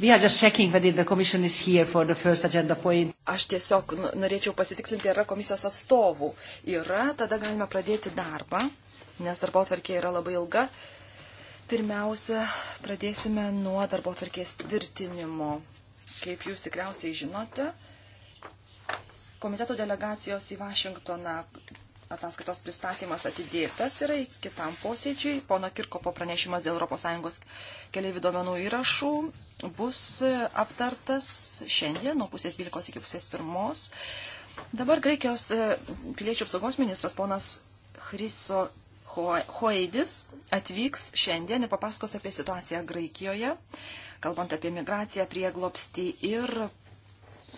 Aš tiesiog nu, norėčiau pasitikslinti, yra komisijos atstovų. Yra, tada galime pradėti darbą, nes darbo atvarkė yra labai ilga. Pirmiausia, pradėsime nuo darbo atvarkės tvirtinimo. Kaip jūs tikriausiai žinote, komiteto delegacijos į Vašingtoną ataskaitos pristatymas atidėtas yra kitam posėdžiui. Pono Kirkopo pranešimas dėl ES keliaivių duomenų įrašų bus aptartas šiandien nuo pusės 12 iki pusės 1. Dabar Graikijos e, piliečių apsaugos ministras ponas Chriso Hoeidis atvyks šiandien ir papasakos apie situaciją Graikijoje, kalbant apie migraciją, prieglopstį ir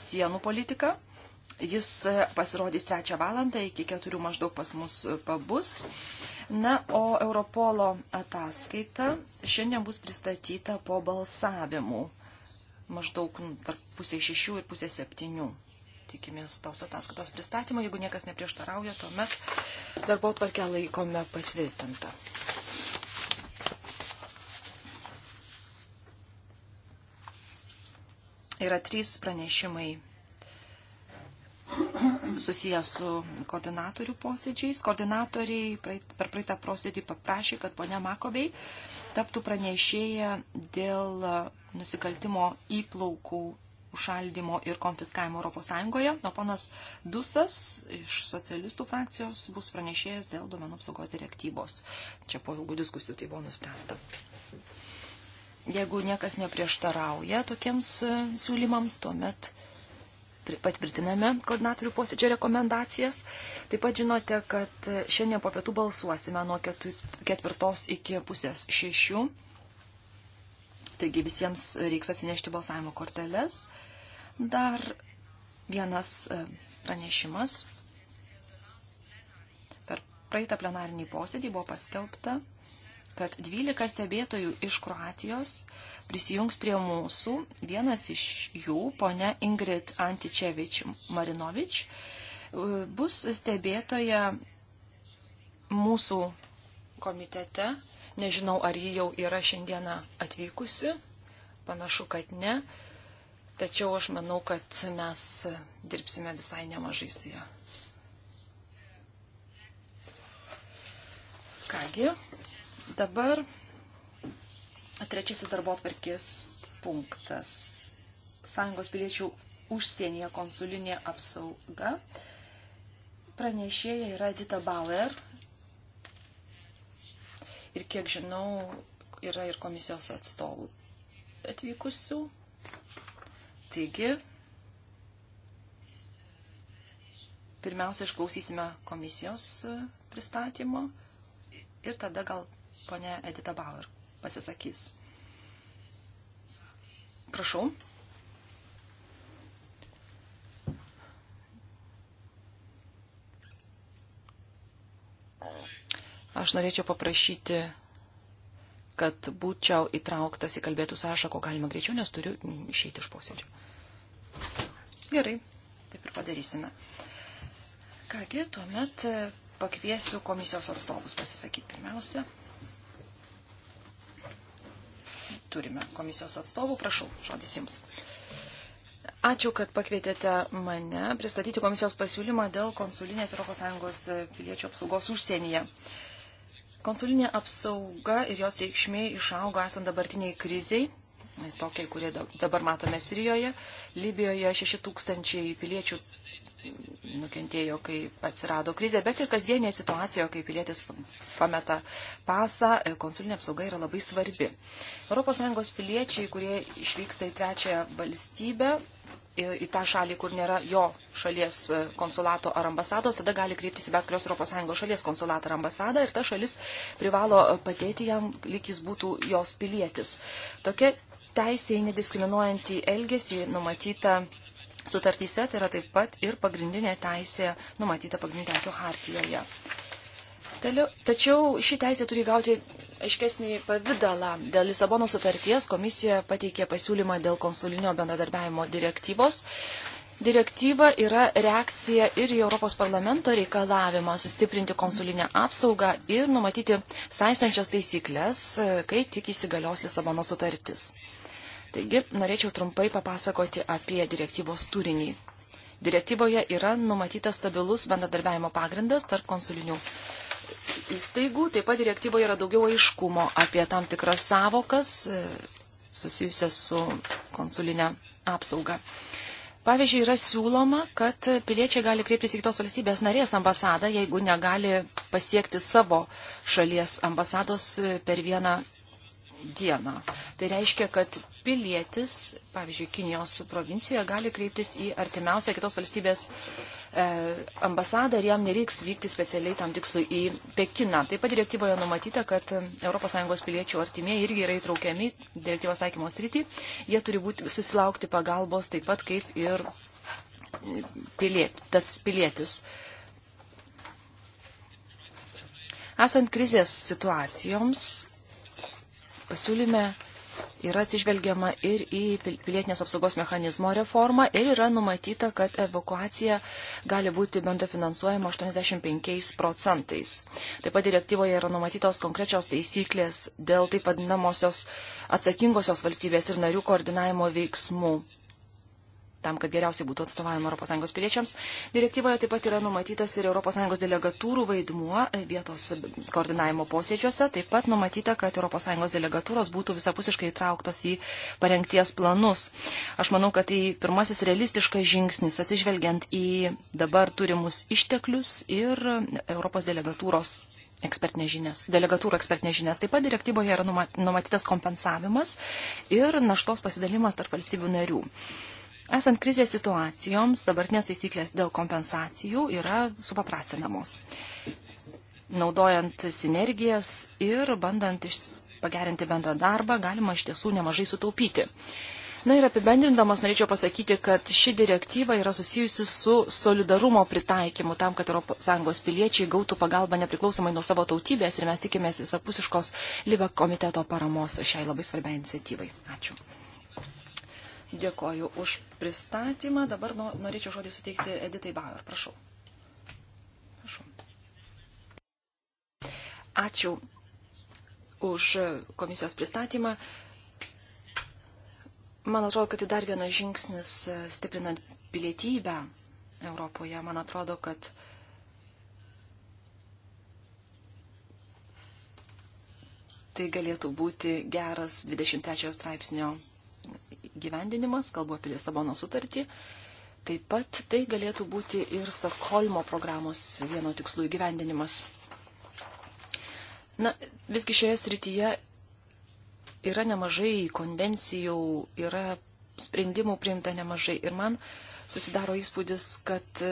sienų politiką. Jis e, pasirodys trečią valandą, iki keturių maždaug pas mus e, pabus. Na, o Europolo ataskaita šiandien bus pristatyta po balsavimų. Maždaug tarp pusės šešių ir pusės septynių. Tikimės tos ataskaitos pristatymo. Jeigu niekas neprieštarauja, tuomet darbo tvarkę laikome patvirtintą. Yra trys pranešimai susijęs su koordinatorių posėdžiais. Koordinatoriai per praeitą posėdį paprašė, kad ponia Makovei taptų pranešėja dėl nusikaltimo įplaukų užšaldimo ir konfiskavimo ES, o ponas Dusas iš socialistų frakcijos bus pranešėjęs dėl duomenų apsaugos direktyvos. Čia po ilgų diskusijų tai buvo nuspręsta. Jeigu niekas neprieštarauja tokiems e, siūlymams, tuomet patvirtiname koordinatorių posėdžio rekomendacijas. Taip pat žinote, kad šiandien po pietų balsuosime nuo ketvirtos iki pusės šešių. Taigi visiems reiks atsinešti balsavimo korteles. Dar vienas e, pranešimas. Per praeitą plenarinį posėdį buvo paskelbta kad 12 stebėtojų iš Kroatijos prisijungs prie mūsų. Vienas iš jų, ponia Ingrid Antičevič Marinovič, e, bus stebėtoja mūsų komitete. Nežinau, ar ji jau yra šiandieną atvykusi. Panašu, kad ne. Tačiau aš manau, kad mes dirbsime visai nemažai su ja. Kągi, Dabar trečiasis darbo atvarkės punktas. Sąjungos piliečių užsienyje konsulinė apsauga. Pranešėja yra Dita Bauer. Ir kiek žinau, yra ir komisijos atstovų atvykusių. Taigi, pirmiausia, išklausysime komisijos pristatymo ir tada gal ponė Edita Bauer pasisakys. Prašau. Aš norėčiau paprašyti, kad būčiau įtrauktas į kalbėtų sąrašą, ko galima greičiau, nes turiu išeiti iš posėdžio. Gerai, taip ir padarysime. Kągi, tuomet pakviesiu komisijos atstovus pasisakyti pirmiausia. turime komisijos atstovų. Prašau, žodis jums. Ačiū, kad pakvietėte mane pristatyti komisijos pasiūlymą dėl konsulinės ES piliečių apsaugos užsienyje. Konsulinė apsauga ir jos reikšmė išaugo esant dabartiniai kriziai, tokiai, kurie dabar matome Sirijoje. Libijoje 6 tūkstančiai piliečių nukentėjo, kai atsirado krizė, bet ir kasdienėje situacijoje, kai pilietis pameta pasą, e, konsulinė apsauga yra labai svarbi. ES piliečiai, kurie išvyksta į trečiąją valstybę, į tą šalį, kur nėra jo šalies e, konsulato ar ambasados, tada gali kreiptis į bet kurios ES šalies konsulatą ar ambasadą ir ta šalis privalo e, padėti jam, lyg jis būtų jos pilietis. Tokia teisė į nediskriminuojantį elgesį numatyta sutartyse, tai yra taip pat ir pagrindinė teisė numatyta pagrindinė teisė hartijoje. Tačiau ši teisė turi gauti aiškesnį pavydalą. Dėl Lisabono sutarties komisija pateikė pasiūlymą dėl konsulinio bendradarbiavimo direktyvos. Direktyva yra reakcija ir į Europos parlamento reikalavimą sustiprinti konsulinę apsaugą ir numatyti saistančias taisyklės, kai tik įsigalios Lisabono sutartis. Taigi, norėčiau trumpai papasakoti apie direktyvos turinį. Direktyvoje yra numatytas stabilus bendradarbiavimo pagrindas tarp konsulinių įstaigų. Taip pat direktyvoje yra daugiau aiškumo apie tam tikras savokas e, susijusias su konsulinė apsauga. Pavyzdžiui, yra siūloma, kad piliečiai gali kreiptis į kitos valstybės narės ambasadą, jeigu negali pasiekti savo šalies ambasados per vieną dieną. Tai reiškia, kad pilietis, pavyzdžiui, Kinijos provincijoje gali kreiptis į artimiausią kitos valstybės e, ambasadą ir jam nereiks vykti specialiai tam tikslui į Pekiną. Taip pat direktyvoje numatyta, kad ES piliečių artimieji irgi yra įtraukiami direktyvos taikymo srity. Jie turi būti, susilaukti pagalbos taip pat kaip ir piliet, tas pilietis. Esant krizės situacijoms, pasiūlyme yra atsižvelgiama ir į pilietinės apsaugos mechanizmo reformą ir yra numatyta, kad evakuacija gali būti bendro finansuojama 85 procentais. Taip pat direktyvoje yra numatytos konkrečios taisyklės dėl taip vadinamosios atsakingosios valstybės ir narių koordinavimo veiksmų tam, kad geriausiai būtų atstovavimo ES piliečiams. Direktyvoje taip pat yra numatytas ir ES delegatūrų vaidmuo vietos koordinavimo posėdžiuose. Taip pat numatyta, kad ES delegatūros būtų visapusiškai įtrauktos į parengties planus. Aš manau, kad tai pirmasis realistiškas žingsnis atsižvelgiant į dabar turimus išteklius ir Europos delegatūros ekspertinės žinias, delegatūrų ekspertinės žinias. Taip pat direktyboje yra numatytas kompensavimas ir naštos pasidalimas tarp valstybių narių. Esant krizės situacijoms, dabartinės taisyklės dėl kompensacijų yra supaprastinamos, naudojant sinergijas ir bandant pagerinti bendrą darbą, galima iš tiesų nemažai sutaupyti. Na ir apibendrindamas norėčiau pasakyti, kad ši direktyva yra susijusi su solidarumo pritaikymu tam, kad ES piliečiai gautų pagalbą nepriklausomai nuo savo tautybės ir mes tikimės visapusiškos Libek komiteto paramos šiai labai svarbiai iniciatyvai. Ačiū. Dėkoju už pristatymą. Dabar norėčiau žodį suteikti Editai Bauer. Prašau. Prašau. Ačiū už komisijos pristatymą. Man atrodo, kad tai dar vienas žingsnis stiprinant pilietybę Europoje. Man atrodo, kad tai galėtų būti geras 23 straipsnio gyvendinimas, kalbu apie Lisabono sutartį. Taip pat tai galėtų būti ir Stokholmo programos vieno tikslų įgyvendinimas. Na, visgi šioje srityje yra nemažai konvencijų, yra sprendimų priimta nemažai ir man susidaro įspūdis, kad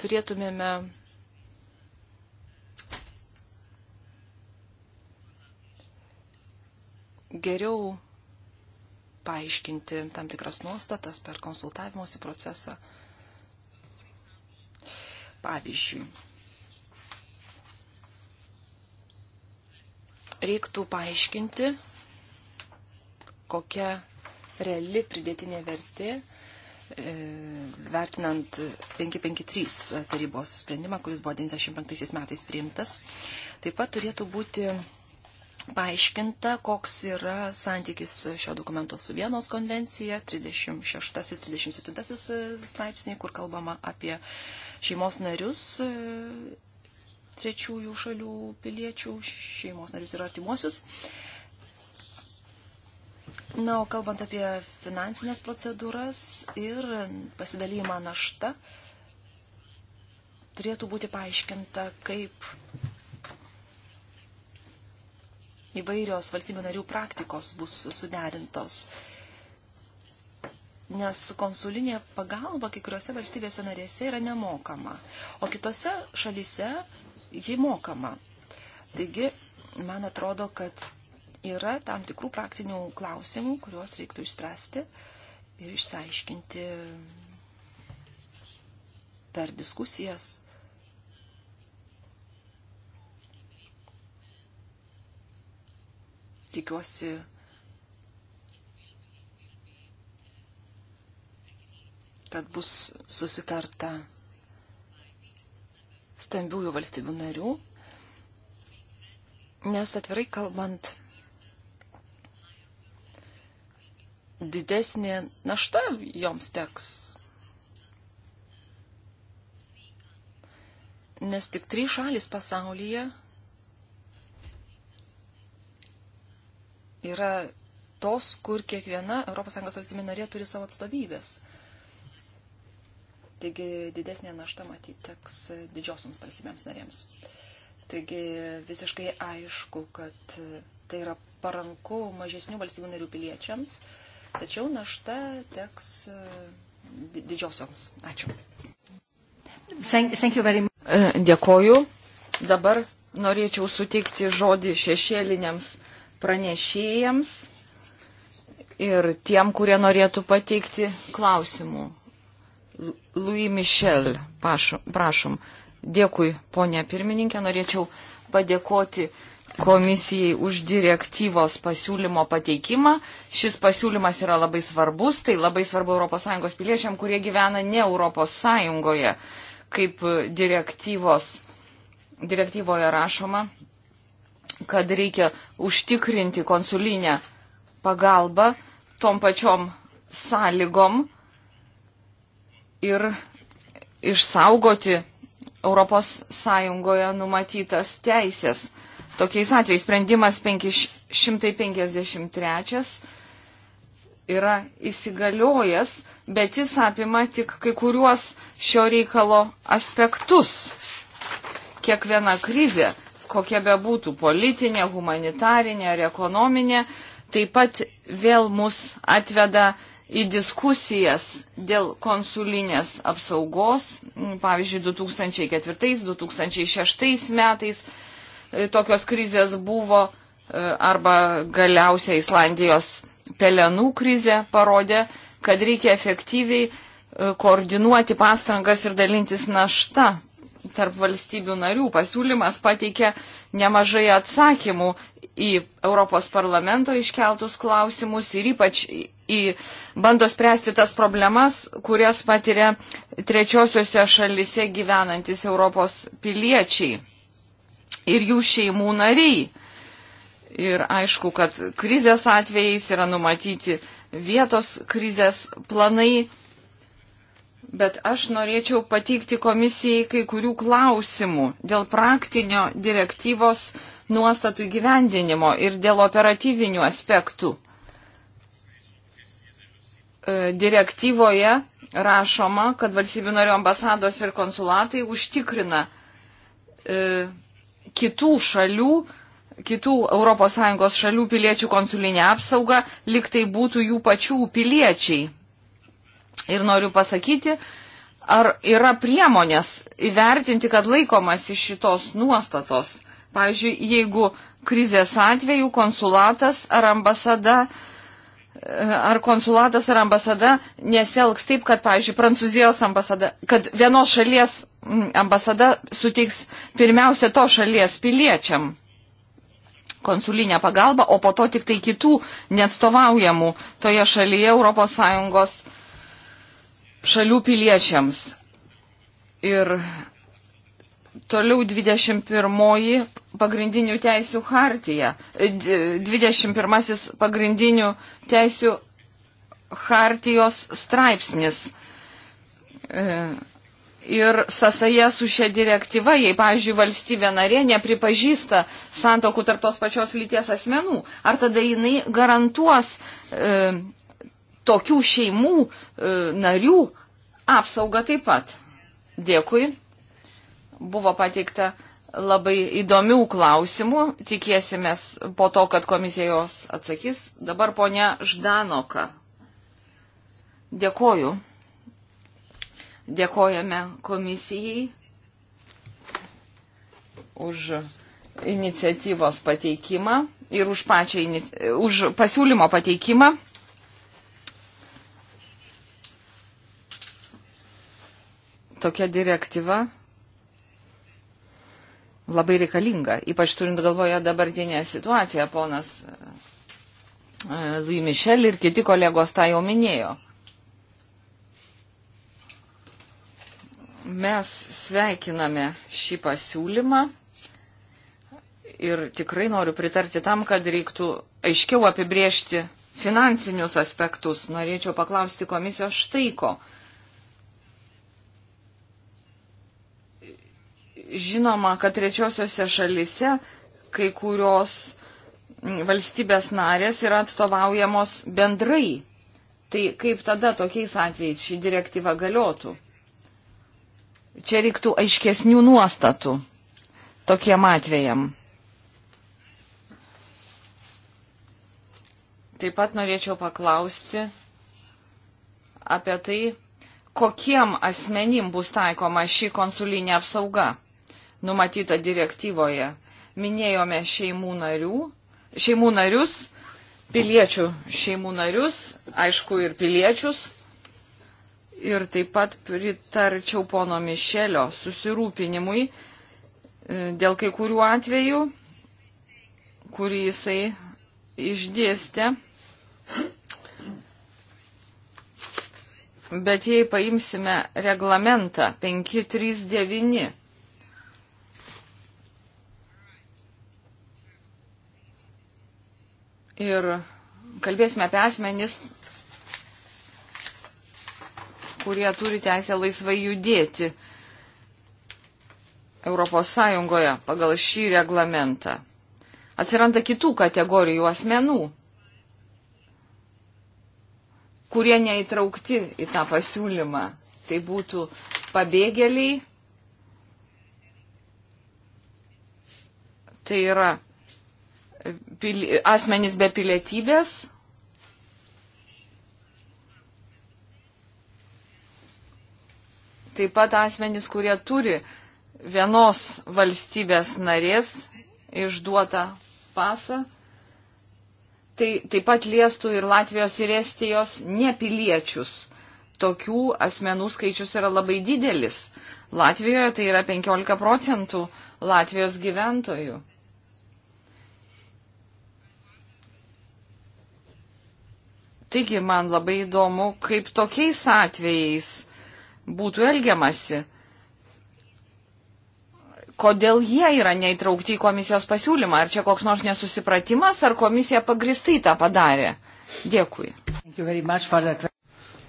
turėtumėme geriau paaiškinti tam tikras nuostatas per konsultavimuose procesą. Pavyzdžiui, reiktų paaiškinti, kokia reali pridėtinė vertė, e, vertinant 553 tarybos sprendimą, kuris buvo 95 metais priimtas. Taip pat turėtų būti paaiškinta, koks yra santykis šio dokumento su Vienos konvencija, 36-37 e, straipsniai, kur kalbama apie šeimos narius e, trečiųjų šalių piliečių, šeimos narius ir artimuosius. Na, o kalbant apie finansinės procedūras ir pasidalymą naštą, turėtų būti paaiškinta, kaip įvairios valstybių narių praktikos bus suderintos. Nes konsulinė pagalba kai kuriuose valstybėse narėse yra nemokama, o kitose šalyse ji mokama. Taigi, man atrodo, kad yra tam tikrų praktinių klausimų, kuriuos reiktų išspręsti ir išsiaiškinti per diskusijas Tikiuosi, kad bus susitarta stambiųjų valstybių narių, nes atvirai kalbant, didesnė našta joms teks. Nes tik trys šalis pasaulyje yra tos, kur kiekviena ES valstybė narė turi savo atstovybės. Taigi didesnė našta matyti teks didžiosiams valstybėms narėms. Taigi visiškai aišku, kad tai yra paranku mažesnių valstybių narių piliečiams, tačiau našta teks e, didžiosioms. Ačiū. E, dėkoju. Dabar norėčiau suteikti žodį šešėliniams pranešėjams ir tiem, kurie norėtų pateikti klausimų. Louis Michel, prašom. prašom. Dėkui, ponė pirmininkė, norėčiau padėkoti komisijai už direktyvos pasiūlymo pateikimą. Šis pasiūlymas yra labai svarbus, tai labai svarbu ES piliečiam, kurie gyvena ne ES, kaip direktyvos, direktyvoje rašoma kad reikia užtikrinti konsulinę pagalbą tom pačiom sąlygom ir išsaugoti ES numatytas teisės. Tokiais atvejais sprendimas 553 yra įsigaliojęs, bet jis apima tik kai kuriuos šio reikalo aspektus. Kiekviena krizė kokia bebūtų politinė, humanitarinė ar ekonominė, taip pat vėl mus atveda į diskusijas dėl konsulinės apsaugos, pavyzdžiui, 2004-2006 metais e, tokios krizės buvo e, arba galiausiai Islandijos pelenų krizė parodė, kad reikia efektyviai e, koordinuoti pastangas ir dalintis naštą tarp valstybių narių. Pasiūlymas pateikė nemažai atsakymų į Europos parlamento iškeltus klausimus ir ypač į bando spręsti tas problemas, kurias patiria trečiosiuose šalise gyvenantis Europos piliečiai ir jų šeimų nariai. Ir aišku, kad krizės atvejais yra numatyti vietos krizės planai Bet aš norėčiau pateikti komisijai kai kurių klausimų dėl praktinio direktyvos nuostatų įgyvendinimo ir dėl operatyvinių aspektų. E, direktyvoje rašoma, kad valstybių narių ambasados ir konsulatai užtikrina e, kitų šalių, kitų ES šalių piliečių konsulinę apsaugą, liktai būtų jų pačių piliečiai. Ir noriu pasakyti, ar yra priemonės įvertinti, kad laikomas iš šitos nuostatos. Pavyzdžiui, jeigu krizės atveju konsulatas ar ambasada e, ar konsulatas ar ambasada nesielgs taip, kad, pavyzdžiui, Prancūzijos ambasada, kad vienos šalies ambasada suteiks pirmiausia to šalies piliečiam konsulinę pagalbą, o po to tik tai kitų neatstovaujamų toje šalyje ES šalių piliečiams. Ir toliau 21 pagrindinių teisių hartija, 21 e, pagrindinių teisių hartijos straipsnis. E, ir sąsaja su šia direktyva, jei, pavyzdžiui, valstybė narė nepripažįsta santokų tarp tos pačios lyties asmenų, ar tada jinai garantuos e, tokių šeimų e, narių apsaugą taip pat. Dėkui. Buvo pateikta labai įdomių klausimų. Tikėsimės po to, kad komisija jos atsakys. Dabar ponia Ždanoka. Dėkoju. Dėkojame komisijai už iniciatyvos pateikimą ir už, pačią, už pasiūlymo pateikimą. tokia direktyva labai reikalinga, ypač turint galvoje dabartinę situaciją, ponas e, Louis Michel ir kiti kolegos tą jau minėjo. Mes sveikiname šį pasiūlymą ir tikrai noriu pritarti tam, kad reiktų aiškiau apibriežti finansinius aspektus. Norėčiau paklausti komisijos štaiko. ko žinoma, kad trečiosiose šalise kai kurios valstybės narės yra atstovaujamos bendrai. Tai kaip tada tokiais atvejais ši direktyva galiotų? Čia reiktų aiškesnių nuostatų tokiem atvejam. Taip pat norėčiau paklausti apie tai, kokiem asmenim bus taikoma ši konsulinė apsauga numatyta direktyvoje. Minėjome šeimų, narių, šeimų narius, piliečių šeimų narius, aišku, ir piliečius. Ir taip pat pritarčiau pono Mišelio susirūpinimui e, dėl kai kurių atvejų, kurį jisai išdėstė. Bet jei paimsime reglamentą 539, Ir kalbėsime apie asmenis, kurie turi teisę laisvai judėti Europos Sąjungoje pagal šį reglamentą. Atsiranda kitų kategorijų asmenų, kurie neįtraukti į tą pasiūlymą. Tai būtų pabėgėliai, tai yra pili, asmenys be pilietybės. Taip pat asmenys, kurie turi vienos valstybės narės išduotą pasą. Tai taip pat liestų ir Latvijos ir Estijos nepiliečius. Tokių asmenų skaičius yra labai didelis. Latvijoje tai yra 15 procentų Latvijos gyventojų. Taigi man labai įdomu, kaip tokiais atvejais būtų elgiamasi. Kodėl jie yra neįtraukti į komisijos pasiūlymą? Ar čia koks nors nesusipratimas, ar komisija pagristai tą padarė? Dėkui.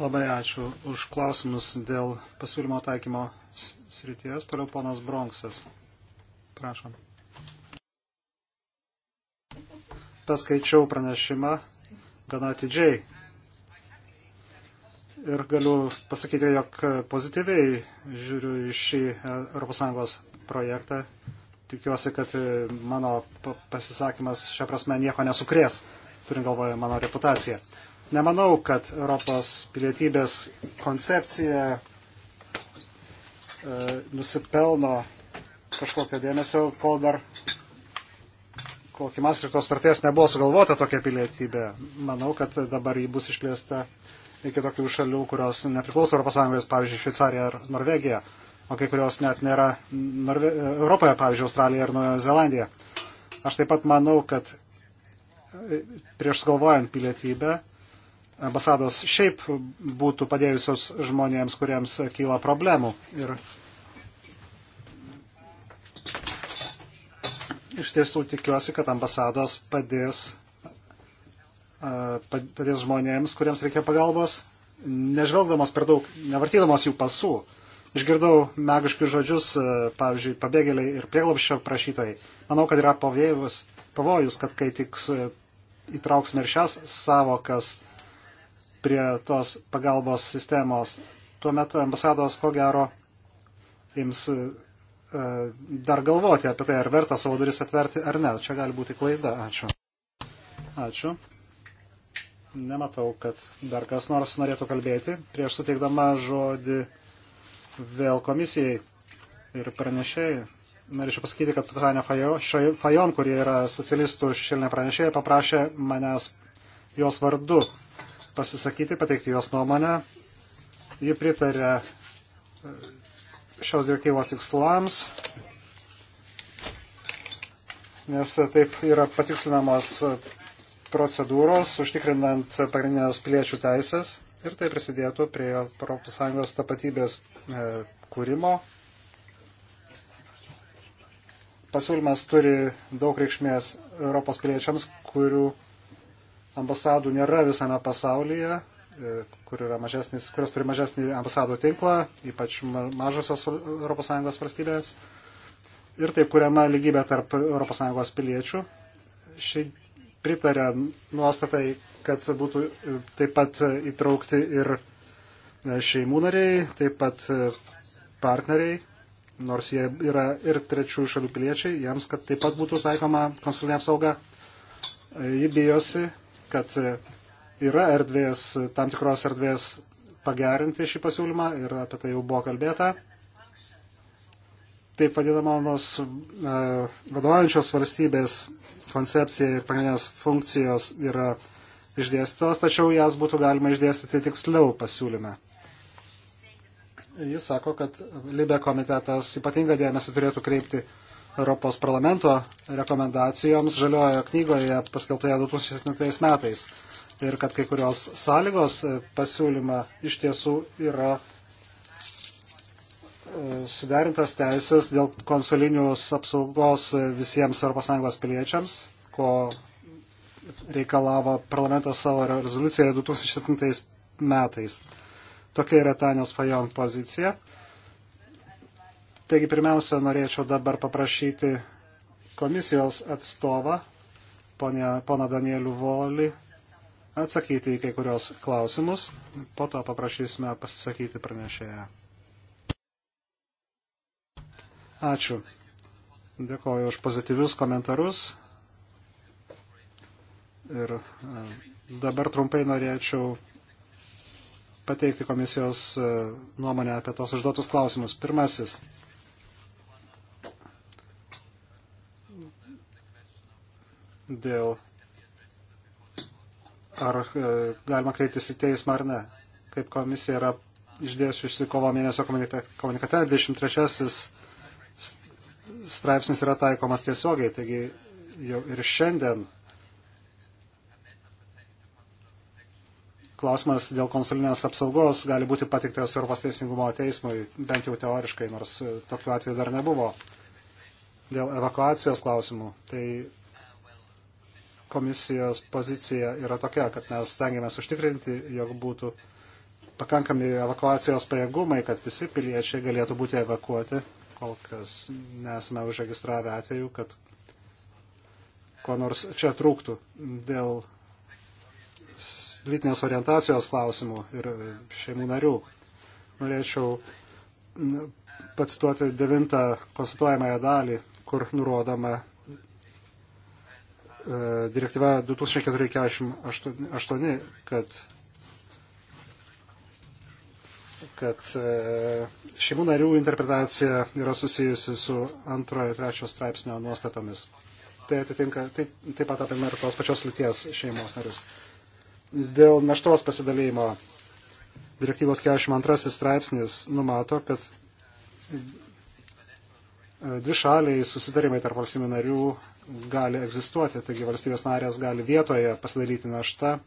Labai ačiū už klausimus dėl pasiūlymo taikymo srities. Toliau ponas Bronksas. Prašom. Paskaičiau pranešimą gana atidžiai ir galiu pasakyti, jog pozityviai žiūriu į šį ES projektą. Tikiuosi, kad e, mano pasisakymas šią prasme nieko nesukrės, turint galvoje mano reputaciją. Nemanau, kad Europos pilietybės koncepcija e, nusipelno kažkokio dėmesio, kol dar kol iki Mastrichto starties nebuvo sugalvota tokia pilietybė. Manau, kad dabar ji bus išplėsta iki tokių šalių, kurios nepriklauso ES, pavyzdžiui, Šveicarija ar Norvegija, o kai kurios net nėra Norve Europoje, pavyzdžiui, Australija ar Naujojo Zelandija. Aš taip pat manau, kad e, prieš galvojant pilietybę, ambasados šiaip būtų padėjusios žmonėms, kuriems kyla problemų. Ir iš tiesų tikiuosi, kad ambasados padės padės žmonėms, kuriems reikia pagalbos, nežvelgdamas per daug, nevartydamas jų pasų. Išgirdau megiškius žodžius, pavyzdžiui, pabėgėliai ir prieglopščio prašytojai. Manau, kad yra pavėjus, pavojus, kad kai tik įtrauksime ir šias savokas prie tos pagalbos sistemos, tuomet ambasados ko gero jums dar galvoti apie tai, ar verta savo duris atverti ar ne. Čia gali būti klaida. Ačiū. Ačiū nematau, kad dar kas nors norėtų kalbėti. Prieš suteikdama žodį vėl komisijai ir pranešėjai, norėčiau pasakyti, kad Patanė Fajon, kurie yra socialistų šilinė pranešėja, paprašė manęs jos vardu pasisakyti, pateikti jos nuomonę. Ji pritarė e, šios direktyvos tikslams, nes taip yra patikslinamos e, procedūros, užtikrinant pagrindinės piliečių teisės ir tai prisidėtų prie ES tapatybės e, kūrimo. Pasiūlymas turi daug reikšmės Europos piliečiams, kurių ambasadų nėra visame pasaulyje, e, kur mažesnis, kurios turi mažesnį ambasadų tinklą, ypač mažosios ES valstybės. Ir taip kuriama lygybė tarp ES piliečių. Ši pritarė nuostatai, kad būtų taip pat įtraukti ir e, šeimų nariai, taip pat e, partneriai, nors jie yra ir trečių šalių piliečiai, jiems, kad taip pat būtų taikoma konsulinė apsauga. E, ji bijosi, kad yra erdvės, tam tikros erdvės pagerinti šį pasiūlymą ir apie tai jau buvo kalbėta taip vadinamos e, vadovaujančios valstybės koncepcija ir pagrindinės funkcijos yra išdėstytos, tačiau jas būtų galima išdėstyti tiksliau pasiūlyme. Jis sako, kad Libė komitetas ypatingą dėmesį turėtų kreipti Europos parlamento rekomendacijoms žaliojo knygoje paskeltoje 2007 metais ir kad kai kurios sąlygos e, pasiūlyma iš tiesų yra suderintas teisės dėl konsulinius apsaugos visiems ES piliečiams, ko reikalavo parlamentas savo rezoliucijoje 2007 metais. Tokia yra Tanios Fajon pozicija. Taigi pirmiausia, norėčiau dabar paprašyti komisijos atstovą, poną Danielių Volį, atsakyti į kai kurios klausimus. Po to paprašysime pasisakyti pranešėją. Ačiū. Dėkoju už pozityvius komentarus. Ir e, dabar trumpai norėčiau pateikti komisijos e, nuomonę apie tos užduotus klausimus. Pirmasis. Dėl ar e, galima kreiptis į teismą ar ne. Kaip komisija yra išdėsiusi kovo mėnesio komunikate, 23 straipsnis yra taikomas tiesiogiai, taigi jau ir šiandien klausimas dėl konsulinės apsaugos gali būti patiktas Europos teisingumo teismui, bent jau teoriškai, nors e, tokiu atveju dar nebuvo. Dėl evakuacijos klausimų, tai komisijos pozicija yra tokia, kad mes stengiamės užtikrinti, jog būtų pakankami evakuacijos pajėgumai, kad visi piliečiai galėtų būti evakuoti kol kas nesame užregistravę atveju, kad ko nors čia trūktų dėl lytinės orientacijos klausimų ir šeimų narių. Norėčiau pacituoti devintą konstatuojamąją dalį, kur nurodoma e, direktyva 2448, kad kad e, šeimų narių interpretacija yra susijusi su antrojo ir trečio straipsnio nuostatomis. Tai atitinka, tai taip pat apima ir tos pačios lyties šeimos narius. Dėl naštos pasidalymo direktyvos 42 straipsnis numato, kad e, dvi šaliai susitarimai tarp valstybių narių gali egzistuoti, taigi valstybės narės gali vietoje pasidalyti naštą.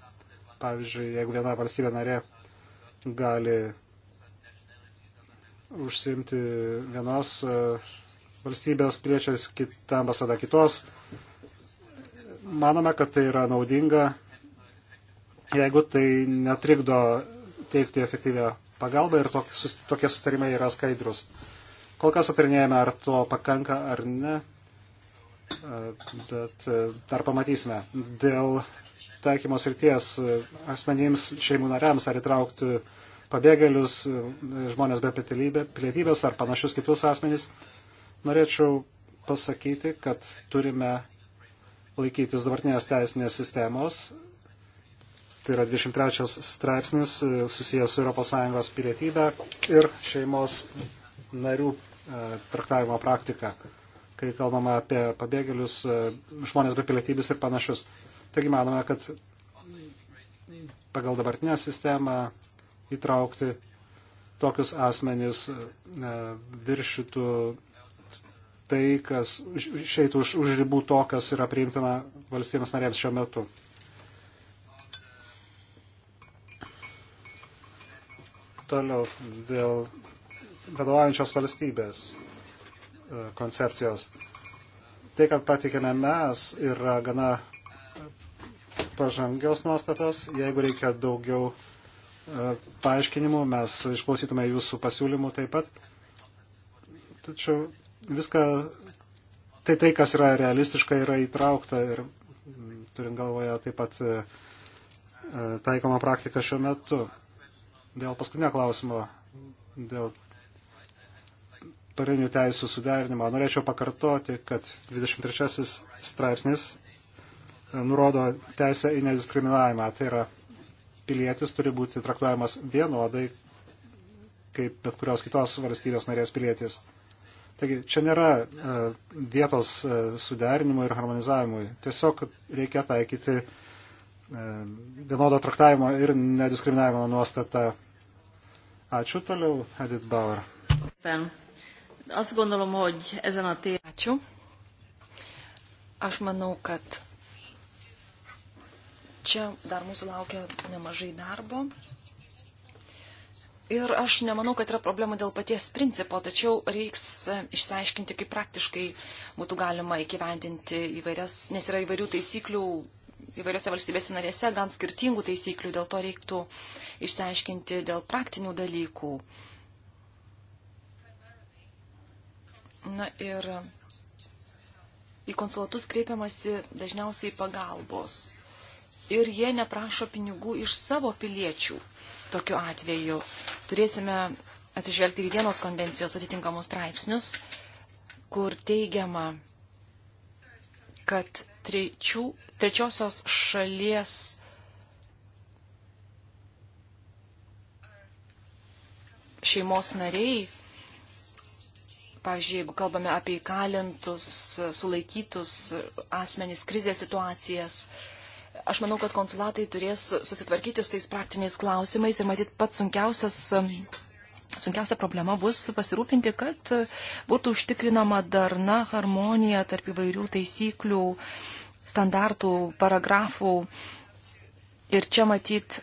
Pavyzdžiui, jeigu viena valstybė narė gali užsimti vienos e, valstybės piliečiais, kita ambasada kitos. Manome, kad tai yra naudinga, jeigu tai netrikdo teikti efektyvę pagalbą ir tokie sustarimai yra skaidrus. Kol kas atrinėjame, ar to pakanka ar ne, e, bet e, dar pamatysime. Dėl taikymos ryties asmenims šeimų nariams ar įtraukti pabėgėlius, žmonės be pilietybės ar panašius kitus asmenys, norėčiau pasakyti, kad turime laikytis dabartinės teisinės sistemos. Tai yra 23 straipsnis e, susijęs su ES pilietybė ir šeimos narių e, traktavimo praktika, kai kalbama apie pabėgėlius, e, žmonės be pilietybės ir panašius. Taigi manome, kad pagal dabartinę sistemą įtraukti tokius asmenys e, viršytų tai, kas išeitų už, už ribų to, kas yra priimtina valstybės narėms šiuo metu. Toliau dėl vadovaujančios valstybės e, koncepcijos. Tai, kad patikėme mes, yra gana pažangios nuostatos. Jeigu reikia daugiau paaiškinimų, mes išklausytume jūsų pasiūlymų taip pat. Tačiau viską, tai tai, kas yra realistiška, yra įtraukta ir mm, turint galvoje taip pat e, e, taikoma praktika šiuo metu. Dėl paskutinio klausimo, dėl parinių teisų suderinimo, norėčiau pakartoti, kad 23 straipsnis e, nurodo teisę į nediskriminavimą. Tai yra pilietis turi būti traktuojamas vienodai kaip bet kurios kitos valstybės narės pilietis. Taigi čia nėra e, vietos e, suderinimui ir harmonizavimui. Tiesiog reikia taikyti e, vienodo traktavimo ir nediskriminavimo nuostatą. Ačiū toliau, Edith Bauer. Ačiū. Aš manau, kad Čia dar mūsų laukia nemažai darbo. Ir aš nemanau, kad yra problema dėl paties principo, tačiau reiks e, išsiaiškinti, kaip praktiškai būtų galima įgyvendinti įvairias, nes yra įvairių taisyklių įvairiose valstybėse narėse, gan skirtingų taisyklių, dėl to reiktų išsiaiškinti dėl praktinių dalykų. Na ir į konsulatus kreipiamasi dažniausiai pagalbos ir jie neprašo pinigų iš savo piliečių. Tokiu atveju turėsime atsižvelgti į vienos konvencijos atitinkamus straipsnius, kur teigiama, kad trečių, trečiosios šalies šeimos nariai, pavyzdžiui, jeigu kalbame apie įkalintus, sulaikytus asmenys krizės situacijas, Aš manau, kad konsulatai turės susitvarkyti su tais praktiniais klausimais ir matyt pats sunkiausias. Sunkiausia problema bus pasirūpinti, kad būtų užtikrinama darna harmonija tarp įvairių taisyklių, standartų, paragrafų. Ir čia matyt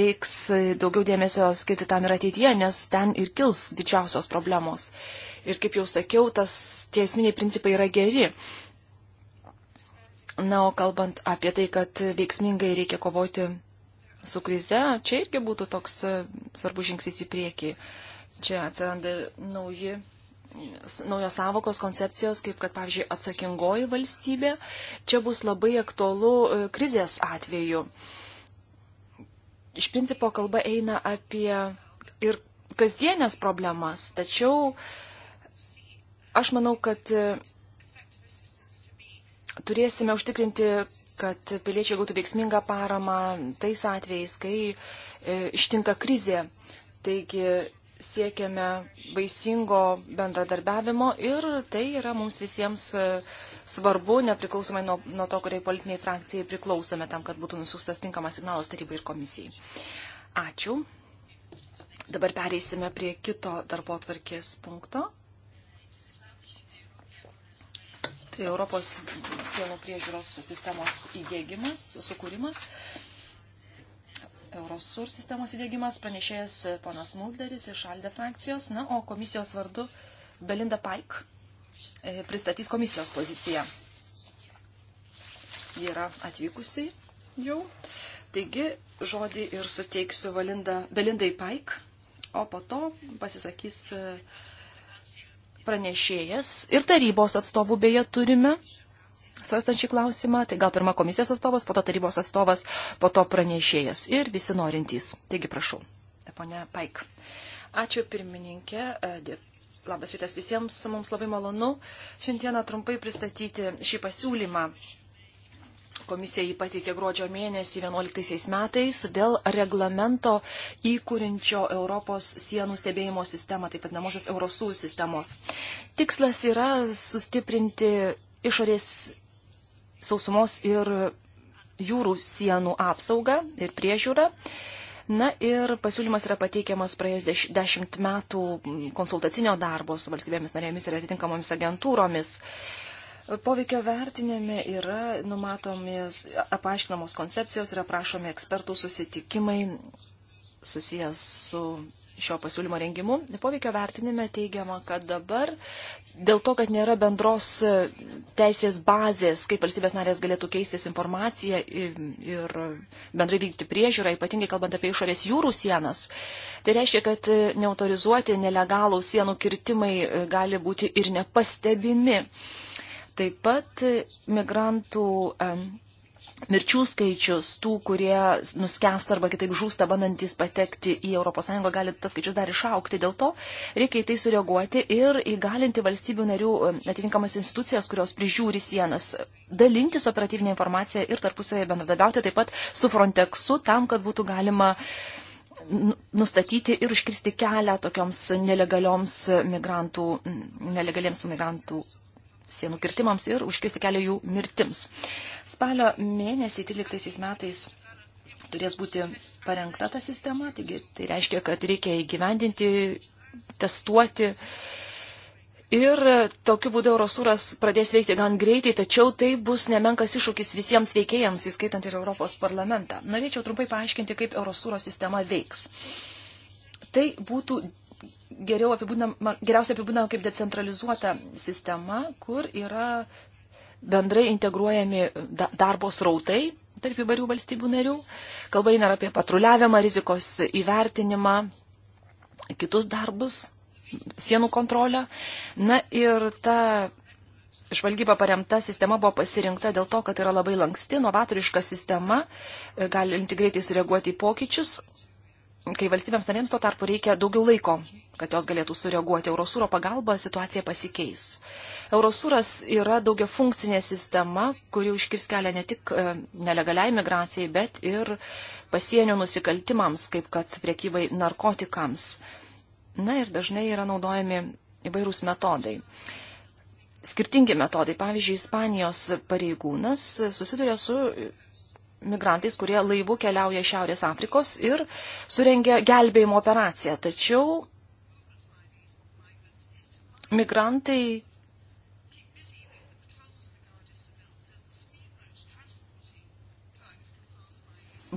reiks daugiau dėmesio skirti tam ir ateityje, nes ten ir kils didžiausios problemos. Ir kaip jau sakiau, tas tiesminiai principai yra geri, Na, o kalbant apie tai, kad veiksmingai reikia kovoti su krize, čia irgi būtų toks e, svarbus žingsnis į priekį. Čia atsiranda nauji, naujos savokos koncepcijos, kaip kad, pavyzdžiui, atsakingoji valstybė. Čia bus labai aktualu e, krizės atveju. Iš principo kalba eina apie ir kasdienės problemas, tačiau aš manau, kad e, turėsime užtikrinti, kad piliečiai gautų veiksmingą paramą tais atvejais, kai e, ištinka krizė. Taigi siekiame vaisingo bendradarbiavimo ir tai yra mums visiems e, svarbu, nepriklausomai nuo, nuo to, kuriai politiniai frakcijai priklausome, tam, kad būtų nusiųstas tinkamas signalas tarybai ir komisijai. Ačiū. Dabar pereisime prie kito darbo tvarkės punkto. tai Europos sienų priežiūros sistemos įdėgymas, sukūrimas. Eurosur sistemos įdėgymas, pranešėjas ponas Mulderis iš Alde frakcijos, na, o komisijos vardu Belinda Paik e, pristatys komisijos poziciją. Ji yra atvykusi jau. Taigi, žodį ir suteiksiu Valinda, Belindai Paik, o po to pasisakys uh, pranešėjas ir tarybos atstovų beje turime. Svarstant šį klausimą, tai gal pirma komisijos atstovas, po to tarybos atstovas, po to pranešėjas ir visi norintys. Taigi prašau, ponia Paik. Ačiū pirmininkė. E, labas rytas visiems, mums labai malonu šiandieną trumpai pristatyti šį pasiūlymą Komisija jį pateikė gruodžio mėnesį 11 metais dėl reglamento įkūrinčio Europos sienų stebėjimo sistemą, taip pat namosios Eurosų sistemos. Tikslas yra sustiprinti išorės sausumos ir jūrų sienų apsaugą ir priežiūrą. Na ir pasiūlymas yra pateikiamas praėjus deš, dešimt metų konsultacinio darbo su valstybėmis narėmis ir atitinkamomis agentūromis. Uh, Poveikio vertinime yra numatomis, apaškinamos koncepcijos ir aprašomi ekspertų susitikimai susijęs su šio pasiūlymo rengimu. Poveikio vertinime teigiama, kad dabar dėl to, kad nėra bendros teisės bazės, kaip valstybės narės galėtų keistis informaciją ir, ir bendrai vykdyti priežiūrą, ypatingai kalbant apie išorės jūrų sienas, tai reiškia, kad neautorizuoti nelegalų sienų kirtimai gali būti ir nepastebimi. Taip pat e, migrantų e, mirčių skaičius tų, kurie nuskęsta arba kitaip žūsta bandantis patekti į ES, gali tas skaičius dar išaukti. Dėl to reikia į tai sureaguoti ir įgalinti valstybių narių e, atitinkamas institucijas, kurios prižiūri sienas, dalintis operatyvinę informaciją ir tarpusavėje bendradarbiauti taip pat su Frontexu tam, kad būtų galima nu, nustatyti ir užkirsti kelią tokioms nelegalioms migrantų, nelegaliems migrantų sienų kirtimams ir užkisti kelią jų mirtims. Spalio mėnesį 13 metais turės būti parengta ta sistema, taigi tai reiškia, kad reikia įgyvendinti, testuoti. Ir tokiu būdu Eurosūras pradės veikti gan greitai, tačiau tai bus nemenkas iššūkis visiems veikėjams, įskaitant ir Europos parlamentą. Norėčiau trumpai paaiškinti, kaip Eurosūro sistema veiks tai būtų geriau apibūdama, geriausiai apibūdama kaip decentralizuota sistema, kur yra bendrai integruojami darbo srautai tarp įvairių valstybių narių. Kalba eina apie patruliavimą, rizikos įvertinimą, kitus darbus, sienų kontrolę. Na ir ta žvalgyba paremta sistema buvo pasirinkta dėl to, kad yra labai lanksti, novatoriška sistema, galinti greitai sureaguoti į pokyčius kai valstybėms narėms tuo tarpu reikia daugiau laiko, kad jos galėtų sureaguoti. Eurosūro pagalba situacija pasikeis. Eurosūras yra daugia funkcinė sistema, kuri užkirs kelią ne tik e, nelegaliai migracijai, bet ir pasienio nusikaltimams, kaip kad priekybai narkotikams. Na ir dažnai yra naudojami įvairūs metodai skirtingi metodai. Pavyzdžiui, Ispanijos pareigūnas susiduria su migrantais, kurie laivu keliauja iš Šiaurės Afrikos ir surengia gelbėjimo operaciją. Tačiau migrantai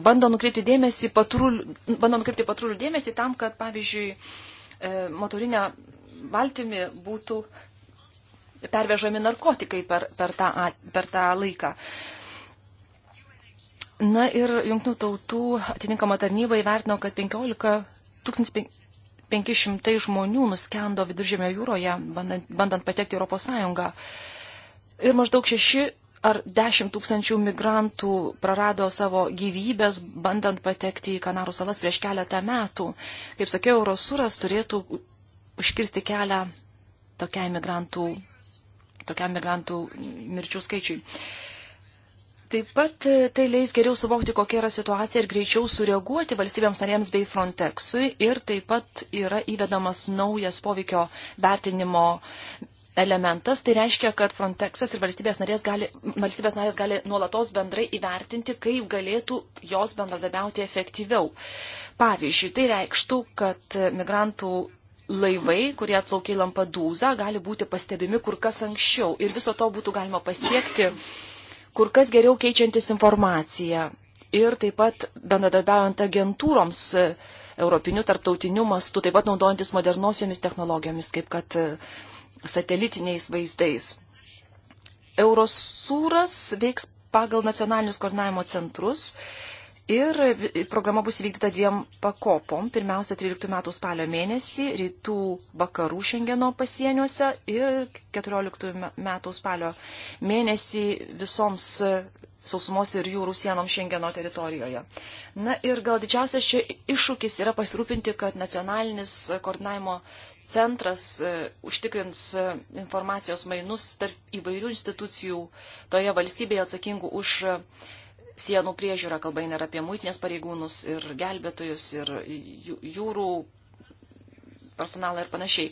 bando nukreipti, dėmesį, patrul, bando nukreipti patrulių dėmesį tam, kad, pavyzdžiui, e, motorinę valtimi būtų pervežami narkotikai per, per, tą, per tą laiką. Na ir jungtinių tautų atitinkama tarnyba įvertino, kad 15 500 žmonių nuskendo viduržėmio jūroje, bandant, bandant patekti Europos Sąjungą. Ir maždaug 6 ar 10 tūkstančių migrantų prarado savo gyvybės, bandant patekti į Kanarų salas prieš keletą metų. Kaip sakiau, Eurosuras turėtų užkirsti kelią tokiai migrantų, tokiai migrantų mirčių skaičiui. Taip pat e, tai leis geriau suvokti, kokia yra situacija ir greičiau sureaguoti valstybėms narėms bei Frontexui. Ir taip pat yra įvedamas naujas poveikio vertinimo elementas. Tai reiškia, kad Frontexas ir valstybės narės gali, valstybės narės gali nuolatos bendrai įvertinti, kaip galėtų jos bendradabiauti efektyviau. Pavyzdžiui, tai reikštų, kad migrantų laivai, kurie atplaukė į Lampadūzą, gali būti pastebimi kur kas anksčiau. Ir viso to būtų galima pasiekti kur kas geriau keičiantis informaciją ir taip pat bendradarbiaujant agentūroms e, europiniu, tarptautiniu mastu, taip pat naudojantis modernosiomis technologijomis, kaip kad e, satelitiniais vaizdais. Eurosūras veiks pagal nacionalinius koordinavimo centrus Ir programa bus įvykdyta dviem pakopom. Pirmiausia, 13 metų spalio mėnesį rytų vakarų Šengeno pasieniuose ir 14 metų spalio mėnesį visoms sausumos ir jūrų sienom Šengeno teritorijoje. Na ir gal didžiausias čia iššūkis yra pasirūpinti, kad nacionalinis koordinavimo centras e, užtikrins e, informacijos mainus tarp įvairių institucijų toje valstybėje atsakingų už e, sienų priežiūrą, kalba eina ir apie muitinės pareigūnus, ir gelbėtojus, ir jūrų personalą ir panašiai.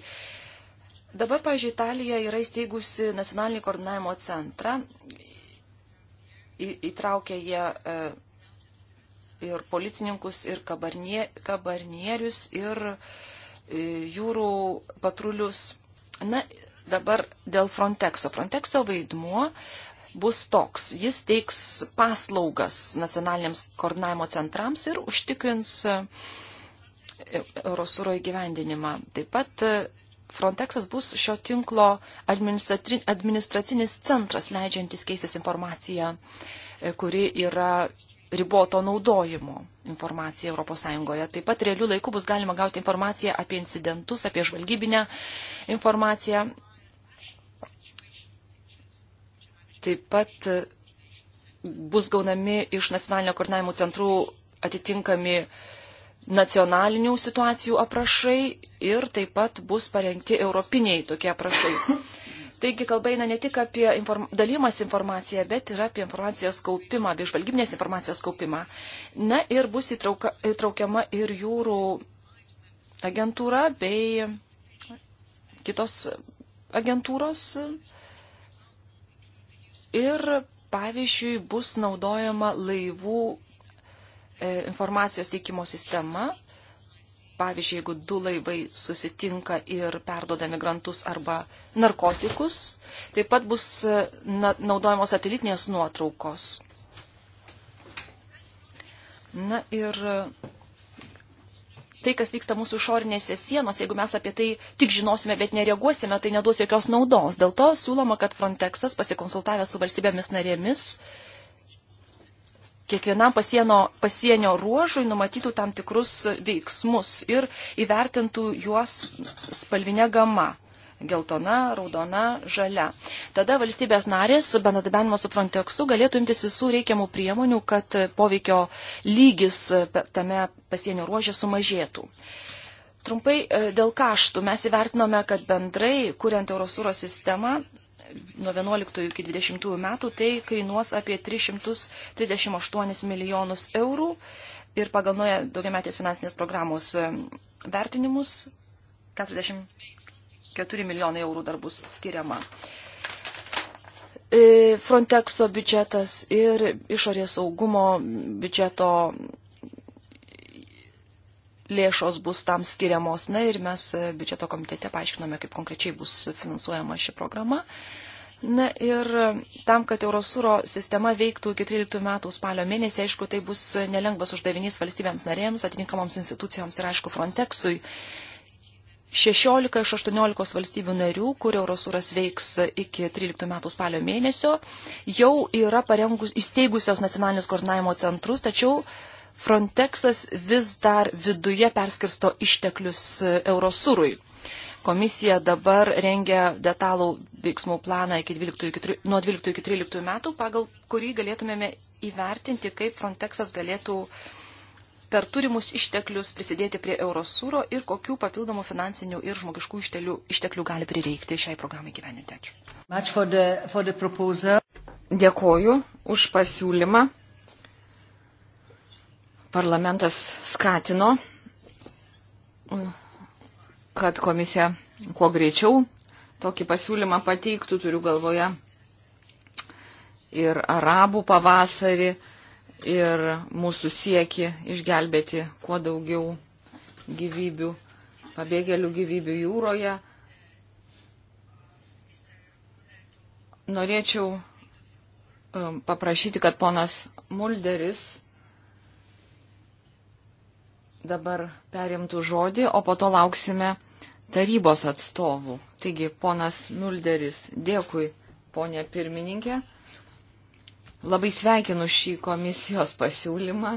Dabar, pažiūrėjau, Italija yra įsteigusi nacionalinį koordinavimo centrą, į, įtraukia jie e, ir policininkus, ir kabarnie, kabarnierius, ir e, jūrų patrulius. Na, dabar dėl Frontexo. Frontexo vaidmuo bus toks. Jis teiks paslaugas nacionaliniams koordinavimo centrams ir užtikrins e, Eurosūro įgyvendinimą. Taip pat e, Frontexas bus šio tinklo administracinis centras, leidžiantis keistis informaciją, e, kuri yra riboto naudojimo informacija ES. Taip pat realių laikų bus galima gauti informaciją apie incidentus, apie žvalgybinę informaciją Taip pat bus gaunami iš nacionalinio koordinavimo centrų atitinkami nacionalinių situacijų aprašai ir taip pat bus parengti europiniai tokie aprašai. Taigi kalba eina ne tik apie inform dalymas informaciją, bet ir apie informacijos kaupimą, apie žvalgybinės informacijos kaupimą. Na ir bus įtrauka, įtraukiama ir jūrų agentūra bei kitos agentūros ir, pavyzdžiui, bus naudojama laivų e, informacijos teikimo sistema. Pavyzdžiui, jeigu du laivai susitinka ir perdoda migrantus arba narkotikus, taip pat bus e, naudojamos satelitinės nuotraukos. Na ir tai, kas vyksta mūsų išorinėse sienos, jeigu mes apie tai tik žinosime, bet nereaguosime, tai neduos jokios naudos. Dėl to siūloma, kad Frontexas pasikonsultavęs su valstybėmis narėmis kiekvienam pasienio, pasienio ruožui numatytų tam tikrus veiksmus ir įvertintų juos spalvinę gamą geltona, raudona, žalia. Tada valstybės narės, bendradarbiavimo su Frontexu, galėtų imtis visų reikiamų priemonių, kad poveikio lygis tame pasienio ruožė sumažėtų. Trumpai e, dėl kaštų mes įvertinome, kad bendrai, kuriant Eurosūro sistemą, nuo 11 iki 20 metų tai kainuos apie 338 milijonus eurų ir pagal naują daugiametės finansinės programos e, vertinimus 40 4 milijonai eurų dar bus skiriama. E, Frontexo biudžetas ir išorės saugumo biudžeto lėšos bus tam skiriamos. Na ir mes biudžeto komitete paaiškinome, kaip konkrečiai bus finansuojama ši programa. Na ir tam, kad Eurosūro sistema veiktų iki 13 metų spalio mėnesį, aišku, tai bus nelengvas uždavinys valstybėms narėms, atitinkamoms institucijoms ir, aišku, Frontexui, 16 iš 18 valstybių narių, kur Eurosūras veiks iki 13 metų spalio mėnesio, jau yra parengus, įsteigusios nacionalinius koordinavimo centrus, tačiau Frontexas vis dar viduje perskirsto išteklius Eurosūrui. Komisija dabar rengia detalų veiksmų planą iki 12, iki, nuo 12 iki 13 metų, pagal kurį galėtumėme įvertinti, kaip Frontexas galėtų uh, per turimus išteklius prisidėti prie Eurosūro ir kokių papildomų finansinių ir žmogiškų išteklių, išteklių gali prireikti šiai programai gyveninti. Ačiū. Dėkoju už pasiūlymą. Parlamentas skatino, mm, kad komisija kuo greičiau tokį pasiūlymą pateiktų, turiu galvoje, ir arabų pavasarį ir mūsų sieki išgelbėti kuo daugiau gyvybių, pabėgėlių gyvybių jūroje. Norėčiau um, paprašyti, kad ponas Mulderis dabar perimtų žodį, o po to lauksime tarybos atstovų. Taigi, ponas Mulderis, dėkui, ponė pirmininkė. Labai sveikinu šį komisijos pasiūlymą.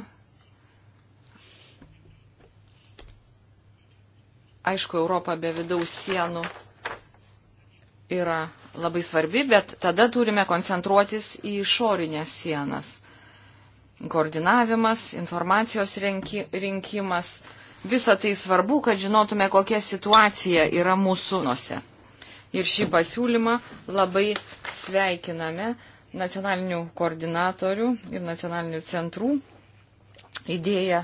Aišku, Europa be vidaus sienų yra labai svarbi, bet tada turime koncentruotis į išorinės sienas. Koordinavimas, informacijos rinki, rinkimas, visa tai svarbu, kad žinotume, kokia situacija yra mūsų nose. Ir šį pasiūlymą labai sveikiname nacionalinių koordinatorių ir nacionalinių centrų idėja,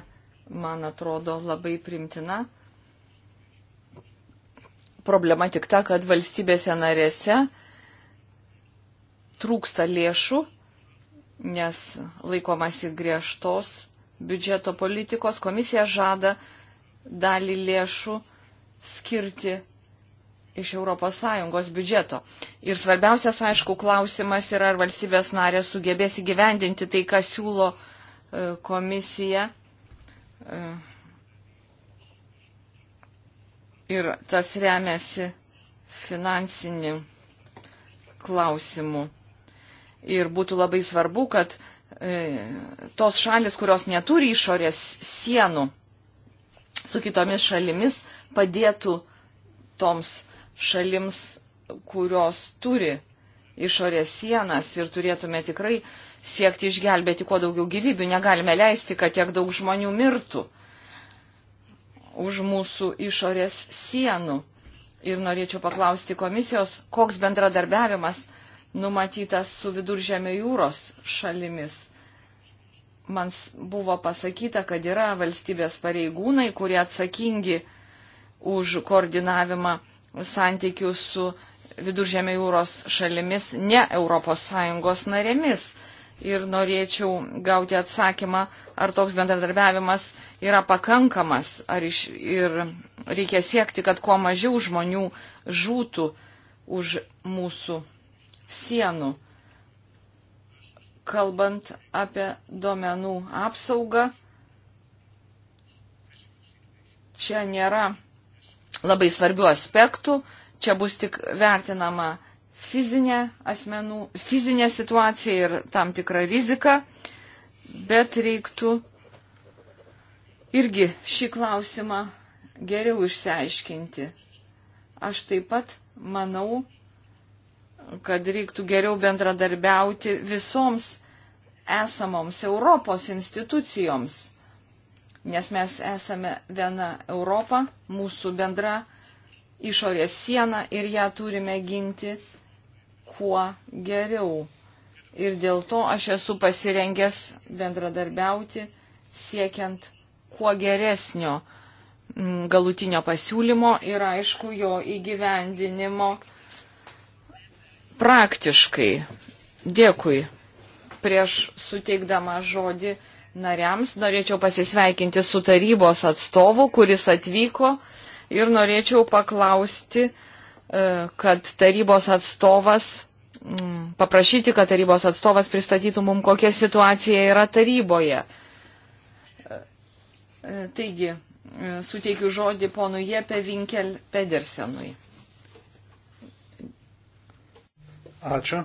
man atrodo, labai primtina. Problema tik ta, kad valstybėse narėse trūksta lėšų, nes laikomasi griežtos biudžeto politikos. Komisija žada dalį lėšų skirti iš ES biudžeto. Ir svarbiausias, aišku, klausimas yra, ar valstybės narės sugebės įgyvendinti tai, ką siūlo e, komisija. E, ir tas remiasi finansinį klausimų. Ir būtų labai svarbu, kad e, tos šalis, kurios neturi išorės sienų su kitomis šalimis, padėtų toms šalims šalims, kurios turi išorės sienas ir turėtume tikrai siekti išgelbėti kuo daugiau gyvybių. Negalime leisti, kad tiek daug žmonių mirtų už mūsų išorės sienų. Ir norėčiau paklausti komisijos, koks bendradarbiavimas numatytas su viduržėmio jūros šalimis. Man buvo pasakyta, kad yra valstybės pareigūnai, kurie atsakingi už koordinavimą santykių su viduržėmė jūros šalimis, ne ES narėmis. Ir norėčiau gauti atsakymą, ar toks bendradarbiavimas yra pakankamas, ar iš, ir reikia siekti, kad kuo mažiau žmonių žūtų už mūsų sienų. Kalbant apie duomenų apsaugą, čia nėra labai svarbių aspektų. Čia bus tik vertinama fizinė, asmenų, fizinė situacija ir tam tikra rizika, bet reiktų irgi šį klausimą geriau išsiaiškinti. Aš taip pat manau, kad reiktų geriau bendradarbiauti visoms esamoms Europos institucijoms nes mes esame viena Europa, mūsų bendra išorės siena ir ją turime ginti kuo geriau. Ir dėl to aš esu pasirengęs bendradarbiauti, siekiant kuo geresnio mm, galutinio pasiūlymo ir aišku jo įgyvendinimo praktiškai. Dėkui. Prieš suteikdama žodį nariams. Norėčiau pasisveikinti su tarybos atstovu, kuris atvyko ir norėčiau paklausti, e, kad tarybos atstovas, mm, paprašyti, kad tarybos atstovas pristatytų mum, kokia situacija yra taryboje. E, e, taigi, suteikiu žodį ponu Jepe Vinkel Pedersenui. Ačiū.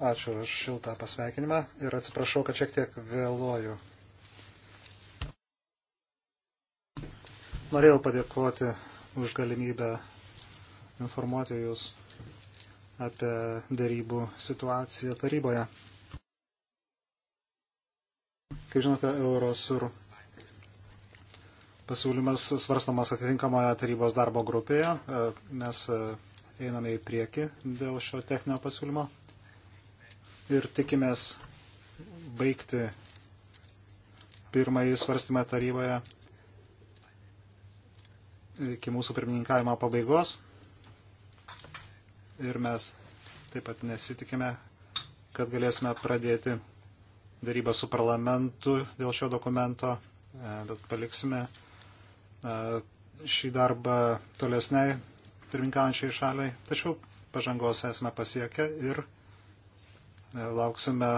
Ačiū už šiltą pasveikinimą ir atsiprašau, kad šiek tiek vėluoju. Norėjau padėkoti už galimybę informuoti Jūs apie darybų situaciją taryboje. Kaip žinote, Eurosur pasiūlymas svarstamas atitinkamoje tarybos darbo grupėje. Mes einame į priekį dėl šio techninio pasiūlymo ir tikimės baigti pirmąjį svarstymą taryboje iki mūsų pirmininkavimo pabaigos. Ir mes taip pat nesitikime, kad galėsime pradėti darybą su parlamentu dėl šio dokumento, e, bet paliksime e, šį darbą tolesniai pirminkaujančiai šaliai. Tačiau pažangos esame pasiekę ir e, lauksime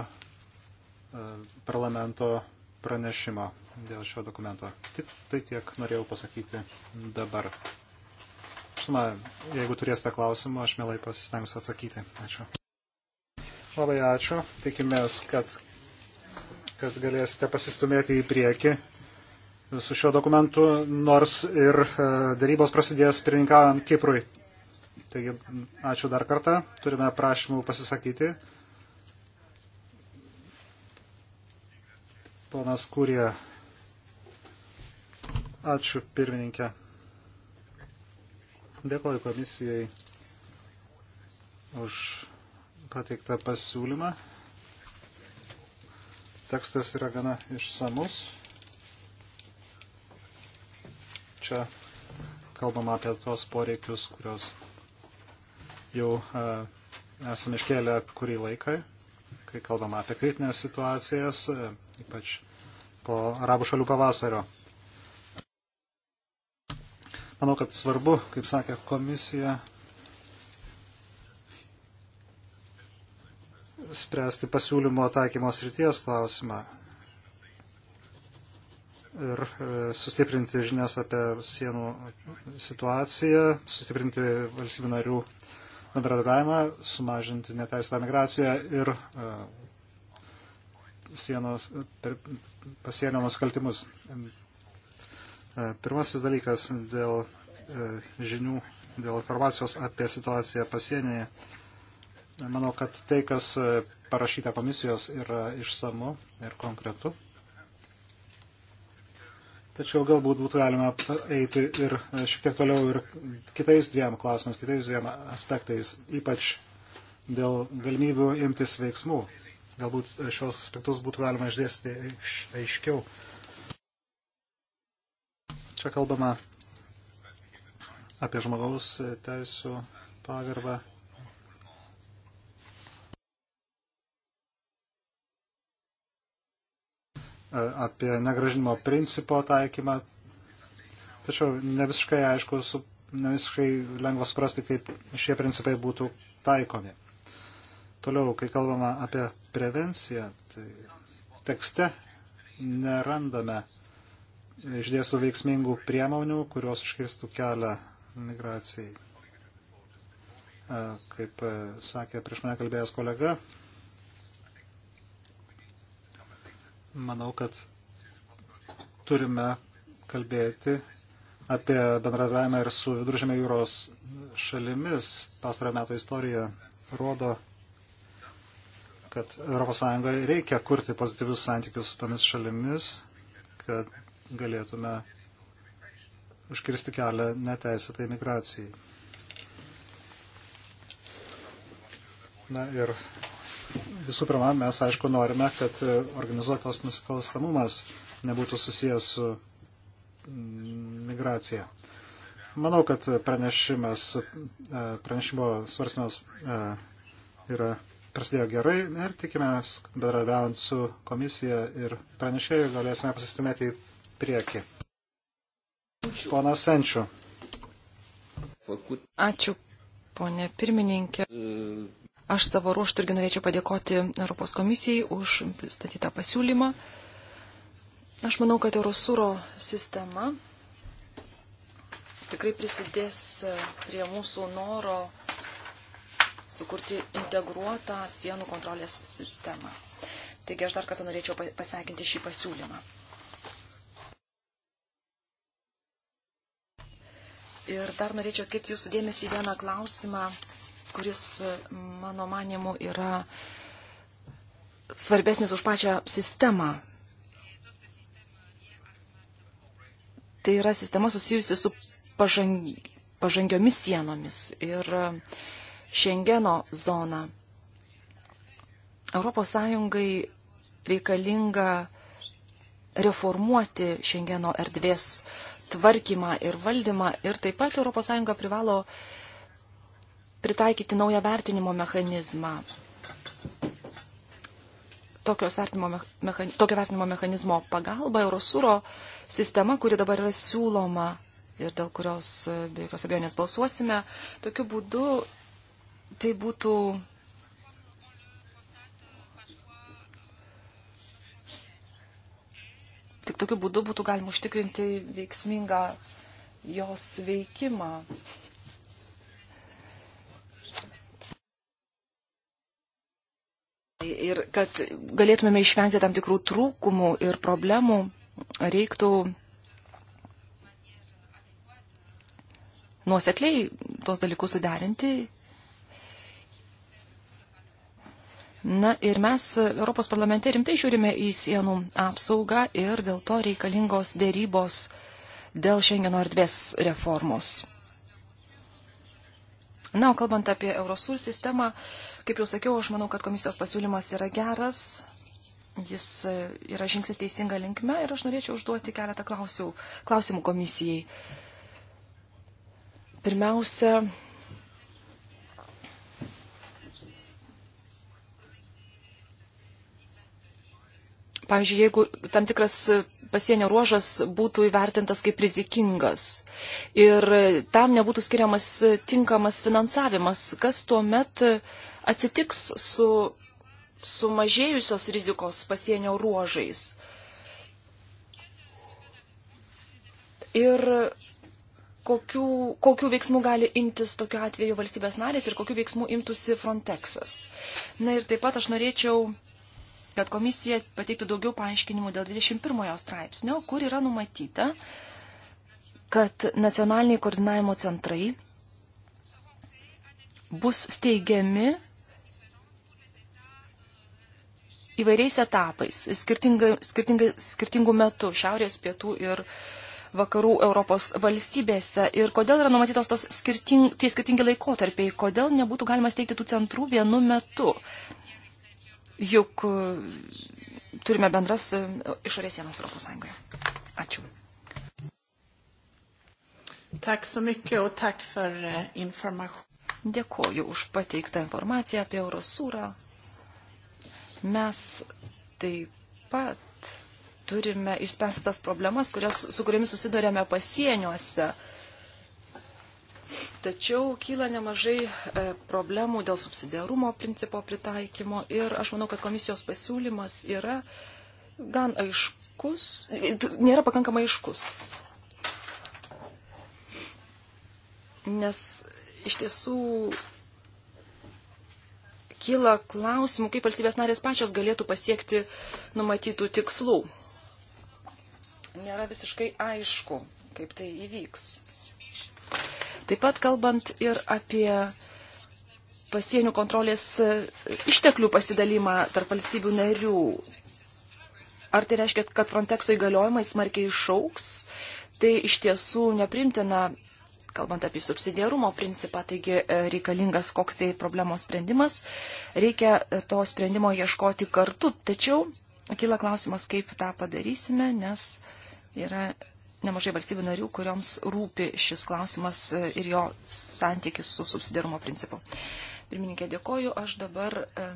parlamento pranešimo dėl šio dokumento. Tik tai tiek norėjau pasakyti dabar. Žinoma, jeigu turėsite klausimų, aš mielai pasistengsiu atsakyti. Ačiū. Labai ačiū. Tikimės, kad, kad galėsite pasistumėti į priekį su šiuo dokumentu, nors ir e, darybos prasidės pirmininkavant Kiprui. Taigi, ačiū dar kartą. Turime prašymų pasisakyti. Ponas Kūrė Ačiū pirmininkė. Dėkoju komisijai už pateiktą pasiūlymą. Tekstas yra gana išsamus. Čia kalbama apie tos poreikius, kurios jau a, e, esame iškėlę kurį laiką, kai kalbama apie kritinės situacijas, e, ypač po arabų šalių pavasario. Manau, kad svarbu, kaip sakė komisija, spręsti pasiūlymo taikymos ryties klausimą ir e, sustiprinti žinias apie sienų situaciją, sustiprinti valstybių narių bendradarbiavimą, sumažinti neteisėtą migraciją ir e, sienos, pasienio nusikaltimus. E, pirmasis dalykas dėl e, žinių, dėl informacijos apie situaciją pasienyje. Manau, kad tai, kas e, parašyta komisijos, yra išsamu ir konkretu. Tačiau galbūt būtų galima eiti ir šiek tiek toliau ir kitais dviem klausimais, kitais dviem aspektais, ypač dėl galimybių imtis veiksmų. Galbūt šios aspektus būtų galima išdėsti aiškiau. Iš, Čia kalbama apie žmogaus teisų pagarbą. apie negražinimo principo taikymą. Tačiau ne visiškai aišku, su, ne visiškai lengva suprasti, kaip šie principai būtų taikomi. Toliau, kai kalbama apie prevenciją, tai tekste nerandame uh, išdėstų veiksmingų priemonių, kurios užkirstų kelią migracijai. Kaip sakė prieš mane kalbėjęs kolega, manau, kad turime kalbėti apie bendradarbiavimą ir su Viduržėmė jūros šalimis. Pastarojo metų istorija rodo, kad ES reikia kurti pozityvius santykius su tomis šalimis, kad galėtume užkirsti kelią neteisėtai migracijai. Na ir visų pirma, mes aišku norime, kad organizuotos nusikalstamumas nebūtų susijęs su migracija. Manau, kad pranešimas, e, pranešimo svarstymas e, yra prasidėjo gerai ir tikime, bendradavant su komisija ir pranešėjai, galėsime pasistumėti į priekį. Ponas Senčių. Ačiū, ponė pirmininkė. Aš savo ruoštų irgi norėčiau padėkoti Europos komisijai už pristatytą pasiūlymą. Aš manau, kad Eurosūro sistema tikrai prisidės prie mūsų noro sukurti integruotą sienų kontrolės sistemą. Taigi aš dar kartą norėčiau pasveikinti šį pasiūlymą. Ir dar norėčiau atkreipti jūsų dėmesį į vieną klausimą, kuris, mano manimu, yra svarbesnis už pačią sistemą. Tai yra sistema susijusi su pažang, pažangiomis sienomis ir Šengeno zona. Europos Sąjungai reikalinga reformuoti Šengeno erdvės tvarkymą ir valdymą. Ir taip pat ES privalo pritaikyti naują vertinimo mechanizmą. Vertinimo mechanizmo, tokio vertinimo mechanizmo pagalba Eurosūro sistema, kuri dabar yra siūloma ir dėl kurios be jokios abejonės balsuosime, tokiu būdu tai būtų Tik tokiu būdu būtų galima užtikrinti veiksmingą jos veikimą. Ir kad galėtumėme išvengti tam tikrų trūkumų ir problemų, reiktų nuosekliai tos dalykus suderinti Na ir mes Europos parlamente rimtai žiūrime į sienų apsaugą ir dėl to reikalingos dėrybos dėl Šengeno erdvės reformos. Na, o kalbant apie Eurosur sistemą, kaip jau sakiau, aš manau, kad komisijos pasiūlymas yra geras, jis e, yra žingsnis teisinga linkme ir aš norėčiau užduoti keletą klausimų, klausimų komisijai. Pirmiausia, Pavyzdžiui, jeigu tam tikras pasienio ruožas būtų įvertintas kaip rizikingas ir tam nebūtų skiriamas tinkamas finansavimas, kas tuo met atsitiks su sumažėjusios rizikos pasienio ruožais. Ir kokių, kokių veiksmų gali imtis tokiu atveju valstybės narės ir kokių veiksmų imtųsi Frontexas. Na ir taip pat aš norėčiau kad komisija pateiktų daugiau paaiškinimų dėl 21 straipsnio, kur yra numatyta, kad nacionaliniai koordinavimo centrai bus steigiami įvairiais etapais, skirtingai, skirtingai, skirtingų metų šiaurės, pietų ir vakarų Europos valstybėse. Ir kodėl yra numatytos tos skirting, tie skirtingi laikotarpiai, kodėl nebūtų galima steigti tų centrų vienu metu juk e, turime bendras e, išorės sienas Europos Sąjungoje. Ačiū. Tak so mycket och tack för e, information. Dėkoju už pateiktą informaciją apie Eurosūrą. Mes taip pat turime išspręsti tas problemas, kurias, su kuriamis susidurėme pasieniuose. Tačiau kyla nemažai e, problemų dėl subsidiarumo principo pritaikymo ir aš manau, kad komisijos pasiūlymas yra gan aiškus, nėra pakankamai aiškus. Nes iš tiesų kyla klausimų, kaip valstybės narės pačios galėtų pasiekti numatytų tikslų. Nėra visiškai aišku, kaip tai įvyks. Taip pat kalbant ir apie pasienio kontrolės e, išteklių pasidalimą tarp valstybių narių. Ar tai reiškia, kad Frontexo įgaliojimai smarkiai išauks? Tai iš tiesų neprimtina, kalbant apie subsidiarumo principą, taigi e, reikalingas koks tai problemos sprendimas. Reikia e, to sprendimo ieškoti kartu. Tačiau kyla klausimas, kaip tą padarysime, nes yra nemažai valstybių narių, kurioms rūpi šis klausimas e, ir jo santykis su subsidiarumo principu. Pirmininkė, dėkoju. Aš dabar e,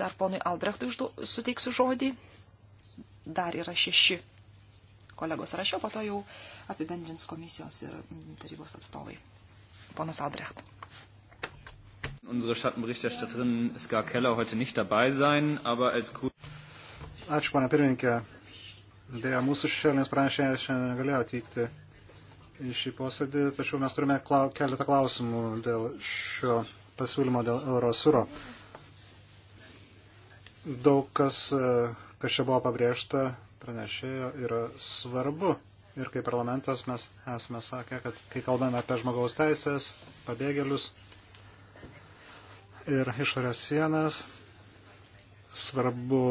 dar ponui Albrechtui suteiksiu žodį. Dar yra šeši kolegos rašiau, po to jau apibendrins komisijos ir mm, tarybos atstovai. Ponas Albrecht. Unsere Schattenberichterstatterin Ska Keller heute nicht dabei sein, aber als Ačiū, pana pirmininkė. Dėja, mūsų šešėlinės pranešėjas šiandien negalėjo atvykti į šį posėdį, tačiau mes turime klau, keletą klausimų dėl šio pasiūlymo dėl Eurosuro. Daug kas, e, kas čia buvo pabrėžta, pranešėjo, yra svarbu. Ir kaip parlamentas mes esame sakę, kad kai kalbame apie žmogaus teisės, pabėgėlius ir išorės sienas, svarbu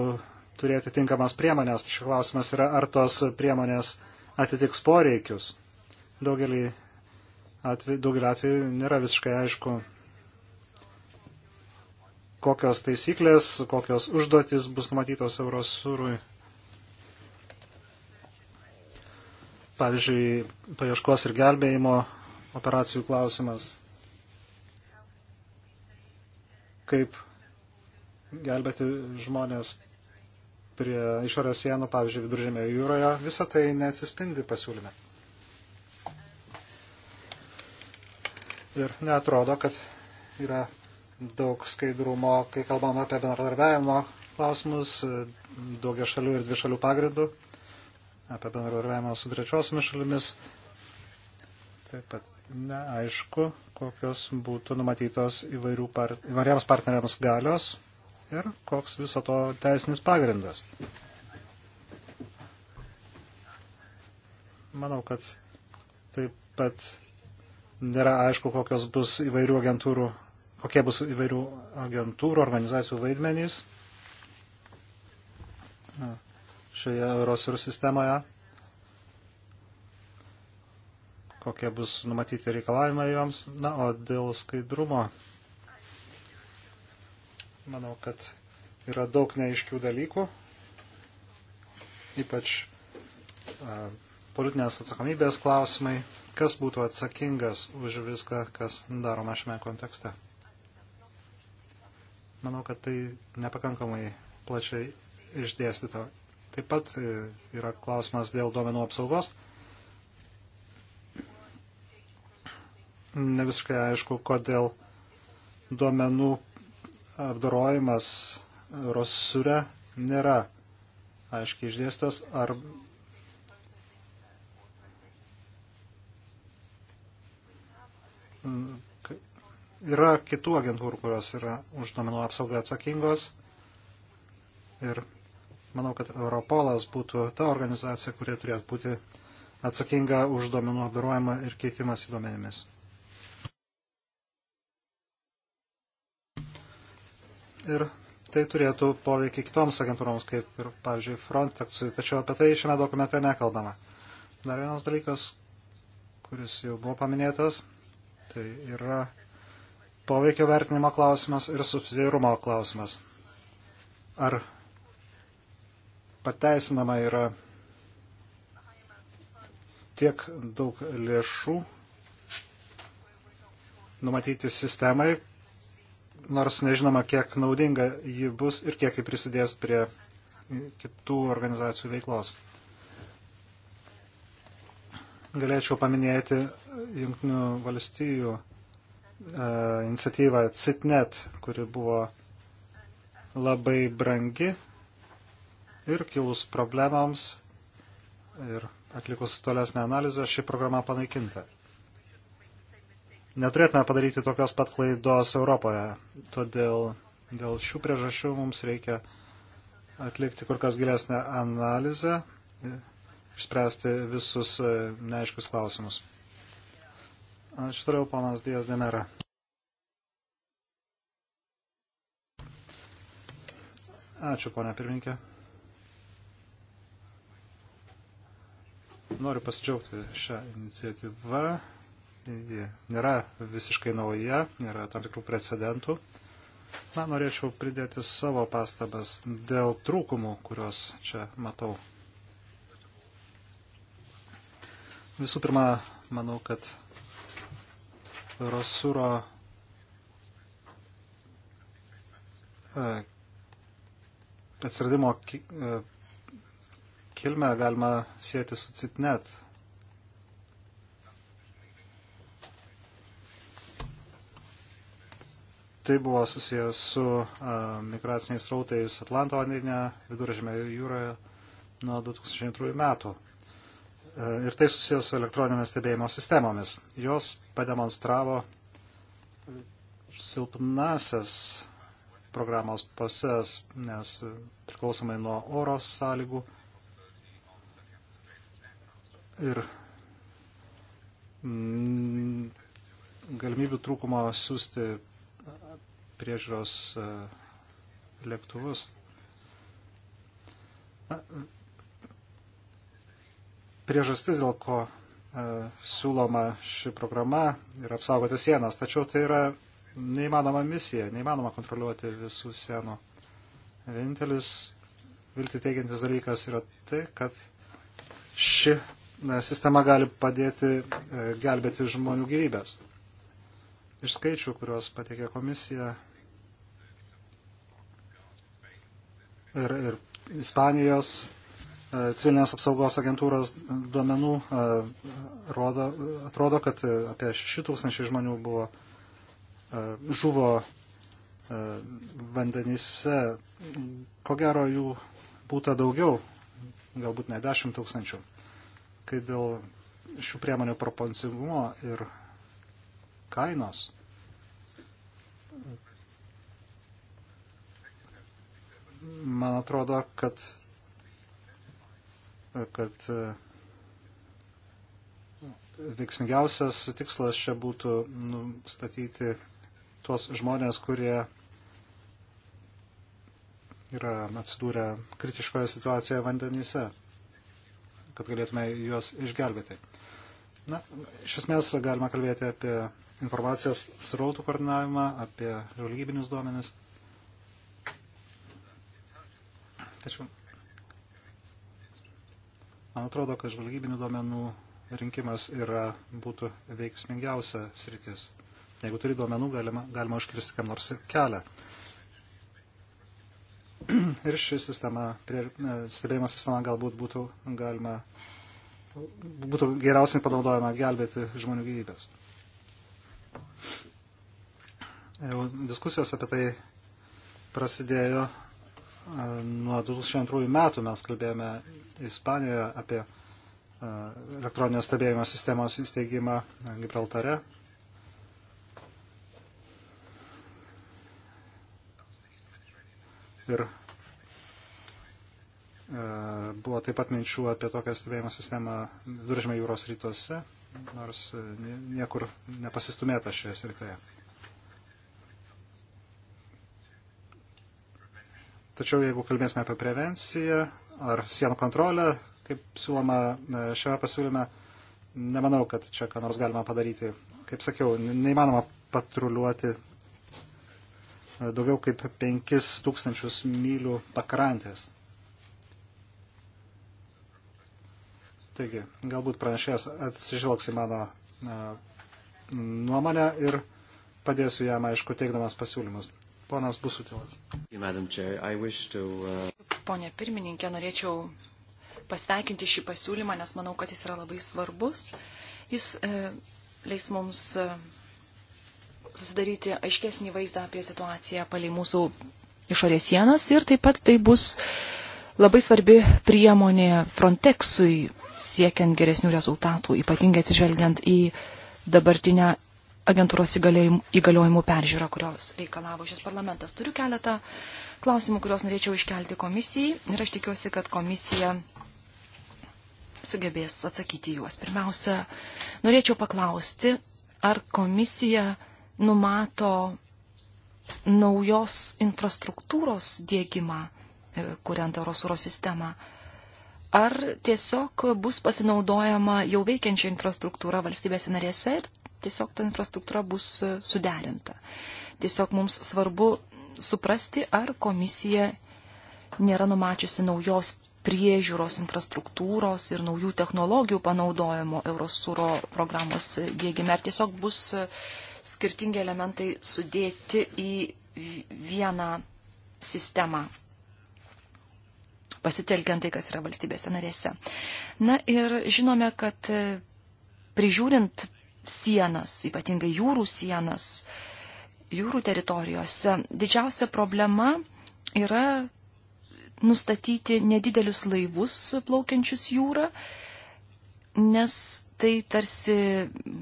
turėti tinkamas priemonės. Tačiau klausimas yra, ar tos priemonės atitiks poreikius. Daugelį atveju, daugelį atveju nėra visiškai aišku, kokios taisyklės, kokios užduotis bus numatytos Eurosūrui. Pavyzdžiui, paieškos ir gelbėjimo operacijų klausimas. Kaip gelbėti žmonės prie išorės sienų, pavyzdžiui, viduržėmė jūroje, visa tai neatsispindi pasiūlyme. Ir netrodo, kad yra daug skaidrumo, kai kalbam apie bendradarbiavimo klausimus, daugia šalių ir dvi šalių pagrindų, apie bendradarbiavimą su trečiosiomis šalimis. Taip pat neaišku, kokios būtų numatytos par, įvairiems partneriams galios ir koks viso to teisinis pagrindas. Manau, kad taip pat nėra aišku, kokios bus įvairių agentūrų, kokie bus įvairių agentūrų, organizacijų vaidmenys šioje Eurosir sistemoje, kokie bus numatyti reikalavimai joms. Na, o dėl skaidrumo Manau, kad yra daug neaiškių dalykų, ypač a, politinės atsakomybės klausimai, kas būtų atsakingas už viską, kas daroma šiame kontekste. Manau, kad tai nepakankamai plačiai išdėstyta. Taip pat e, yra klausimas dėl duomenų apsaugos. Ne visiškai aišku, kodėl duomenų apdorojimas Eurosure nėra aiškiai išdėstas ar yra kitų agentūrų, kurios yra už duomenų apsaugą atsakingos ir manau, kad Europolas būtų ta organizacija, kurie turėtų būti atsakinga už duomenų apdorojimą ir keitimas į duomenimis. ir tai turėtų poveikį kitoms agentūroms, kaip ir, pavyzdžiui, Frontexui, tačiau apie tai šiame dokumente nekalbama. Dar vienas dalykas, kuris jau buvo paminėtas, tai yra poveikio vertinimo klausimas ir subsidiarumo klausimas. Ar pateisinama yra tiek daug lėšų numatyti sistemai, nors nežinoma, kiek naudinga ji bus ir kiek ji prisidės prie kitų organizacijų veiklos. Galėčiau paminėti Junktinių valstijų e, iniciatyvą CITNET, kuri buvo labai brangi ir kilus problemams ir atlikus tolesnę analizę ši programa panaikinta neturėtume padaryti tokios pat klaidos Europoje. Todėl dėl šių priežasčių mums reikia atlikti kur kas gilesnę analizę, išspręsti visus e, neaiškus klausimus. Ačiū toliau, panas Dijas Demera. Ačiū, ponia pirminkė. Noriu pasidžiaugti šią iniciatyvą ji nėra visiškai nauja, yra tam tikrų precedentų. Na, norėčiau pridėti savo pastabas dėl trūkumų, kuriuos čia matau. Visų pirma, manau, kad Rasūro e, atsiradimo e, kilmę galima sėti su citnet Tai buvo susijęs su a, migraciniais rautais Atlanto vandenyje, viduržėme jūroje nuo 2002 metų. E, ir tai susijęs su elektroninėmis stebėjimo sistemomis. Jos pademonstravo silpnasias programos pasės, nes priklausomai nuo oros sąlygų ir mm, galimybių trūkumo siūsti priežiūros e, lėktuvus. Na, priežastis, dėl ko e, siūloma ši programa yra apsaugoti sienas, tačiau tai yra neįmanoma misija, neįmanoma kontroliuoti visų sienų. Vienintelis vilti teigiantis dalykas yra tai, kad ši e, sistema gali padėti gelbėti žmonių gyvybės. Iš skaičių, kuriuos pateikė komisija ir, ir Ispanijos e, civilinės apsaugos agentūros duomenų e, rodo, atrodo, kad apie 6000 žmonių buvo e, žuvo vandenyse. Ko gero jų būta daugiau, galbūt ne 10 tūkstančių. Kai dėl šių priemonių proporcingumo ir kainos. Man atrodo, kad, kad e, veiksmingiausias tikslas čia būtų nustatyti tuos žmonės, kurie yra atsidūrę kritiškoje situacijoje vandenyse, kad galėtume juos išgelbėti. Na, iš esmės galima kalbėti apie informacijos srautų koordinavimą, apie žvalgybinius duomenis. Tačiau man atrodo, kad žvalgybinių duomenų rinkimas yra, būtų veiksmingiausia sritis. Jeigu turi duomenų, galima, galima užkirsti kam nors kelią. Ir ši sistema, prie, stebėjimo sistema galbūt būtų galima būtų geriausiai panaudojama gelbėti žmonių gyvybės. Jau diskusijos apie tai prasidėjo e, nuo 2002 metų. Mes kalbėjome Ispanijoje apie e, elektroninio stebėjimo sistemos įsteigimą Gibraltare. Ir e, buvo taip pat minčių apie tokią stebėjimo sistemą Viduržmė jūros rytuose nors e, niekur nepasistumėta šioje srityje. Tačiau jeigu kalbėsime apie prevenciją ar sienų kontrolę, kaip siūloma e, šiame pasiūlyme, nemanau, kad čia ką nors galima padaryti. Kaip sakiau, neįmanoma patruliuoti e, daugiau kaip 5000 mylių pakrantės. Taigi, galbūt pranešėjas atsižvelgs į mano nuomonę ir padėsiu jam, aišku, teikdamas pasiūlymus. Ponas Busutilas. Uh, Pone pirmininkė, norėčiau pasveikinti šį pasiūlymą, nes manau, kad jis yra labai svarbus. Jis e, leis mums e, susidaryti aiškesnį vaizdą apie situaciją palei mūsų išorės sienas ir taip pat tai bus e, labai svarbi priemonė Frontexui siekiant geresnių rezultatų, ypatingai atsižvelgiant į dabartinę agentūros įgaliojimų peržiūrą, kurios reikalavo šis parlamentas. Turiu keletą klausimų, kuriuos norėčiau iškelti komisijai ir aš tikiuosi, kad komisija sugebės atsakyti juos. Pirmiausia, norėčiau paklausti, ar komisija numato naujos infrastruktūros dėgymą E, kuriant Eurosūro sistemą. Ar tiesiog bus pasinaudojama jau veikiančia infrastruktūra valstybėse narėse ir tiesiog ta infrastruktūra bus e, suderinta. Tiesiog mums svarbu suprasti, ar komisija nėra numačiusi naujos priežiūros infrastruktūros ir naujų technologijų panaudojimo Eurosūro programos dėgyme, ar tiesiog bus e, skirtingi elementai sudėti į vieną sistemą pasitelkiant tai, kas yra valstybėse narėse. Na ir žinome, kad e, prižiūrint sienas, ypatingai jūrų sienas, jūrų teritorijose, didžiausia problema yra nustatyti nedidelius laivus plaukiančius jūrą, nes tai tarsi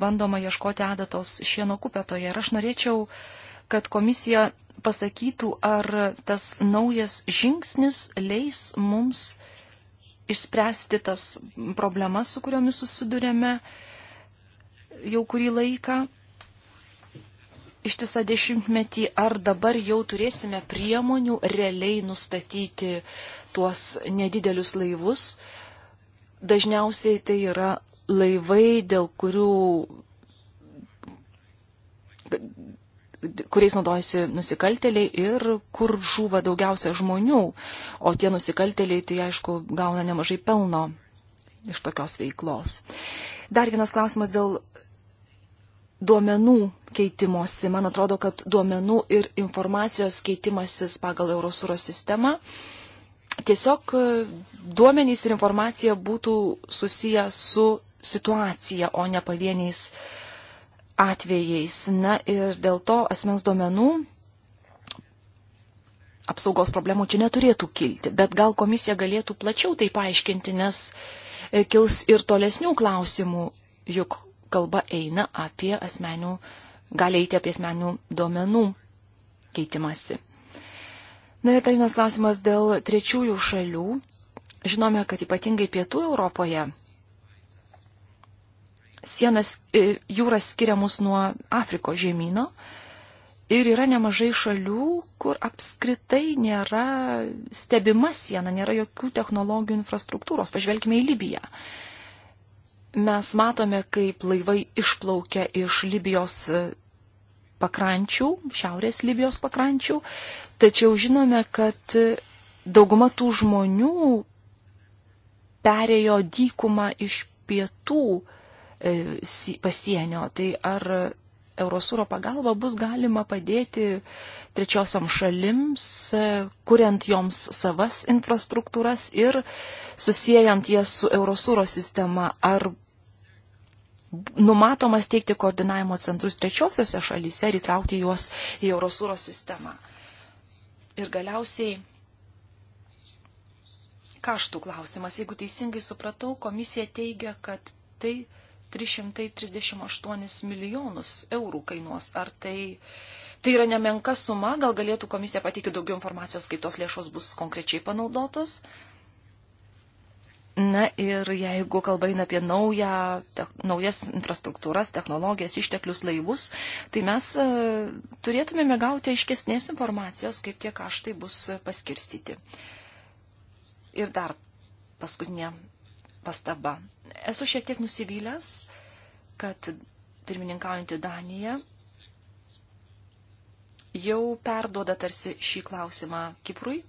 bandoma ieškoti adatos šieno kupetoje. Ir aš norėčiau uh, kad komisija pasakytų, ar tas naujas žingsnis leis mums išspręsti tas problemas, su kuriomis susidurėme jau kurį laiką, ištisą dešimtmetį, ar dabar jau turėsime priemonių realiai nustatyti tuos nedidelius laivus. Dažniausiai tai yra laivai, dėl kurių kuriais naudojasi nusikalteliai ir kur žūva daugiausia žmonių, o tie nusikalteliai, tai aišku, gauna nemažai pelno iš tokios veiklos. Dar vienas klausimas dėl duomenų keitimosi. Man atrodo, kad duomenų ir informacijos keitimasis pagal Eurosūro sistemą tiesiog e, duomenys ir informacija būtų susiję su situacija, o ne pavieniais uh, atvejais. Na ir dėl to asmens duomenų apsaugos problemų čia neturėtų kilti, bet gal komisija galėtų plačiau tai paaiškinti, nes e, kils ir tolesnių klausimų, juk kalba eina apie asmenių, gali eiti apie asmenių duomenų keitimasi. Na ir dar vienas klausimas dėl trečiųjų šalių. Žinome, kad ypatingai pietų Europoje sienas, e, jūras skiria mus nuo Afrikos žemynų. Ir yra nemažai šalių, kur apskritai nėra stebima siena, nėra jokių technologijų infrastruktūros. Pažvelkime į Libiją. Mes matome, kaip laivai išplaukia iš Libijos e, pakrančių, šiaurės Libijos pakrančių, tačiau žinome, kad e, dauguma tų žmonių perėjo dykumą iš pietų E, pasienio. Tai ar Eurosūro pagalba bus galima padėti trečiosiom šalims, e, kuriant joms savas infrastruktūras ir susijęjant jas su Eurosūro sistema, ar numatomas teikti koordinavimo centrus trečiosiose šalyse ir įtraukti juos į Eurosūro sistemą. Ir galiausiai kaštų klausimas. Jeigu teisingai supratau, komisija teigia, kad tai 338 milijonus eurų kainuos. Ar tai, tai yra nemenka suma, gal galėtų komisija pateikti daugiau informacijos, kaip tos lėšos bus konkrečiai panaudotos? Na ir jeigu kalba eina apie naują, te, naujas infrastruktūras, technologijas, išteklius, laivus, tai mes e, turėtumėme gauti aiškesnės informacijos, kaip tie kaštai bus paskirstyti. Ir dar paskutinė pastaba esu šiek tiek nusivylęs, kad pirmininkaujantį Daniją jau perduoda tarsi šį klausimą Kiprui.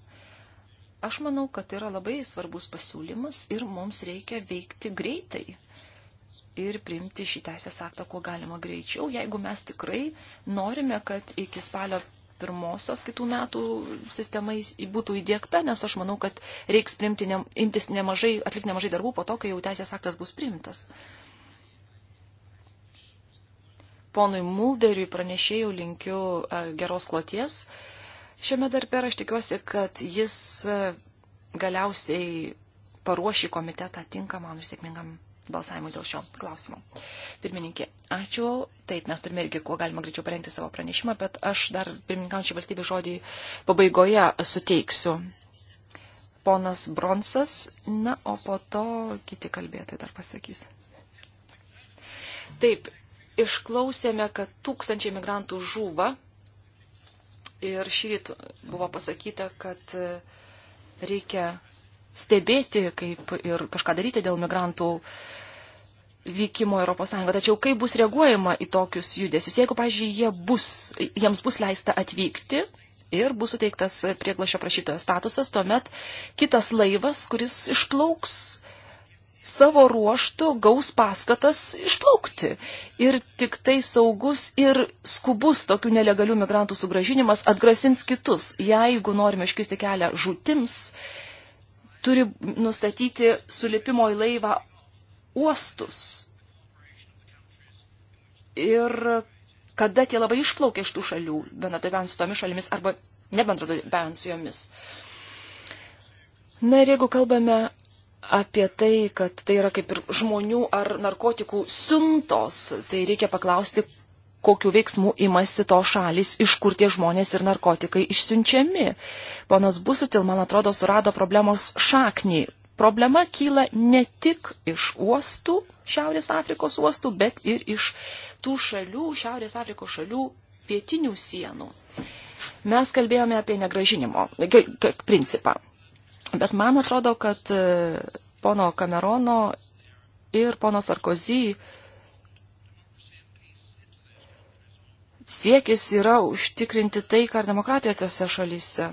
Aš manau, kad yra labai svarbus pasiūlymas ir mums reikia veikti greitai ir priimti šį teisės aktą kuo galima greičiau, jeigu mes tikrai norime, kad iki spalio pirmosios kitų metų sistema būtų įdėkta, nes aš manau, kad reiks ne, imtis nemažai, atlikti nemažai darbų po to, kai jau teisės aktas bus priimtas. Ponui Mulderiui pranešėjau linkiu e, geros kloties. Šiame darbe aš tikiuosi, kad jis e, galiausiai paruoši komitetą tinkamam ir sėkmingam balsavimui dėl šio klausimo. Pirmininkė, ačiū. Taip, mes turime irgi kuo galima greičiau parengti savo pranešimą, bet aš dar pirmininkaujančiai valstybė žodį pabaigoje suteiksiu. Ponas Bronsas, na, o po to kiti kalbėtojai dar pasakys. Taip, išklausėme, kad tūkstančiai migrantų žūva ir šį rytą buvo pasakyta, kad reikia stebėti kaip ir kažką daryti dėl migrantų vykimo ES. Tačiau kaip bus reaguojama į tokius judesius, jeigu, pažiūrėjau, jie bus, jiems bus leista atvykti ir bus suteiktas prieglašio prašytojo statusas, tuomet kitas laivas, kuris išplauks savo ruoštų gaus paskatas išplaukti. Ir tik tai saugus ir skubus tokių nelegalių migrantų sugražinimas atgrasins kitus. Jeigu norime iškisti kelią žūtims, turi nustatyti sulipimo į laivą uostus. Ir kada tie labai išplaukia iš tų šalių, bendradarbiaujant su tomis šalimis arba nebendradarbiaujant su jomis. Na ir jeigu kalbame apie tai, kad tai yra kaip ir žmonių ar narkotikų siuntos, tai reikia paklausti, kokiu veiksmu imasi to šalis, iš kur tie žmonės ir narkotikai išsiunčiami. Ponas Busutil, man atrodo, surado problemos šaknį. Problema kyla ne tik iš uostų, Šiaurės Afrikos uostų, bet ir iš tų šalių, Šiaurės Afrikos šalių pietinių sienų. Mes kalbėjome apie negražinimo principą. Bet man atrodo, kad e, pono Kamerono ir pono Sarkozy siekis yra užtikrinti taiką ir demokratiją tose šalyse.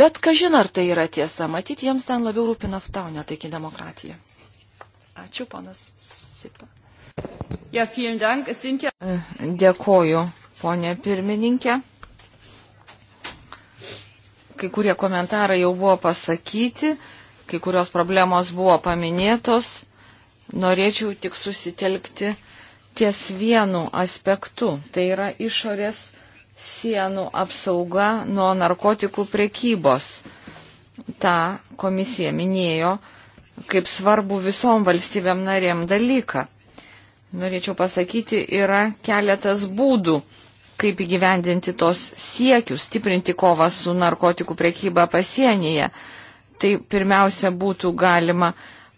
Bet kažin ar tai yra tiesa, matyti jiems ten labiau rūpi nafta, o ne taiki demokratija. Ačiū, panas Sipa. Ja, dank. Ja... Eh, dėkoju, ponė pirmininkė. Kai kurie komentarai jau buvo pasakyti, kai kurios problemos buvo paminėtos. Norėčiau tik susitelkti ties vienu aspektu, tai yra išorės sienų apsauga nuo narkotikų prekybos. Ta komisija minėjo kaip svarbu visom valstybėm narėm dalyką. Norėčiau pasakyti, yra keletas būdų, kaip įgyvendinti tos siekius, stiprinti kovą su narkotikų prekyba pasienyje. Tai pirmiausia būtų galima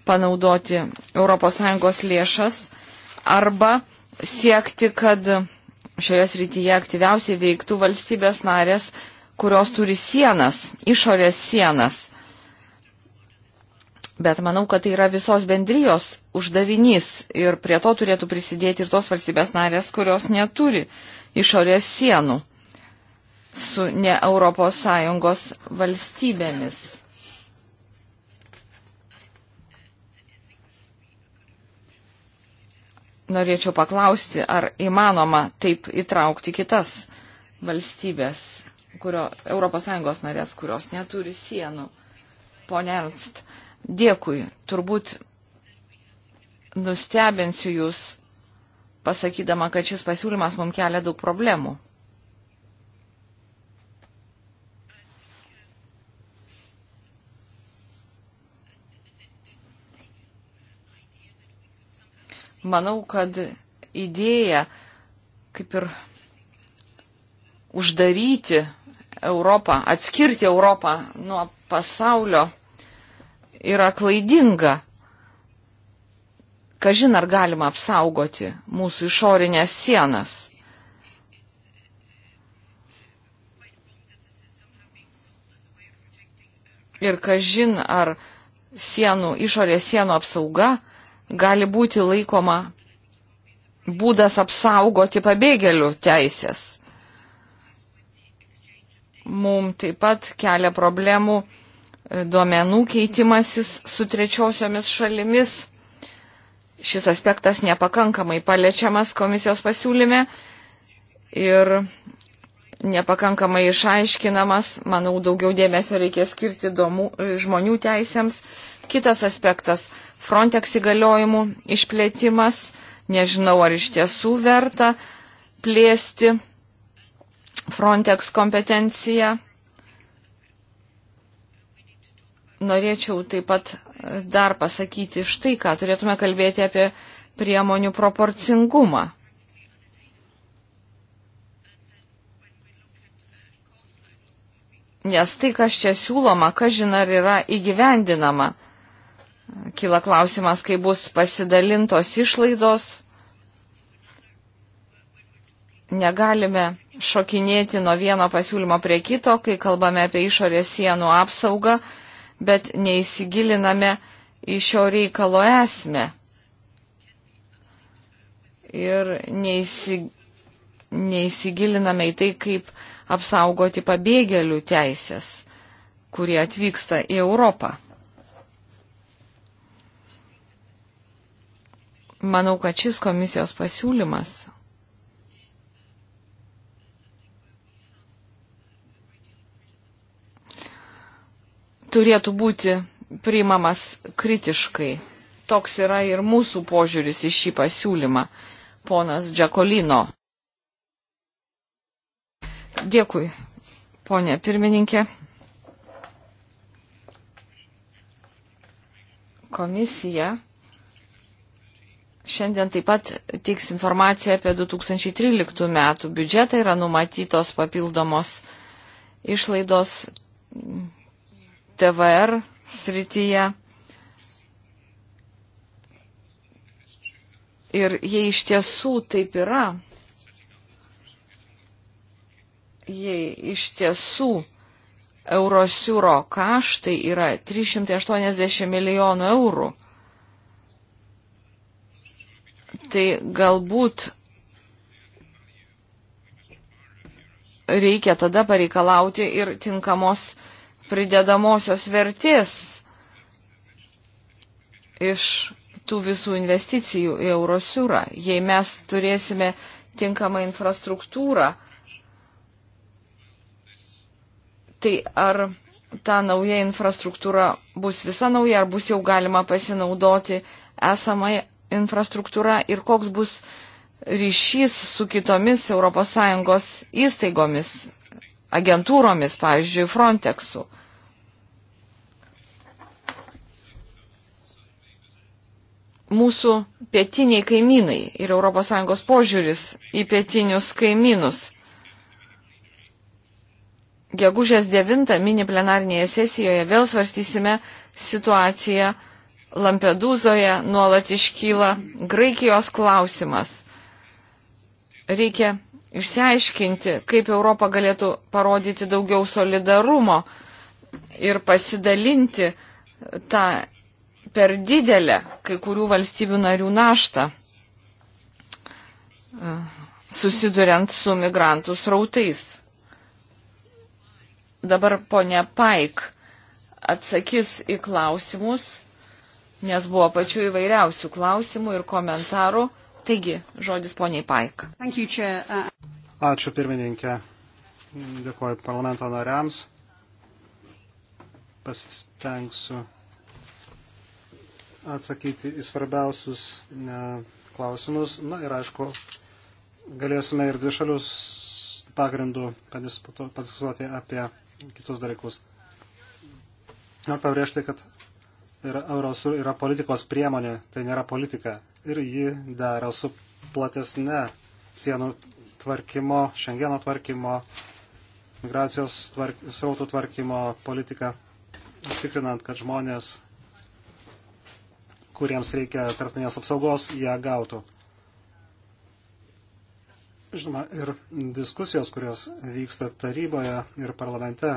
panaudoti ES lėšas arba siekti, kad šioje srityje aktyviausiai veiktų valstybės narės, kurios turi sienas, išorės sienas. Bet manau, kad tai yra visos bendrijos uždavinys ir prie to turėtų prisidėti ir tos valstybės narės, kurios neturi išorės sienų su ne Europos Sąjungos valstybėmis. norėčiau paklausti, ar įmanoma taip įtraukti kitas valstybės, kurio, ES narės, kurios neturi sienų. Pone Ernst, dėkui. Turbūt nustebinsiu jūs pasakydama, kad šis pasiūlymas mums kelia daug problemų. Manau, kad idėja kaip ir uždaryti Europą, atskirti Europą nuo pasaulio yra klaidinga. Kažin ar galima apsaugoti mūsų išorinės sienas. Ir kažin ar sienų, išorės sienų apsauga gali būti laikoma būdas apsaugoti pabėgėlių teisės. Mums taip pat kelia problemų e, duomenų keitimasis su trečiosiomis šalimis. Šis aspektas nepakankamai paliečiamas komisijos pasiūlyme ir nepakankamai išaiškinamas, manau, daugiau dėmesio reikės skirti domų, žmonių teisėms. Kitas aspektas Frontex įgaliojimų išplėtimas. Nežinau, ar iš tiesų verta plėsti Frontex kompetenciją. Norėčiau taip pat dar pasakyti štai, ką turėtume kalbėti apie priemonių proporcingumą. Nes tai, kas čia siūloma, kas žinai, ar yra įgyvendinama. Kila klausimas, kai bus pasidalintos išlaidos. Negalime šokinėti nuo vieno pasiūlymo prie kito, kai kalbame apie išorės sienų apsaugą, bet neįsigiliname į šio reikalo esmę. Ir neįsi, neįsigiliname į tai, kaip apsaugoti pabėgėlių teisės, kurie atvyksta į Europą. Manau, kad šis komisijos pasiūlymas turėtų būti priimamas kritiškai. Toks yra ir mūsų požiūris į šį pasiūlymą, ponas Džekolino. Dėkui, ponė pirmininkė. Komisija Šiandien taip pat tiks informacija apie 2013 metų biudžetą yra numatytos papildomos išlaidos TVR srityje. Ir jei iš tiesų taip yra, jei iš tiesų Eurosiūro kaštai yra 380 milijonų eurų, tai galbūt reikia tada pareikalauti ir tinkamos pridedamosios vertės iš tų visų investicijų į Eurosiūrą. Jei mes turėsime tinkamą infrastruktūrą, tai ar ta nauja infrastruktūra bus visa nauja, ar bus jau galima pasinaudoti esamai, infrastruktūra ir koks bus ryšys su kitomis ES įstaigomis, agentūromis, pavyzdžiui, Frontexu. Mūsų pietiniai kaimynai ir ES požiūris į pietinius kaimynus. Gegužės 9 mini plenarinėje sesijoje vėl svarstysime situaciją Lampedūzoje nuolat iškyla Graikijos klausimas. Reikia išsiaiškinti, kaip Europa galėtų parodyti daugiau solidarumo ir pasidalinti tą per didelę kai kurių valstybių narių naštą, e, susiduriant su migrantų srautais. Dabar ponia Paik atsakys į klausimus nes buvo pačių įvairiausių klausimų ir komentarų. Taigi, žodis poniai Paik. Uh, Ačiū pirmininkė. Dėkuoju parlamento nariams. Pasistengsiu atsakyti į svarbiausius klausimus. Na ir aišku, galėsime ir dvišalius pagrindų padiskutuoti apie kitus dalykus. Noriu pabrėžti, kad Eurosur yra politikos priemonė, tai nėra politika. Ir ji daro su platesne sienų tvarkymo, šengeno tvarkymo, migracijos tvark, srautų tvarkymo politika, užtikrinant, kad žmonės, kuriems reikia tarptautinės apsaugos, ją gautų. Žinoma, ir diskusijos, kurios vyksta taryboje ir parlamente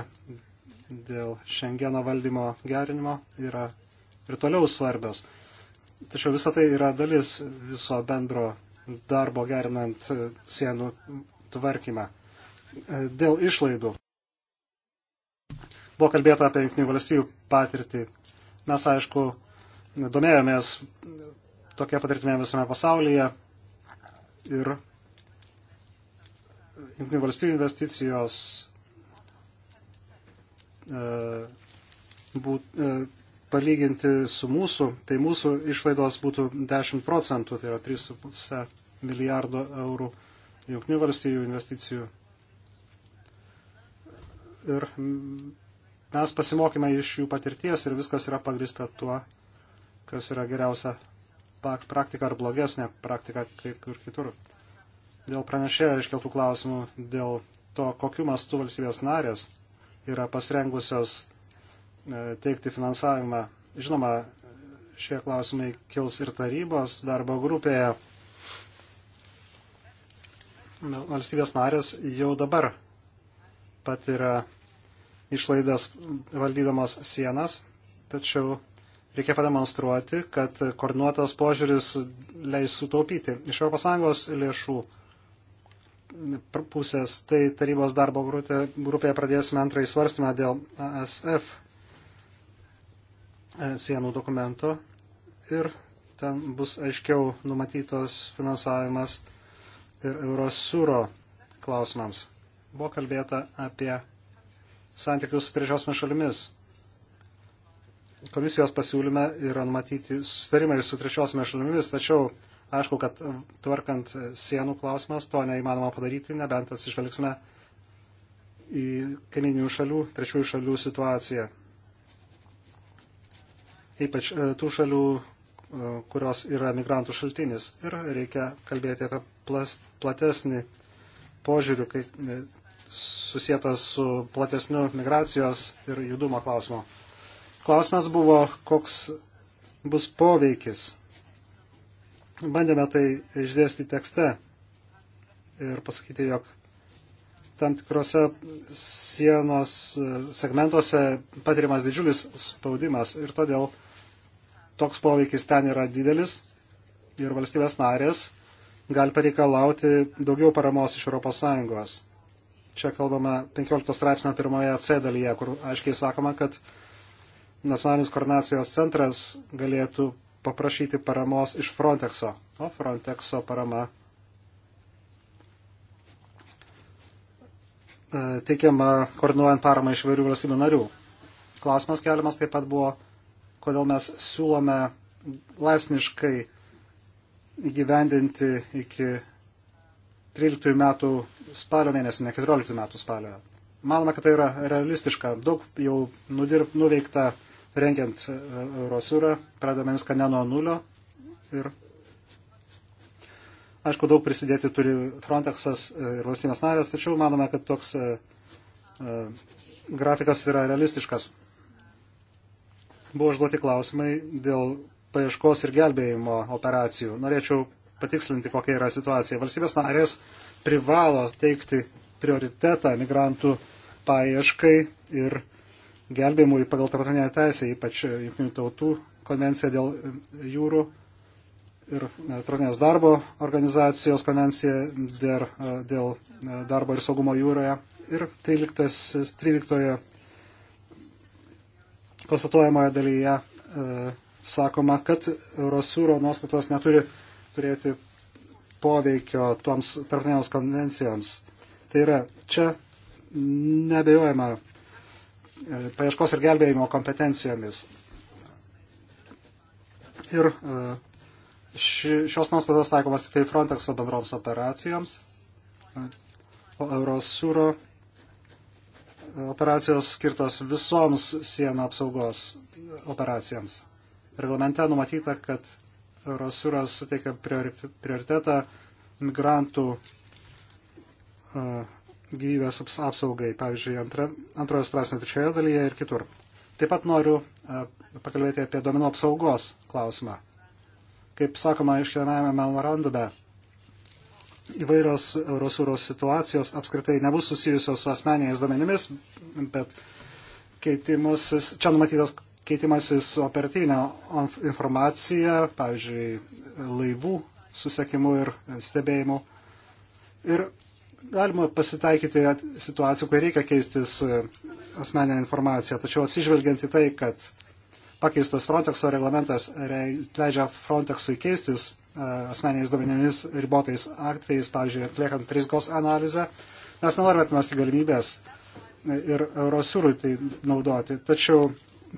dėl šengeno valdymo gerinimo, yra ir toliau svarbios. Tačiau visa tai yra dalis viso bendro darbo gerinant e, sienų tvarkymą. E, dėl išlaidų. Buvo kalbėta apie Junktinių valstybių patirtį. Mes, aišku, domėjomės tokia patirtimi visame pasaulyje ir Junktinių valstybių investicijos e, būt, e, palyginti su mūsų, tai mūsų išlaidos būtų 10 procentų, tai yra 3,5 milijardo eurų jungtinių valstybių investicijų. Ir mes pasimokime iš jų patirties ir viskas yra pagrista tuo, kas yra geriausia praktika ar blogesnė praktika kaip ir kitur. Dėl pranešėjo iškeltų klausimų, dėl to, kokiu mastu valstybės narės yra pasirengusios E, teikti finansavimą. Žinoma, šie klausimai kils ir tarybos darbo grupėje. Valstybės narės jau dabar patiria išlaidas valdydamas sienas, tačiau reikia pademonstruoti, kad koordinuotas požiūris leis sutaupyti iš ES lėšų pusės. Tai tarybos darbo grupė, grupėje pradėsime antrąjį svarstymą dėl ASF E, sienų dokumento ir ten bus aiškiau numatytos finansavimas ir Eurosūro klausimams. Buvo kalbėta apie santykius su trečiosiomis šalimis. Komisijos pasiūlyme yra numatyti sustarimai su trečiosiomis šalimis, tačiau aišku, kad tvarkant sienų klausimas to neįmanoma padaryti, nebent atsižvelgsime į kaiminių šalių, trečiųjų šalių situaciją ypač e, tų šalių, e, kurios yra migrantų šaltinis. Ir reikia kalbėti apie plas, platesnį požiūrių, kai e, susijęs su platesniu migracijos ir judumo klausimu. Klausimas buvo, koks bus poveikis. Bandėme tai išdėsti tekste ir pasakyti, jog tam tikrose sienos segmentuose patiriamas didžiulis spaudimas ir todėl toks poveikis ten yra didelis ir valstybės narės gali pareikalauti daugiau paramos iš ES. Čia kalbame 15 straipsnio pirmoje C dalyje, kur aiškiai sakoma, kad nacionalinis koordinacijos centras galėtų paprašyti paramos iš Frontexo, o Frontexo parama e, teikiama koordinuojant paramą iš vairių valstybių narių. Klausimas keliamas taip pat buvo kodėl mes siūlome laipsniškai įgyvendinti iki 13 metų spalio mėnesį, ne 14 metų spalio. Manome, kad tai yra realistiška. Daug jau nudirb, nuveikta rengiant e, Eurosiūrą, pradame viską ne nuo nulio. Ir aišku, daug prisidėti turi Frontexas ir valstybės narės, tačiau manome, kad toks e, e, grafikas yra realistiškas buvo užduoti klausimai dėl paieškos ir gelbėjimo operacijų. Norėčiau patikslinti, kokia yra situacija. Valstybės narės privalo teikti prioritetą migrantų paieškai ir gelbėjimui pagal tarptautinę teisę, ypač Junktinių tautų konvenciją dėl jūrų ir e, Tarptautinės darbo organizacijos konvenciją e, dėl, dėl e, darbo ir saugumo jūroje ir 13, 13 konstatuojamoje dalyje e, sakoma, kad Eurosūro nuostatos neturi turėti poveikio toms tarptautinėms konvencijoms. Tai yra, čia nebejojama e, paieškos ir gelbėjimo kompetencijomis. Ir e, ši, šios nuostatos taikomas tik tai Frontexo bendroms operacijoms, e, o Eurosūro operacijos skirtos visoms sienų apsaugos operacijams. Reglamente numatyta, kad Eurosiūras suteikia prioritetą migrantų e, gyvybės apsaugai, pavyzdžiui, antra, antrojo straipsnio trečioje dalyje ir kitur. Taip pat noriu e, pakalbėti apie domenų apsaugos klausimą. Kaip sakoma, iškiename memorandume, įvairios Eurosūros situacijos apskritai nebus susijusios su asmeniniais duomenimis, bet keitimasis, čia numatytas keitimasis operatyvinė informacija, pavyzdžiui, laivų susekimu ir stebėjimu. Ir galima pasitaikyti situacijų, kai reikia keistis asmeninę informaciją, tačiau atsižvelgiant į tai, kad pakeistas Frontexo reglamentas leidžia Frontexui keistis e, asmeniais duomenimis ribotais atvejais, pavyzdžiui, atliekant rizikos analizę. Mes nenorime atmesti galimybės e, ir Eurosiūrui tai naudoti. Tačiau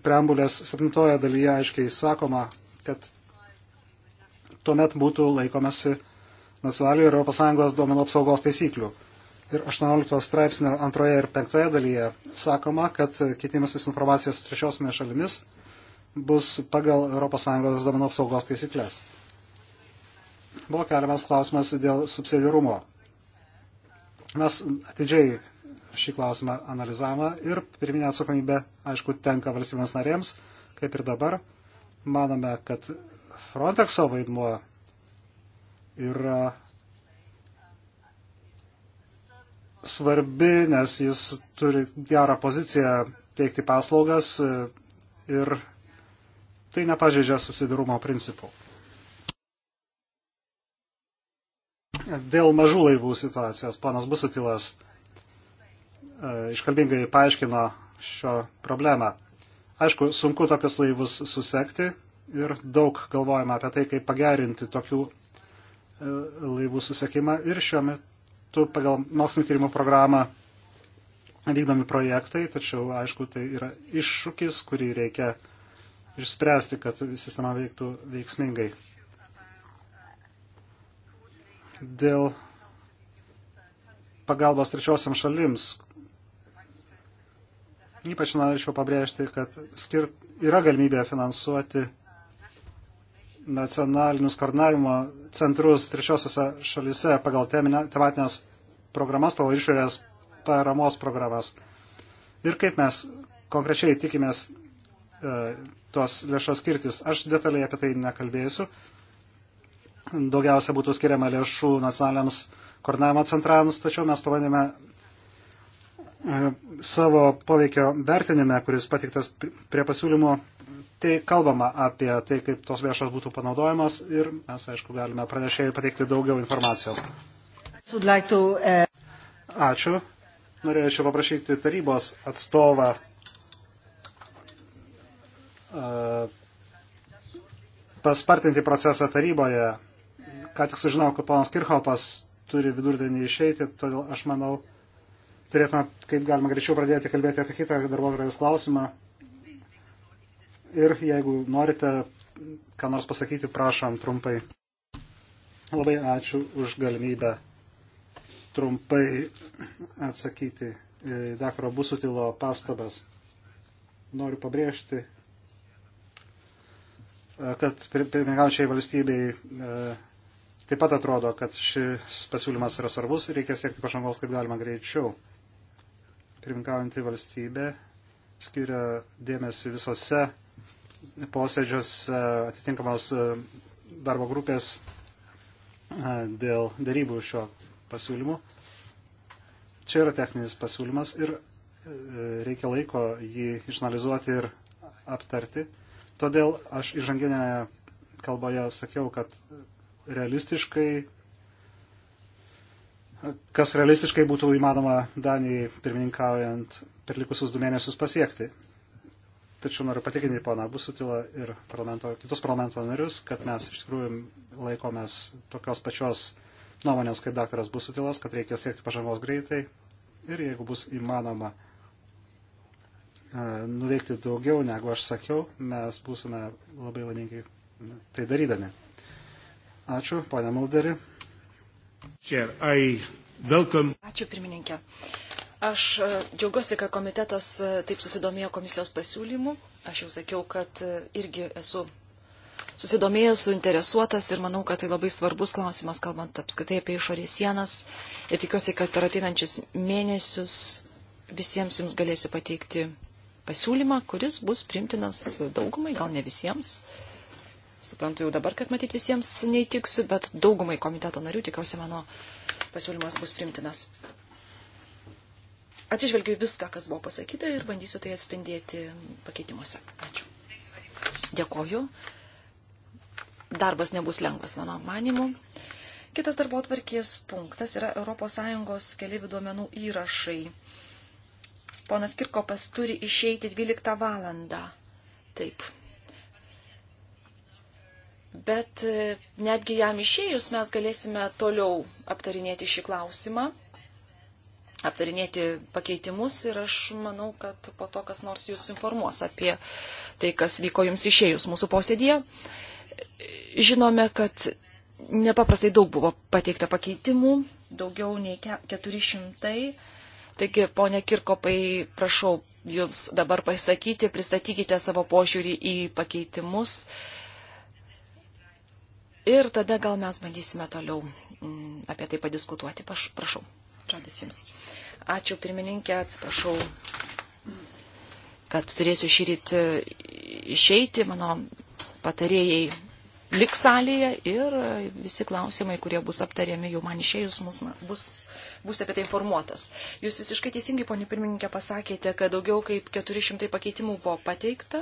preambulės septintoje dalyje aiškiai sakoma, kad tuomet būtų laikomasi nacionalinių ir ES duomenų apsaugos taisyklių. Ir 18 straipsnio antroje ir penktoje dalyje sakoma, kad keitimasis informacijos trečiosiomis šalimis bus pagal ES domenų apsaugos taisyklės. Buvo keliamas klausimas dėl subsidiarumo. Mes atidžiai šį klausimą analizavome ir pirminė atsakomybė, aišku, tenka valstybėms narėms, kaip ir dabar. Manome, kad Frontexo vaidmuo yra svarbi, nes jis turi gerą poziciją teikti paslaugas ir tai nepažeidžia subsidirumo principų. Dėl mažų laivų situacijos ponas Busutilas e, iškalbingai paaiškino šio problemą. Aišku, sunku tokius laivus susekti ir daug galvojama apie tai, kaip pagerinti tokių e, laivų susekimą. Ir šiuo metu pagal mokslinio tyrimų programą vykdomi projektai, tačiau, aišku, tai yra iššūkis, kurį reikia išspręsti, kad sistema veiktų veiksmingai. Dėl pagalbos trečiosiam šalims. Ypač norėčiau pabrėžti, kad skirt, yra galimybė finansuoti nacionalinius koordinavimo centrus trečiosiose šalise pagal tematinės programas, pagal išorės paramos programas. Ir kaip mes konkrečiai tikimės E, tos lėšos skirtis. Aš detaliai apie tai nekalbėsiu. Daugiausia būtų skiriama lėšų nacionaliams koordinavimo centrams, tačiau mes pabandėme e, savo poveikio vertinime, kuris patiktas prie pasiūlymo, tai kalbama apie tai, kaip tos lėšos būtų panaudojamos ir mes, aišku, galime pranešėjai pateikti daugiau informacijos. Uh, Ačiū. Norėčiau paprašyti tarybos atstovą paspartinti procesą taryboje. Ką tik sužinau, kad ponas Kirchhopas turi vidurdienį išeiti, todėl aš manau, turėtume kaip galima greičiau pradėti kalbėti apie kitą darbo atvarkės klausimą. Ir jeigu norite ką nors pasakyti, prašom trumpai. Labai ačiū už galimybę trumpai atsakyti į daktaro Busutilo pastabas. Noriu pabrėžti, kad pirmininkaučiai valstybei e, taip pat atrodo, kad šis pasiūlymas yra svarbus ir reikia siekti pažangos kaip galima greičiau. Pirmininkaujantį valstybę skiria dėmesį visose posėdžiuose atitinkamos e, darbo grupės e, dėl darybų šio pasiūlymu. Čia yra techninis pasiūlymas ir reikia laiko jį išanalizuoti ir aptarti. Todėl aš įžanginėje kalboje sakiau, kad realistiškai, kas realistiškai būtų įmanoma Danijai pirmininkaujant per likusius du mėnesius pasiekti. Tačiau noriu patikinti poną Busutilą ir parlamento, kitus parlamento narius, kad mes iš tikrųjų laikomės tokios pačios nuomonės kaip daktaras Busutilas, kad reikia siekti pažangos greitai ir jeigu bus įmanoma E, nuveikti daugiau, negu aš sakiau, mes būsime labai laimingi tai darydami. Ačiū, ponia Mulderi. Ačiū, pirmininkė. Aš e, džiaugiuosi, kad komitetas e, taip susidomėjo komisijos pasiūlymu. Aš jau sakiau, kad irgi esu susidomėjęs, suinteresuotas ir manau, kad tai labai svarbus klausimas, kalbant apskaitai apie išorės sienas. Ir tikiuosi, kad per ateinančius mėnesius visiems jums galėsiu pateikti pasiūlymą, kuris bus primtinas daugumai, gal ne visiems. Suprantu jau dabar, kad matyt visiems neįtiksiu, bet daugumai komiteto narių tikiuosi mano pasiūlymas bus primtinas. Atsižvelgiu viską, kas buvo pasakyta ir bandysiu tai atspindėti pakeitimuose. Ačiū. Dėkoju. Darbas nebus lengvas, mano manimu. Kitas darbo atvarkės punktas yra ES keliaivių duomenų įrašai. Ponas Kirkopas turi išeiti 12 valandą. Taip. Bet e, netgi jam išėjus mes galėsime toliau aptarinėti šį klausimą, aptarinėti pakeitimus ir aš manau, kad po to kas nors jūs informuos apie tai, kas vyko jums išėjus mūsų posėdėje. Žinome, kad nepaprastai daug buvo pateikta pakeitimų, daugiau nei 400 Taigi, ponė Kirkopai, prašau Jums dabar pasakyti, pristatykite savo požiūrį į pakeitimus ir tada gal mes bandysime toliau mm, apie tai padiskutuoti. Prašau, žodis Jums. Ačiū pirmininkė, atsiprašau, kad turėsiu šį rytį išeiti. Mano patarėjai liks salėje ir e, visi klausimai, kurie bus aptariami jau man išėjus, mus, bus, bus apie tai informuotas. Jūs visiškai teisingai, ponė pirmininkė, pasakėte, kad daugiau kaip 400 pakeitimų buvo pateikta,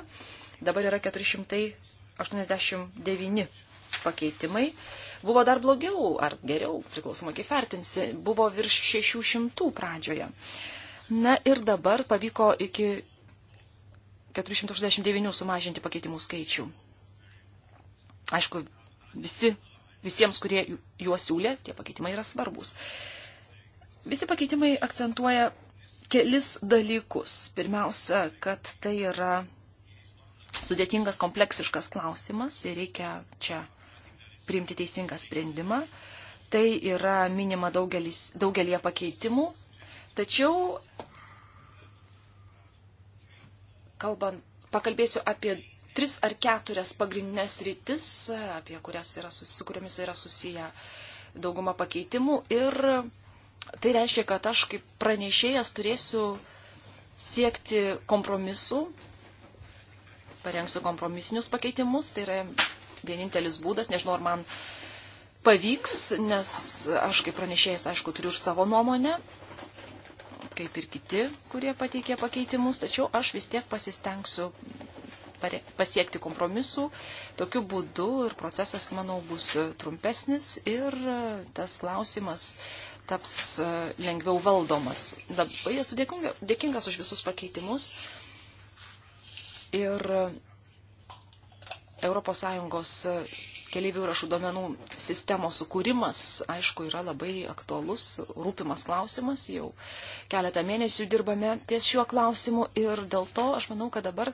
dabar yra 489 pakeitimai. Buvo dar blogiau ar geriau, priklausomai kaip vertinsi, buvo virš 600 pradžioje. Na ir dabar pavyko iki 489 sumažinti pakeitimų skaičių. Aišku, visi, visiems, kurie juos siūlė, tie pakeitimai yra svarbus. Visi pakeitimai akcentuoja kelis dalykus. Pirmiausia, kad tai yra sudėtingas, kompleksiškas klausimas ir reikia čia priimti teisingą sprendimą. Tai yra minima daugelis, daugelie pakeitimų. Tačiau, kalbant, pakalbėsiu apie tris ar keturias pagrindinės rytis, apie kurias yra, su kuriomis yra susiję dauguma pakeitimų. Ir tai reiškia, kad aš kaip pranešėjas turėsiu siekti kompromisų, parengsiu kompromisinius pakeitimus. Tai yra vienintelis būdas, nežinau, ar man pavyks, nes aš kaip pranešėjas, aišku, turiu ir savo nuomonę kaip ir kiti, kurie pateikė pakeitimus, tačiau aš vis tiek pasistengsiu pasiekti kompromisų. Tokiu būdu ir procesas, manau, bus trumpesnis ir e, tas klausimas taps e, lengviau valdomas. Labai esu dėkingas už visus pakeitimus. Ir e, ES e, keliaivių rašų duomenų sistemos sukūrimas, aišku, yra labai aktualus, rūpimas klausimas. Jau keletą mėnesių dirbame ties šiuo klausimu ir dėl to aš manau, kad dabar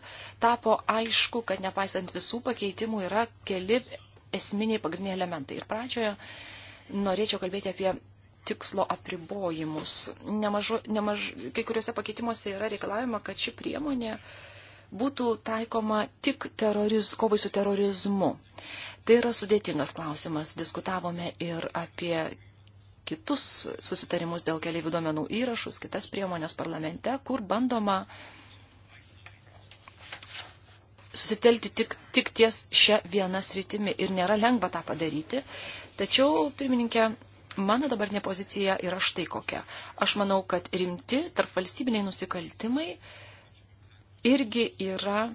tapo aišku, kad nepaisant visų pakeitimų yra keli esminiai pagrindiniai elementai. Ir pradžioje norėčiau kalbėti apie tikslo apribojimus. Nemažu, nemažu, kai kuriuose pakeitimuose yra reikalavima, kad ši priemonė uh, būtų taikoma tik teroriz, kovai su terorizmu. Tai yra sudėtingas klausimas. Diskutavome ir apie kitus susitarimus dėl keliaivių duomenų įrašus, kitas priemonės parlamente, kur bandoma susitelti tik, tik ties šią vieną sritimį ir nėra lengva tą padaryti. Tačiau, pirmininkė, mano dabartinė pozicija yra štai kokia. Aš manau, kad rimti tarp valstybiniai nusikaltimai irgi yra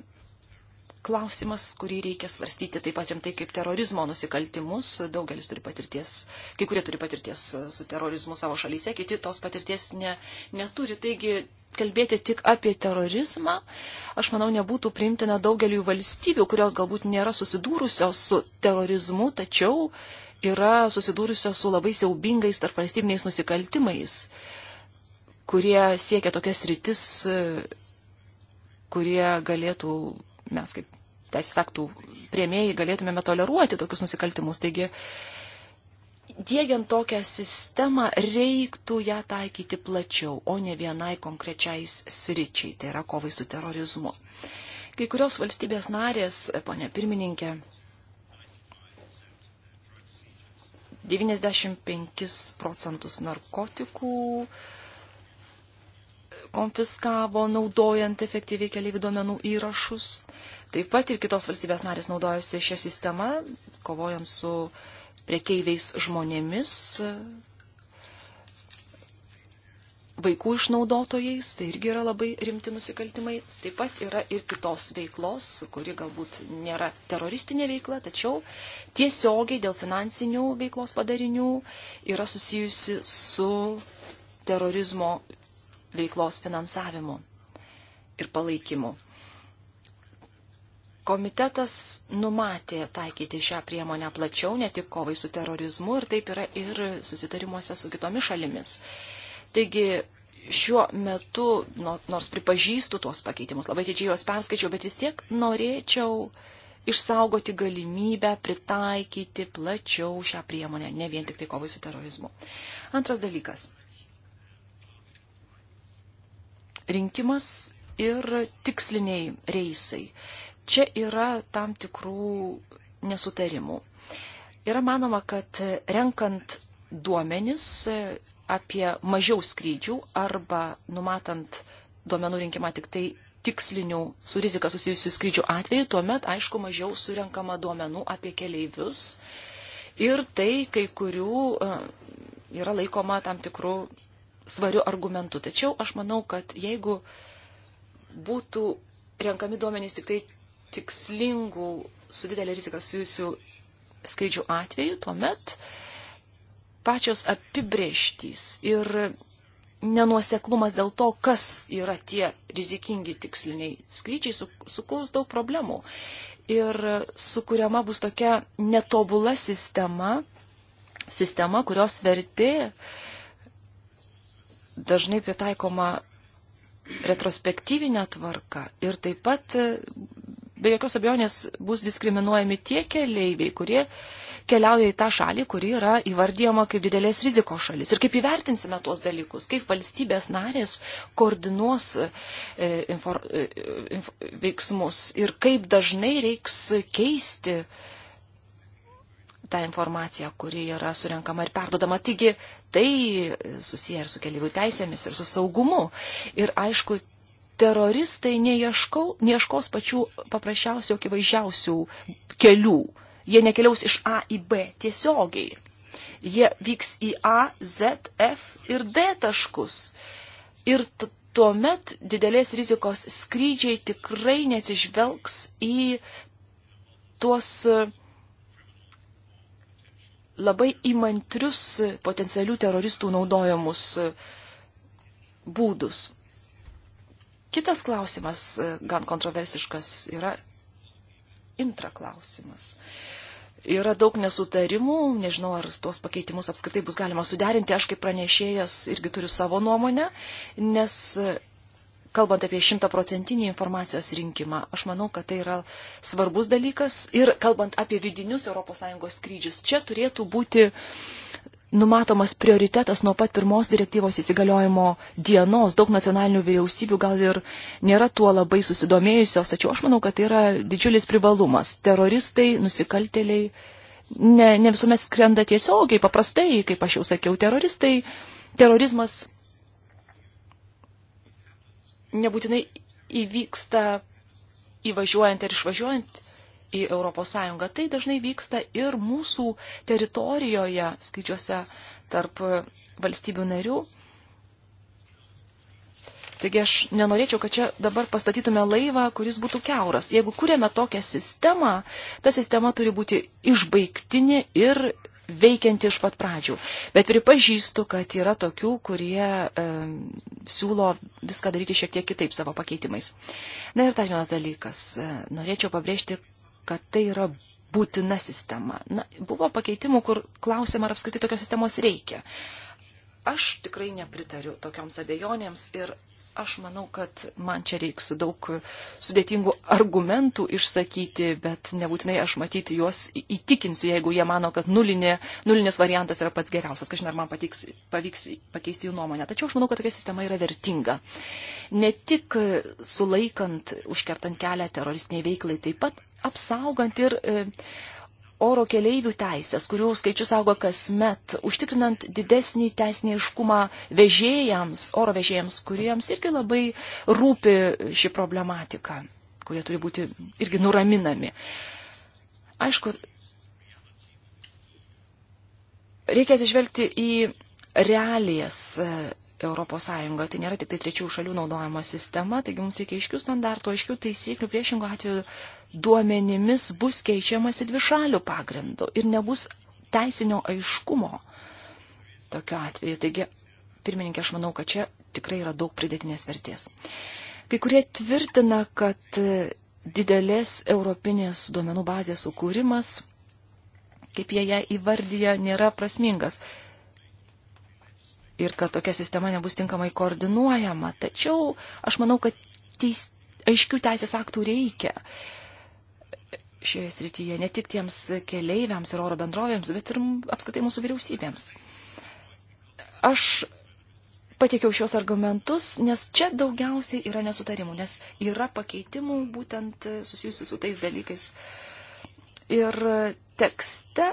klausimas, kurį reikia svarstyti taip pat rimtai kaip terorizmo nusikaltimus. Daugelis turi patirties, kai kurie turi patirties su terorizmu savo šalyse, kiti tos patirties ne, neturi. Taigi kalbėti tik apie terorizmą, aš manau, nebūtų priimtina daugeliu valstybių, kurios galbūt nėra susidūrusios su terorizmu, tačiau yra susidūrusios su labai siaubingais tarp valstybiniais nusikaltimais, kurie siekia tokias rytis kurie galėtų, mes kaip teisės aktų prieimėjai, galėtumėme toleruoti tokius nusikaltimus. Taigi, dėgiant tokią sistemą, reiktų ją taikyti plačiau, o ne vienai konkrečiais sričiai, tai yra kovai su terorizmu. Kai kurios valstybės narės, ponė pirmininkė, 95 procentus narkotikų, konfiskavo, naudojant efektyviai keliaivių duomenų įrašus. Taip pat ir kitos valstybės narės naudojasi šią sistemą, kovojant su priekeiviais žmonėmis, vaikų išnaudotojais, tai irgi yra labai rimti nusikaltimai. Taip pat yra ir kitos veiklos, kuri galbūt nėra teroristinė veikla, tačiau tiesiogiai dėl finansinių veiklos padarinių yra susijusi su terorizmo veiklos finansavimu ir palaikymu. Komitetas numatė taikyti šią priemonę plačiau, ne tik kovai su terorizmu, ir taip yra ir susitarimuose su kitomis šalimis. Taigi šiuo metu, nors pripažįstu tuos pakeitimus, labai didžiai juos perskaičiau, bet vis tiek norėčiau išsaugoti galimybę pritaikyti plačiau šią priemonę, ne vien tik tai kovai su terorizmu. Antras dalykas. rinkimas ir tiksliniai reisai. Čia yra tam tikrų nesutarimų. Yra manoma, kad renkant duomenis apie mažiau skrydžių arba numatant duomenų rinkimą tik tai tikslinių su rizika susijusių skrydžių atveju, tuomet, aišku, mažiau surenkama duomenų apie keleivius. Ir tai kai kurių e, yra laikoma tam tikrų svariu argumentu. Tačiau aš manau, kad jeigu būtų renkami duomenys tik tai tikslingų, su didelė rizika susijusių skrydžių atveju, tuomet pačios apibrieštys ir nenuoseklumas dėl to, kas yra tie rizikingi tiksliniai skrydžiai, su, sukurs daug problemų. Ir sukūriama bus tokia netobula sistema, sistema, kurios vertė uh, dažnai pritaikoma retrospektyvinė tvarka ir taip pat e, be jokios abejonės bus diskriminuojami tie keleiviai, kurie keliauja į tą šalį, kuri yra įvardyjama kaip didelės rizikos šalis. Ir kaip įvertinsime tuos dalykus, kaip valstybės narės koordinuos e, infor, e, inf, veiksmus ir kaip dažnai reiks keisti e, tą informaciją, kuri yra surinkama ir perdodama. Taigi tai susiję ir su keliaivių teisėmis, ir su saugumu. Ir aišku, teroristai neieškau, neieškos pačių paprasčiausių, akivaizdžiausių kelių. Jie nekeliaus iš A į B tiesiogiai. Jie vyks į A, Z, F ir D taškus. Ir tuomet didelės rizikos skrydžiai tikrai neatsižvelgs į tuos uh, labai įmantrius potencialių teroristų naudojamus e, būdus. Kitas klausimas, e, gan kontroversiškas, yra intra klausimas. Yra daug nesutarimų, nežinau, ar tuos pakeitimus apskritai bus galima suderinti. Aš kaip pranešėjas irgi turiu savo nuomonę, nes e, kalbant apie šimtaprocentinį informacijos rinkimą, aš manau, kad tai yra svarbus dalykas. Ir kalbant apie vidinius ES skrydžius, čia turėtų būti numatomas prioritetas nuo pat pirmos direktyvos įsigaliojimo dienos. Daug nacionalinių vyriausybių gal ir nėra tuo labai susidomėjusios, tačiau aš manau, kad tai yra didžiulis privalumas. Teroristai, nusikaltėliai ne, ne visuomet skrenda tiesiogiai, paprastai, kaip aš jau sakiau, teroristai. Terorizmas nebūtinai įvyksta įvažiuojant ir išvažiuojant į ES. Tai dažnai vyksta ir mūsų teritorijoje, skaičiuose tarp valstybių narių. Taigi aš nenorėčiau, kad čia dabar pastatytume laivą, kuris būtų keuras. Jeigu kūrėme tokią sistemą, ta sistema turi būti išbaigtinė ir veikianti iš pat pradžių. Bet pripažįstu, kad yra tokių, kurie e, siūlo viską daryti šiek tiek kitaip savo pakeitimais. Na ir dar tai vienas dalykas. E, norėčiau pabrėžti, kad tai yra būtina sistema. Na, buvo pakeitimų, kur klausima, ar apskritai tokios sistemos reikia. Aš tikrai nepritariu tokioms abejonėms ir Aš manau, kad man čia reiks daug sudėtingų argumentų išsakyti, bet nebūtinai aš matyti juos įtikinsiu, jeigu jie mano, kad nulinė, nulinės variantas yra pats geriausias. Kažin ar man patiks, pavyks pakeisti jų nuomonę. Tačiau aš manau, kad tokia sistema yra vertinga. Ne tik sulaikant, užkertant kelią teroristiniai veiklai, taip pat apsaugant ir. E, oro keleivių teisės, kurių skaičius auga kasmet, užtikrinant didesnį teisinį iškumą vežėjams, oro vežėjams, kuriems irgi labai rūpi ši problematika, kurie turi būti irgi nuraminami. Aišku, reikia atsižvelgti į realijas ES. Tai nėra tik tai trečių šalių naudojama sistema, taigi mums reikia aiškių standartų, aiškių taisyklių, priešingų atveju duomenimis bus keičiamasi dvišalių pagrindų ir nebus teisinio aiškumo tokiu atveju. Taigi, pirmininkė, aš manau, kad čia tikrai yra daug pridėtinės vertės. Kai kurie tvirtina, kad didelės europinės duomenų bazės sukūrimas, kaip jie ją įvardyja, nėra prasmingas ir kad tokia sistema nebus tinkamai koordinuojama. Tačiau aš manau, kad teis, aiškių teisės aktų reikia šioje srityje, ne tik tiems keleiviams ir oro bendrovėms, bet ir apskritai mūsų vyriausybėms. Aš pateikiau šios argumentus, nes čia daugiausiai yra nesutarimų, nes yra pakeitimų būtent e, susijusių su tais dalykais. Ir tekste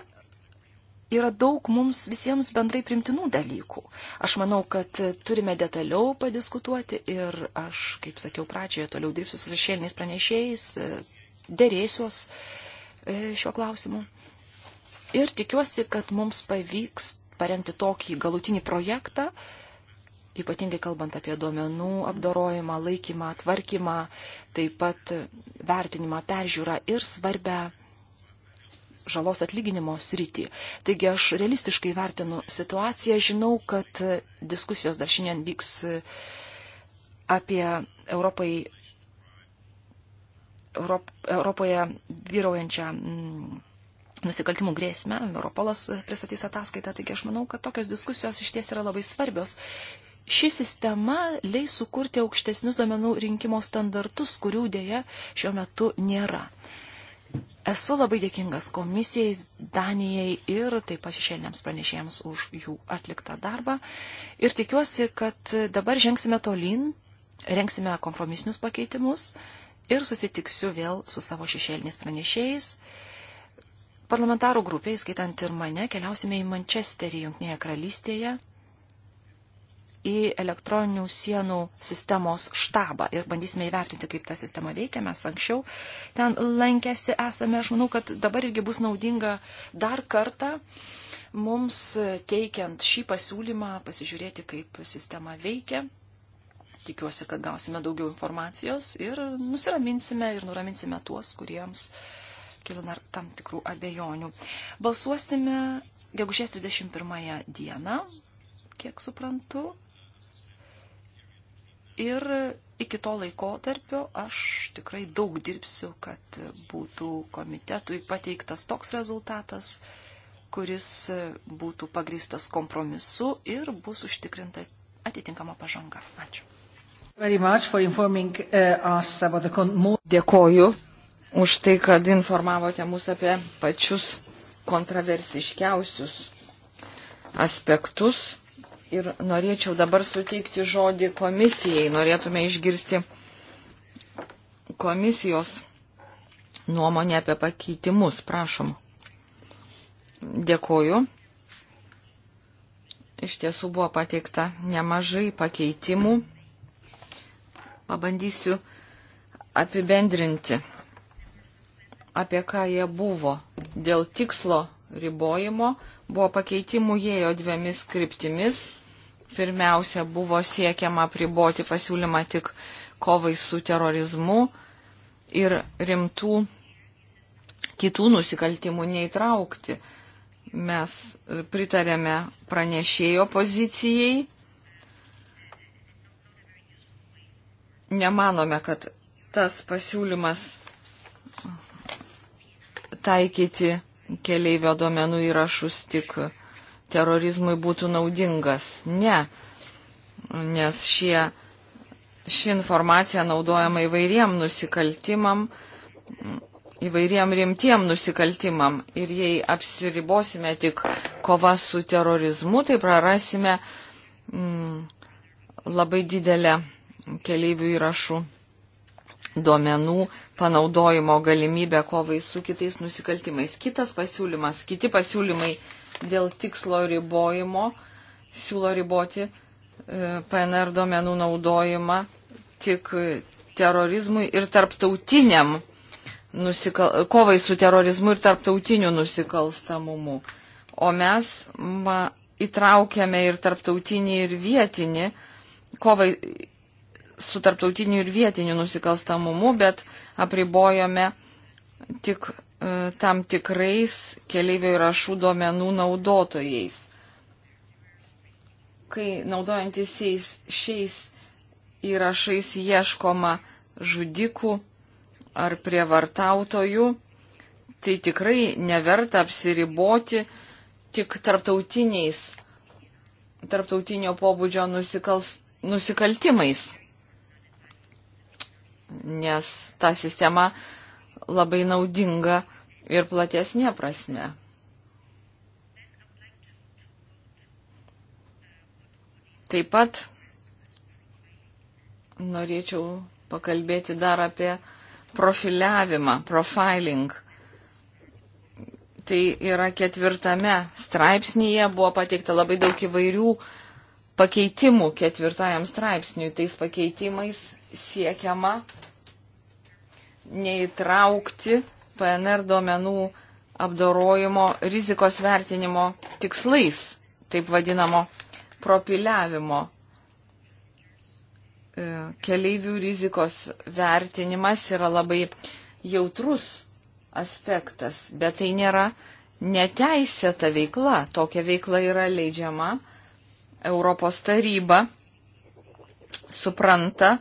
yra daug mums visiems bendrai primtinų dalykų. Aš manau, kad turime detaliau padiskutuoti ir aš, kaip sakiau pradžioje, toliau dirbsiu su šešėliniais pranešėjais, dėrėsiuos e, šiuo klausimu. Ir tikiuosi, kad mums pavyks parengti tokį galutinį projektą, ypatingai kalbant apie duomenų apdorojimą, laikymą, tvarkymą, taip pat vertinimą, peržiūrą ir svarbę žalos atlyginimo sritį. Taigi aš realistiškai vertinu situaciją, žinau, kad diskusijos dar šiandien vyks apie Europai Europ, Europoje vyraujančią mm, nusikaltimų grėsmę. Europolas pristatys ataskaitą, taigi aš manau, kad tokios diskusijos iš ties yra labai svarbios. Ši sistema leis sukurti aukštesnius domenų rinkimo standartus, kurių dėja šiuo metu nėra. Esu labai dėkingas komisijai, Danijai ir taip pat šešėliniams pranešėjams už jų atliktą darbą. Ir tikiuosi, kad dabar žengsime tolyn, rengsime kompromisinius pakeitimus. Uh, ir susitiksiu vėl su savo šešėliniais pranešėjais. Parlamentarų grupė, skaitant ir mane, keliausime į Mančesterį, Junktinėje karalystėje, į elektroninių sienų sistemos štabą ir bandysime įvertinti, kaip ta sistema veikia. Mes anksčiau ten lankėsi esame. Aš manau, kad dabar irgi bus naudinga dar kartą mums teikiant šį pasiūlymą pasižiūrėti, kaip sistema veikia Tikiuosi, kad gausime daugiau informacijos ir nusiraminsime ir nuraminsime tuos, kuriems kilo dar tam tikrų abejonių. Balsuosime gegužės 31 dieną, kiek suprantu. Ir iki to laiko tarpio aš tikrai daug dirbsiu, kad būtų komitetui pateiktas toks rezultatas, kuris būtų pagristas kompromisu ir bus užtikrinta atitinkama pažanga. Ačiū. Uh, Dėkoju už tai, kad informavote mus apie pačius kontroversiškiausius aspektus. Ir norėčiau dabar suteikti žodį komisijai. Norėtume išgirsti komisijos nuomonę apie pakeitimus. Prašom. Dėkoju. Iš tiesų buvo pateikta nemažai pakeitimų Pabandysiu apibendrinti, apie ką jie buvo. Dėl tikslo ribojimo buvo pakeitimų jėjo dviemis kryptimis. Pirmiausia, buvo siekiama priboti pasiūlymą tik kovai su terorizmu ir rimtų kitų nusikaltimų neįtraukti. Mes pritarėme pranešėjo pozicijai nemanome, kad tas pasiūlymas taikyti keleivio duomenų įrašus tik terorizmui būtų naudingas. Ne, nes šie, ši informacija naudojama įvairiem nusikaltimam, įvairiem rimtiem nusikaltimam. Ir jei apsiribosime tik kova su terorizmu, tai prarasime mm, labai didelę keleivių įrašų duomenų panaudojimo galimybę kovai su kitais nusikaltimais. Kitas pasiūlymas, kiti pasiūlymai dėl tikslo ribojimo siūlo riboti e, PNR duomenų naudojimą tik terorizmui ir tarptautiniam nusikal... kovai su terorizmu ir tarptautiniu nusikalstamumu. O mes ma, įtraukiame ir tarptautinį, ir vietinį kovai su tarptautiniu ir vietiniu nusikalstamumu, bet apribojome tik e, tam tikrais keliaivių įrašų duomenų naudotojais. Kai naudojantis šiais įrašais ieškoma žudikų ar prievartautojų, tai tikrai neverta apsiriboti tik tarptautiniais, tarptautinio pobūdžio nusikals, nusikaltimais nes ta sistema labai naudinga ir platesnė prasme. Taip pat norėčiau pakalbėti dar apie profiliavimą, profiling. Tai yra ketvirtame straipsnėje, buvo pateikta labai daug įvairių pakeitimų ketvirtajam straipsniui. Tais pakeitimais siekiama neįtraukti PNR duomenų apdorojimo rizikos vertinimo tikslais, taip vadinamo propiliavimo. E, keleivių rizikos vertinimas yra labai jautrus aspektas, bet tai nėra neteisėta veikla. Tokia veikla yra leidžiama. Europos taryba supranta,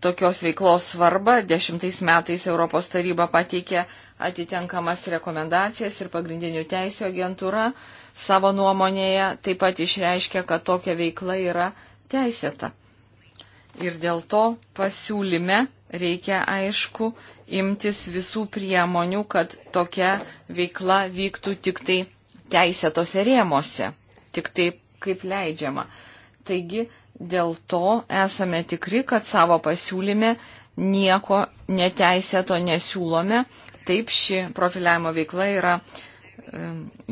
tokios veiklos svarbą. Dešimtais metais Europos taryba pateikė atitinkamas rekomendacijas ir pagrindinių teisų agentūra savo nuomonėje taip pat išreiškė, kad tokia veikla yra teisėta. Ir dėl to pasiūlyme reikia aišku imtis visų priemonių, kad tokia veikla vyktų tik tai teisėtose rėmose, tik taip kaip leidžiama. Taigi Dėl to esame tikri, kad savo pasiūlyme nieko neteisėto nesiūlome. Taip, ši profiliavimo veikla yra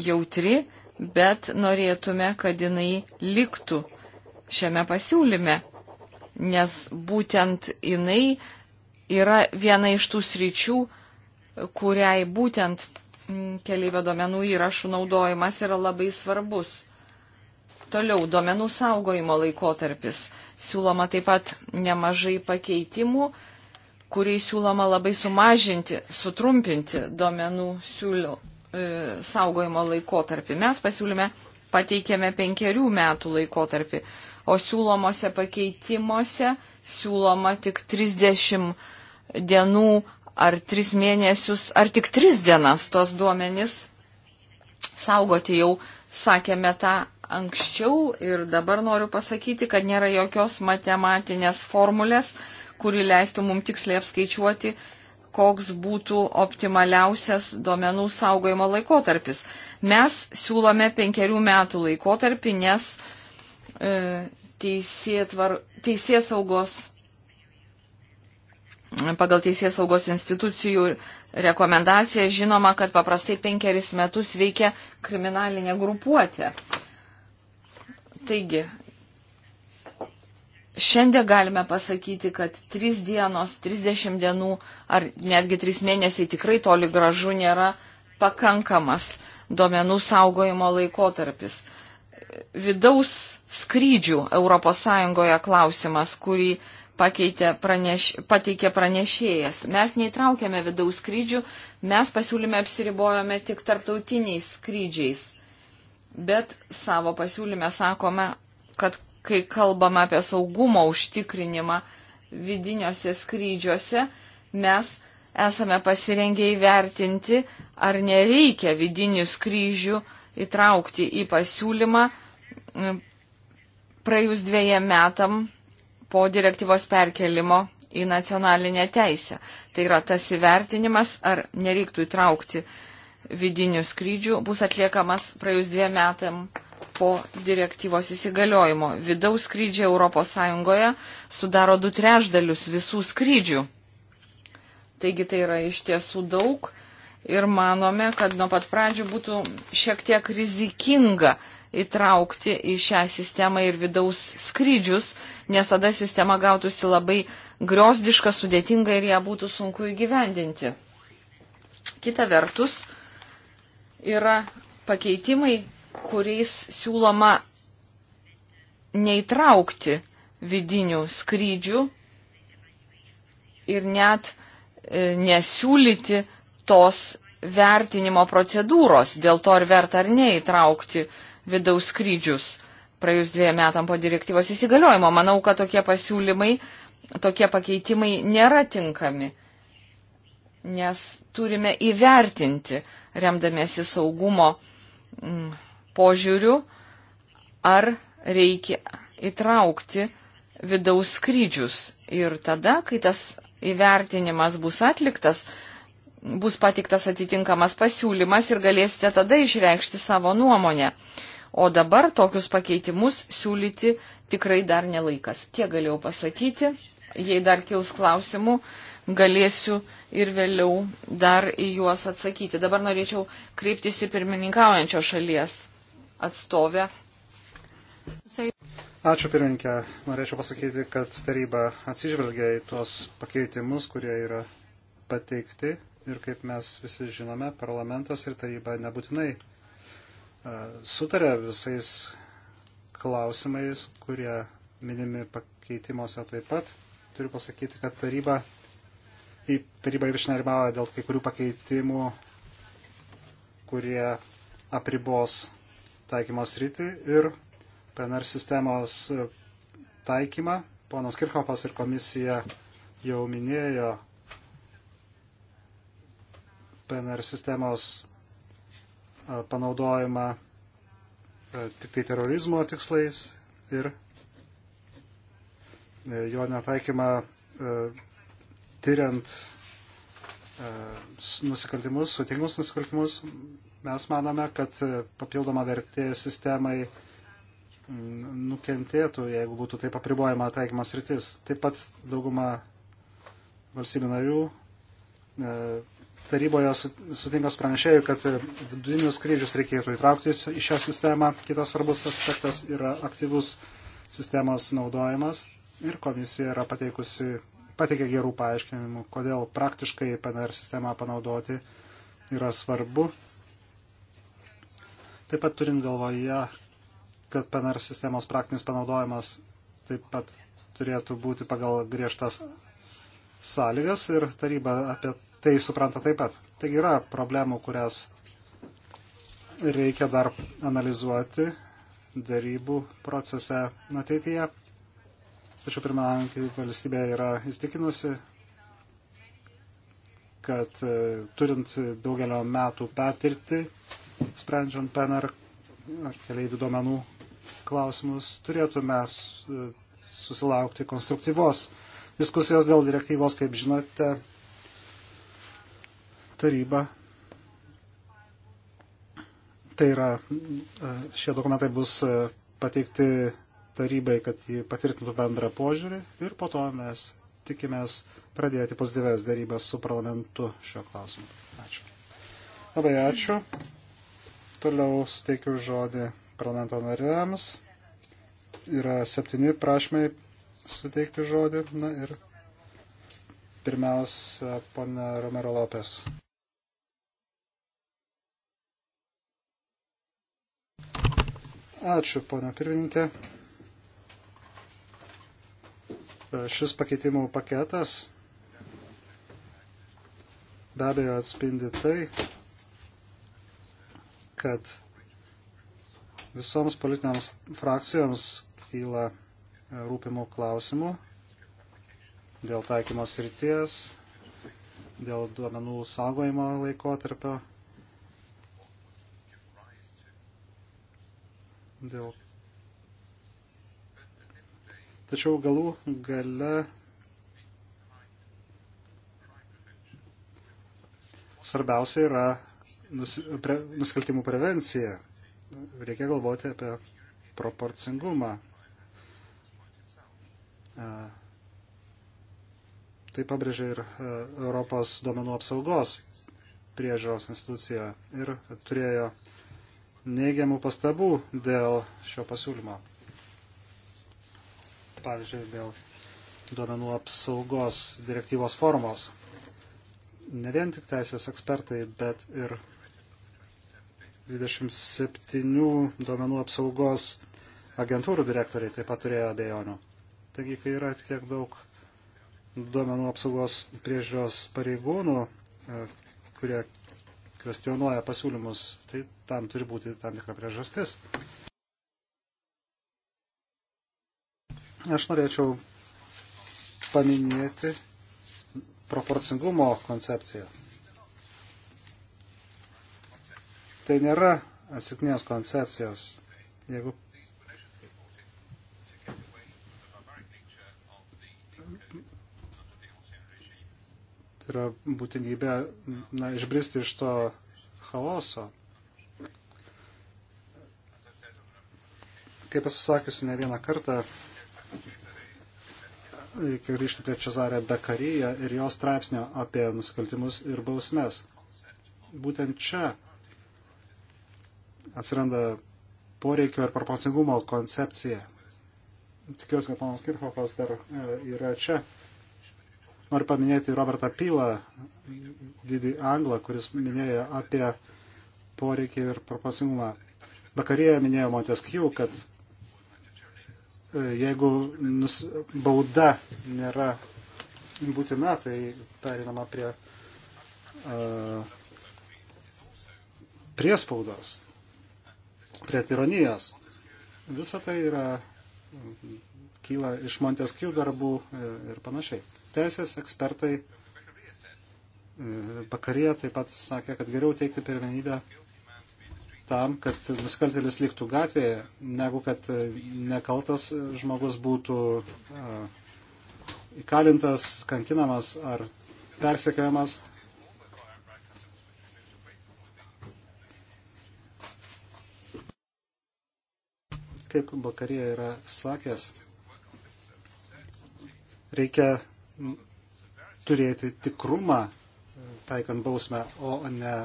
jautri, bet norėtume, kad jinai liktų šiame pasiūlyme, nes būtent jinai yra viena iš tų sričių, kuriai būtent keliaivio duomenų įrašų naudojimas yra labai svarbus. Toliau duomenų saugojimo laikotarpis. Siūloma taip pat nemažai pakeitimų, kuriai siūloma labai sumažinti, sutrumpinti duomenų siūlių e, saugojimo laikotarpį. Mes pasiūlyme pateikėme penkerių metų laikotarpį, o siūlomose pakeitimuose siūloma tik 30 dienų ar 3 mėnesius, ar tik 3 dienas tos duomenys saugoti jau sakėme tą anksčiau ir dabar noriu pasakyti, kad nėra jokios matematinės formulės, kuri leistų mums tiksliai apskaičiuoti, koks būtų optimaliausias duomenų saugojimo laikotarpis. Mes siūlome penkerių metų laikotarpį, nes e, teisėtvar, teisės saugos pagal Teisės saugos institucijų rekomendaciją žinoma, kad paprastai penkeris metus veikia kriminalinė grupuotė. Taigi, šiandien galime pasakyti, kad 3 dienos, 30 dienų ar netgi 3 mėnesiai tikrai toli gražu nėra pakankamas duomenų saugojimo laikotarpis. Vidaus skrydžių ES klausimas, kurį praneš, pateikė pranešėjas. Mes neįtraukėme vidaus skrydžių, mes pasiūlyme apsiribojome tik tarptautiniais skrydžiais bet savo pasiūlyme sakome, kad kai kalbame apie saugumo užtikrinimą vidiniuose skrydžiuose, mes esame pasirengę įvertinti, ar nereikia vidinių skrydžių įtraukti į pasiūlymą praėjus dviejam metam po direktyvos perkelimo į nacionalinę teisę. Tai yra tas įvertinimas, ar nereiktų įtraukti uh, vidinių skrydžių bus atliekamas praėjus dviem metam po direktyvos įsigaliojimo. Vidaus skrydžiai ES sudaro du trešdalius visų skrydžių. Taigi tai yra iš tiesų daug ir manome, kad nuo pat pradžių būtų šiek tiek rizikinga įtraukti į šią sistemą ir vidaus skrydžius, nes tada sistema gautųsi labai griozdiška, sudėtinga ir ją būtų sunku įgyvendinti. Kita vertus, yra pakeitimai, kuriais siūloma neįtraukti vidinių skrydžių ir net e, nesiūlyti tos vertinimo procedūros, dėl to ar verta ar neįtraukti vidaus skrydžius praėjus dviem metam po direktyvos įsigaliojimo. Manau, kad tokie pasiūlymai, tokie pakeitimai nėra tinkami nes turime įvertinti, remdamėsi saugumo mm, požiūriu, ar reikia įtraukti vidaus skrydžius. Ir tada, kai tas įvertinimas bus atliktas, bus patiktas atitinkamas pasiūlymas ir galėsite tada išreikšti savo nuomonę. O dabar tokius pakeitimus siūlyti tikrai dar nelaikas. Tie galėjau pasakyti. Jei dar kils klausimų, galėsiu ir vėliau dar į juos atsakyti. Dabar norėčiau kreiptis į pirmininkaujančio šalies atstovę. Ačiū pirmininkė. Norėčiau pasakyti, kad taryba atsižvelgia į tuos pakeitimus, kurie yra pateikti ir kaip mes visi žinome, parlamentas ir taryba nebūtinai e, sutarė visais klausimais, kurie minimi pakeitimuose taip pat. Turiu pasakyti, kad taryba taryba ir išnerimavo dėl kai kurių pakeitimų, kurie apribos taikymos rytį ir PNR sistemos e, taikymą. Ponas Kirchhoffas ir komisija jau minėjo PNR sistemos e, panaudojimą e, tik tai terorizmo tikslais ir jo netaikymą tyriant e, nusikaltimus, sutingus nusikaltimus, mes manome, kad e, papildoma vertė sistemai nukentėtų, jeigu būtų taip apribojama taikymas rytis. Taip pat dauguma valstybių narių e, taryboje sutinkas pranešėjų, kad vidutinius skrydžius reikėtų įtraukti į šią sistemą. Kitas svarbus aspektas yra aktyvus sistemos naudojimas ir komisija yra pateikusi pateikė gerų paaiškinimų, kodėl praktiškai PNR sistemą panaudoti yra svarbu. Taip pat turint galvoje, kad PNR sistemos praktinis panaudojimas taip pat turėtų būti pagal griežtas sąlygas ir taryba apie tai supranta taip pat. Taigi yra problemų, kurias reikia dar analizuoti darybų procese ateityje. Tačiau pirmiausia, valstybė yra įstikinusi, kad e, turint daugelio metų patirtį, sprendžiant PNR keliaivių duomenų klausimus, turėtume susilaukti konstruktyvos diskusijos dėl direktyvos, kaip žinote, taryba. Tai yra, e, šie dokumentai bus e, pateikti tarybai, kad ji patvirtintų bendrą požiūrį ir po to mes tikimės pradėti pozityves darybas su parlamentu šiuo klausimu. Ačiū. Labai ačiū. Toliau suteikiu žodį parlamento nariams. Yra septyni prašymai suteikti žodį. Na ir pirmiausia, pana Romero Lopes. Ačiū, pana pirmininkė. Šis pakeitimų paketas be abejo atspindi tai, kad visoms politiniams frakcijoms kyla e, rūpimų klausimų dėl taikymos ryties, dėl duomenų saugojimo laikotarpio, dėl Tačiau galų gale svarbiausia yra nus, pre, nusikaltimų prevencija. Reikia galvoti apie proporcingumą. Tai pabrėžia ir Europos duomenų apsaugos priežiūros institucija ir turėjo neigiamų pastabų dėl šio pasiūlymo pavyzdžiui, dėl duomenų apsaugos direktyvos formos. Ne vien tik teisės ekspertai, bet ir 27 duomenų apsaugos agentūrų direktoriai taip pat turėjo abejonių. Taigi, kai yra tiek daug duomenų apsaugos priežiūros pareigūnų, e, kurie kvestionuoja pasiūlymus, tai tam turi būti tam tikra priežastis. Aš norėčiau paminėti proporcingumo koncepciją. Tai nėra atsitinės koncepcijos. Jeigu tai yra būtinybė na, išbristi iš to chaoso. Kaip esu sakiusi ne vieną kartą, reikia grįžti prie Čezarę Bekaryje ir jos straipsnio apie nusikaltimus ir bausmes. Būtent čia atsiranda poreikio ir proporcingumo koncepcija. Tikiuosi, kad ponas Kirchhoffas dar e, yra čia. Noriu paminėti Robertą Pylą, didį anglą, kuris minėjo apie poreikį ir proporcingumą. Vakarėje minėjo Montesquieu, kad E, jeigu bauda nėra būtina, tai perinama prie e, priespaudos, prie tironijos. Visa tai yra kyla iš Monteskijų darbų e, ir panašiai. Teisės ekspertai vakarėje taip pat sakė, kad geriau teikti pirmenybę tam, kad nusikaltėlis liktų gatvėje, negu kad nekaltas žmogus būtų įkalintas, kankinamas ar persekiojamas. Kaip Bakarė yra sakęs, reikia turėti tikrumą taikant bausmę, o ne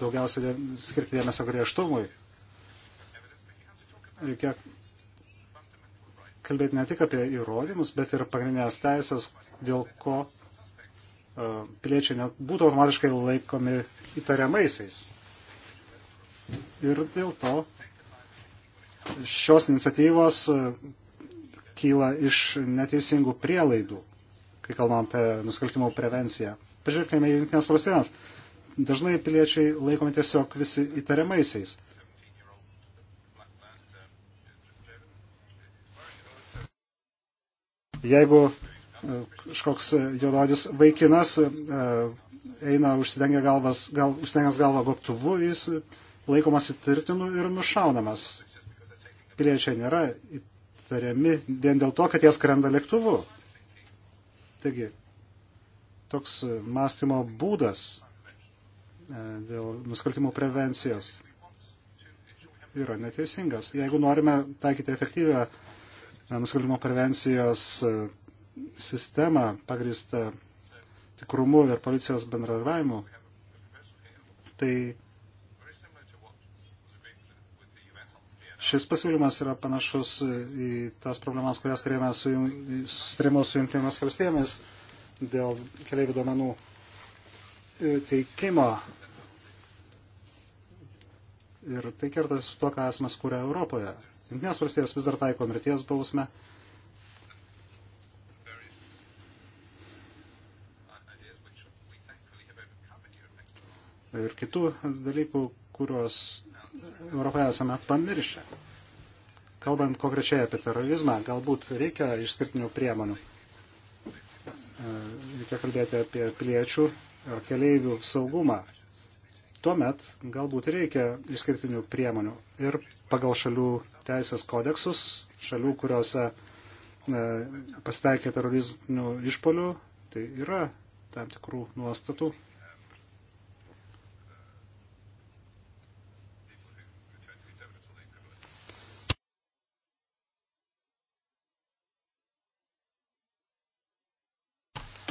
daugiausia skirti dėmesio griežtumui. Reikia kalbėti ne tik apie įrodymus, bet ir pagrindinės teisės, dėl ko e, piliečiai nebūtų automatiškai laikomi įtariamaisiais. Ir dėl to šios iniciatyvos e, kyla iš neteisingų prielaidų, kai kalbam apie nusikaltimų prevenciją. Pažiūrėkime į Junktinės valstybės dažnai piliečiai laikomi tiesiog visi įtariamaisiais. Jeigu e, kažkoks juododis vaikinas e, eina užsidengę galvas, gal, užsidengęs galvą gobtuvu, jis laikomas įtirtinu ir nušaunamas. Piliečiai nėra įtariami vien dėl to, kad jie skrenda lėktuvu. Taigi, toks mąstymo būdas E, dėl nusikaltimų prevencijos yra neteisingas. Jeigu norime taikyti efektyvę e, nusikaltimo prevencijos e, sistemą pagrįstą tikrumu ir policijos bendradarbiavimu, tai šis pasiūlymas yra panašus į tas problemas, kurias turėjome su, su, su jungtinėmis valstybėmis dėl keliaivių duomenų teikimo. Ir tai kertas su to, ką esame skūrę Europoje. Junktinės valstijos vis dar taiko mirties bausmę. Ir kitų dalykų, kuriuos Europoje esame pamiršę. Kalbant konkrečiai apie terorizmą, galbūt reikia išskirtinių priemonių reikia kalbėti apie piliečių ar keleivių saugumą. Tuomet galbūt reikia išskirtinių priemonių. Ir pagal šalių teisės kodeksus, šalių, kuriuose e, pasitaikė teroristinių išpolių, tai yra tam tikrų nuostatų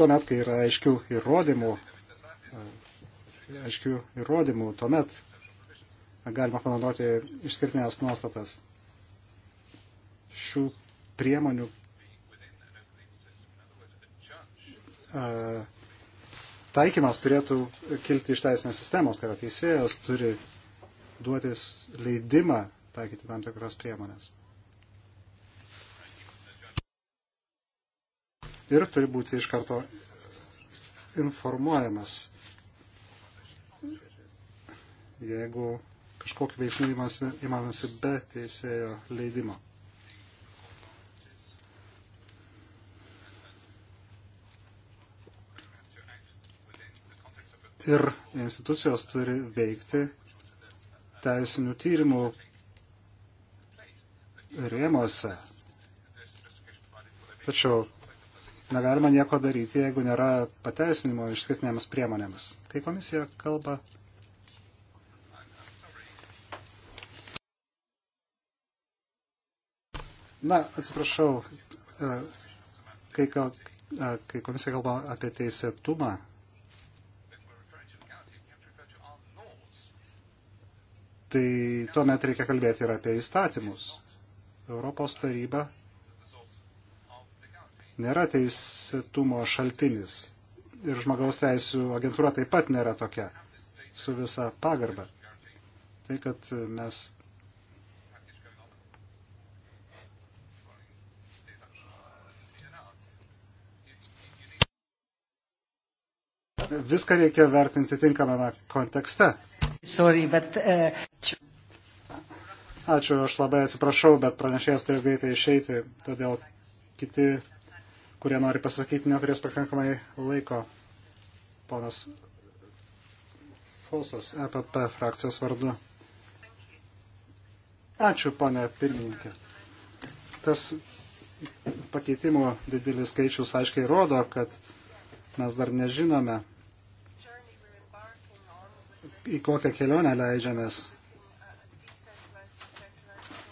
tuomet, kai yra aiškių įrodymų, aiškių įrodymų, tuomet galima panaudoti išskirtinės nuostatas šių priemonių taikymas turėtų kilti iš teisinės sistemos, tai yra teisėjas turi duotis leidimą taikyti tam tikras priemonės. ir turi būti iš karto informuojamas, jeigu kažkokiu veiksmu įmamasi be teisėjo leidimo. Ir institucijos turi veikti teisinių tyrimų rėmose. Tačiau negalima nieko daryti, jeigu nėra pateisinimo išskirtinėms priemonėms. Kai komisija kalba. Na, atsiprašau, e, kai, kal, e, kai komisija kalba apie teisėtumą, tai tuomet reikia kalbėti ir apie įstatymus. Europos taryba nėra teisėtumo šaltinis. Ir žmogaus teisų agentūra taip pat nėra tokia, su visa pagarba. Tai, kad mes. Viską reikia vertinti tinkamame kontekste. Sorry, but, uh... Ačiū, aš labai atsiprašau, bet pranešėjas turės greitai išeiti, todėl kiti kurie nori pasakyti, neturės pakankamai laiko. Ponas Fulsas, EPP frakcijos vardu. Ačiū, ponė pirmininkė. Tas pakeitimų didelis skaičius aiškiai rodo, kad mes dar nežinome, į kokią kelionę leidžiamės,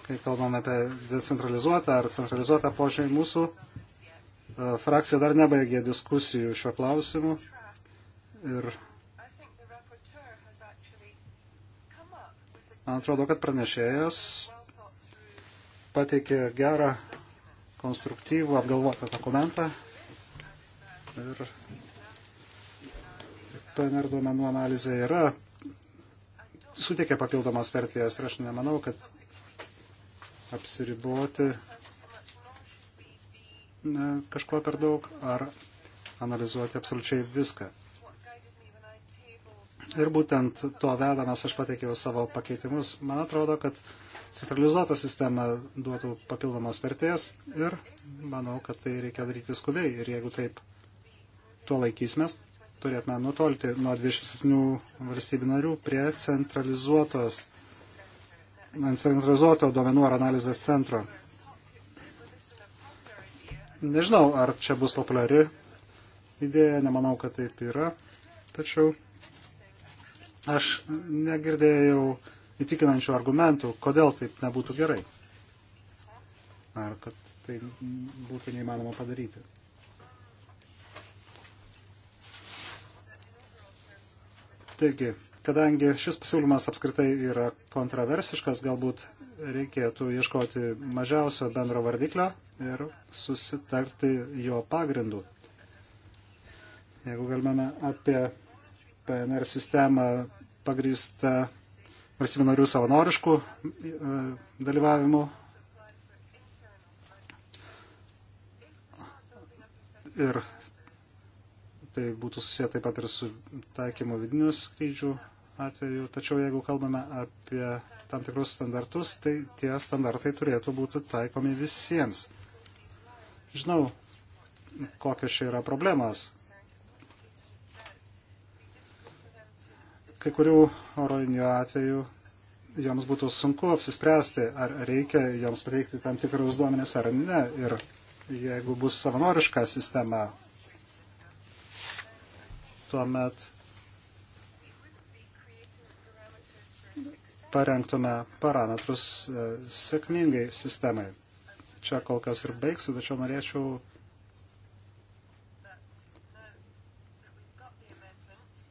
kai kalbame apie decentralizuotą ar centralizuotą požiūrį mūsų Frakcija dar nebaigė diskusijų šiuo klausimu ir man atrodo, kad pranešėjas pateikė gerą, konstruktyvų, apgalvotą dokumentą ir PNR duomenų analizė yra suteikia papildomas vertės ir aš nemanau, kad apsiriboti kažko per daug ar analizuoti absoliučiai viską. Ir būtent tuo vedamas aš pateikiau savo pakeitimus. Man atrodo, kad centralizuota sistema duotų papildomos vertės ir manau, kad tai reikia daryti skubiai. Ir jeigu taip tuo laikysimės, turėtume nutolti nuo 27 valstybių narių prie centralizuotos, centralizuoto duomenų ar analizės centro. Nežinau, ar čia bus populiari idėja, nemanau, kad taip yra. Tačiau aš negirdėjau įtikinančių argumentų, kodėl taip nebūtų gerai. Ar kad tai būtų neįmanoma padaryti. Taigi, Kadangi šis pasiūlymas apskritai yra kontroversiškas, galbūt reikėtų ieškoti mažiausio bendro vardiklio ir susitarti jo pagrindų. Jeigu galime apie PNR sistemą pagrįstą valstybių narių savanoriškų e, dalyvavimų. Ir tai būtų susiję taip pat ir su taikymu vidinių skrydžių atveju. Tačiau jeigu kalbame apie tam tikrus standartus, tai tie standartai turėtų būti taikomi visiems. Žinau, kokios čia yra problemos. Kai kurių oro linijų atveju joms būtų sunku apsispręsti, ar reikia joms pateikti tam tikrus duomenis ar ne. Ir jeigu bus savanoriška sistema, tuomet parengtume parametrus e, sėkmingai sistemai. Čia kol kas ir baigsiu, tačiau norėčiau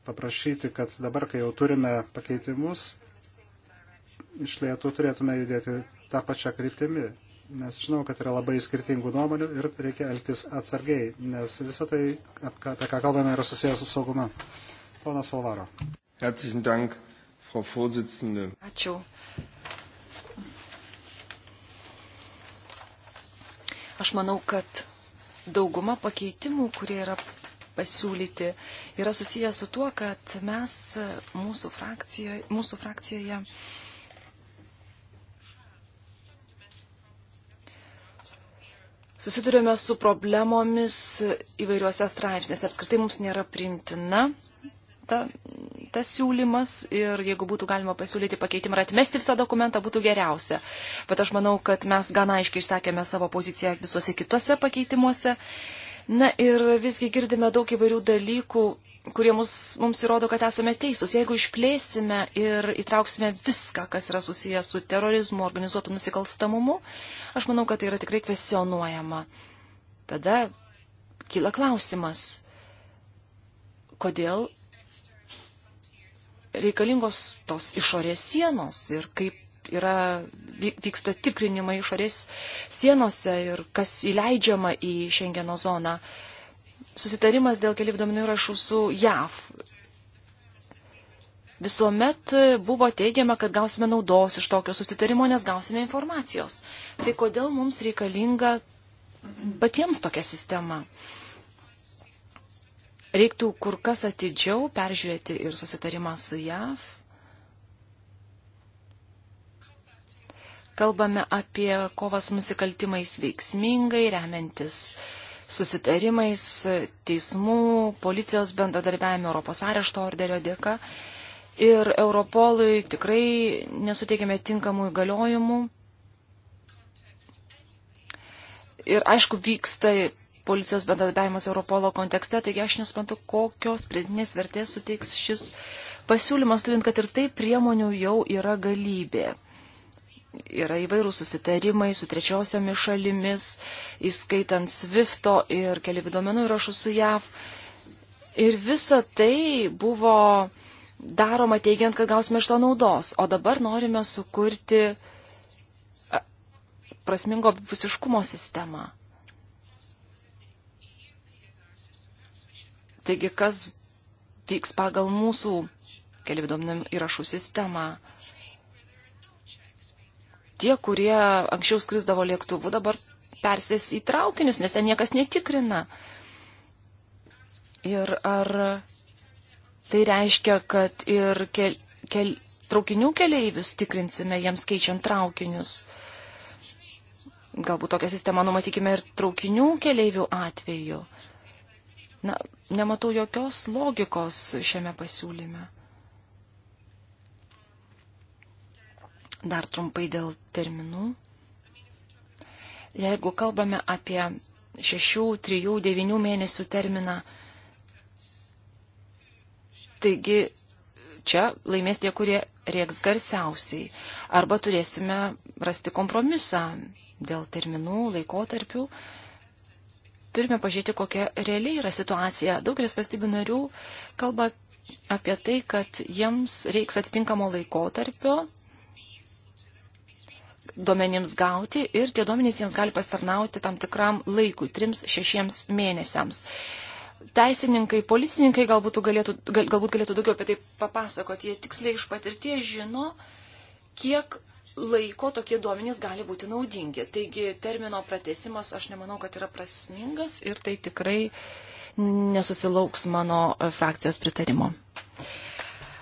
paprašyti, kad dabar, kai jau turime pakeitimus, iš lėtų turėtume judėti tą pačią kryptimį nes žinau, kad yra labai skirtingų nuomonių ir reikia elgtis atsargiai, nes visą tai, apie ką kalbame, yra susijęs su saugumu. Ponas Alvaro. Dank, Frau Ačiū. Aš manau, kad dauguma pakeitimų, kurie yra pasiūlyti, yra susijęs su tuo, kad mes mūsų frakcijoje, mūsų frakcijoje susidurėme su problemomis įvairiuose straipsnėse. Apskritai mums nėra priimtina ta, tas siūlymas ir jeigu būtų galima pasiūlyti pakeitimą ir atmesti visą dokumentą, būtų geriausia. Bet aš manau, kad mes gana aiškiai išsakėme savo poziciją visuose kituose pakeitimuose. Na ir visgi girdime daug įvairių dalykų, kurie mus, mums įrodo, kad esame teisūs. Jeigu išplėsime ir įtrauksime viską, kas yra susijęs su terorizmu, organizuotu nusikalstamumu, aš manau, kad tai yra tikrai kvesionuojama. Tada kyla klausimas, kodėl reikalingos tos išorės sienos ir kaip yra, vyksta tikrinimai išorės sienose ir kas įleidžiama į Šengeno zoną. Uh, susitarimas dėl kelių duomenų įrašų su JAV. Visuomet buvo teigiama, kad gausime naudos iš tokio susitarimo, nes gausime informacijos. Tai kodėl mums reikalinga patiems tokia sistema? Reiktų kur kas atidžiau peržiūrėti ir susitarimą su JAV. Kalbame apie kovas nusikaltimais veiksmingai, remiantis uh, susitarimais, teismų, policijos bendradarbiavimo, Europos arešto orderio dėka. Ir Europolui tikrai nesuteikėme tinkamų įgaliojimų. Ir aišku, vyksta policijos bendradarbiavimas Europolo kontekste, taigi aš nesuprantu, kokios pridinės vertės suteiks šis pasiūlymas, turint, kad ir tai priemonių jau yra galybė yra įvairūs susitarimai su trečiosiomis šalimis, įskaitant Swifto ir keliavių duomenų įrašų su JAV. Ir visa tai buvo daroma teigiant, kad gausime iš to naudos. O dabar norime sukurti prasmingo pusiškumo sistemą. Taigi, kas vyks pagal mūsų keliavių duomenų įrašų sistemą? tie, kurie anksčiau skrisdavo lėktuvu, dabar persės į traukinius, nes ten niekas netikrina. Ir ar tai reiškia, kad ir kel, kel, traukinių keleivius tikrinsime, jiems keičiant traukinius? Galbūt tokią sistemą numatykime ir traukinių keleivių atveju. Na, nematau jokios logikos šiame pasiūlyme. Dar trumpai dėl terminų. Jeigu kalbame apie 6, 3, 9 mėnesių terminą, taigi čia laimės tie, kurie rieks garsiausiai. Arba turėsime rasti kompromisą dėl terminų, laikotarpių. Turime pažiūrėti, kokia realiai yra situacija. Daugelis valstybių narių kalba apie tai, kad jiems reiks atitinkamo laikotarpio duomenims gauti ir tie duomenys jiems gali pastarnauti tam tikram laikui, trims, šešiems mėnesiams. Teisininkai, policininkai galbūt galėtų, gal, galbūt galėtų daugiau apie tai papasakoti, jie tiksliai iš patirties žino, kiek laiko tokie duomenys gali būti naudingi. Taigi termino pratesimas aš nemanau, kad yra prasmingas ir tai tikrai nesusilauks mano frakcijos pritarimo. Uh,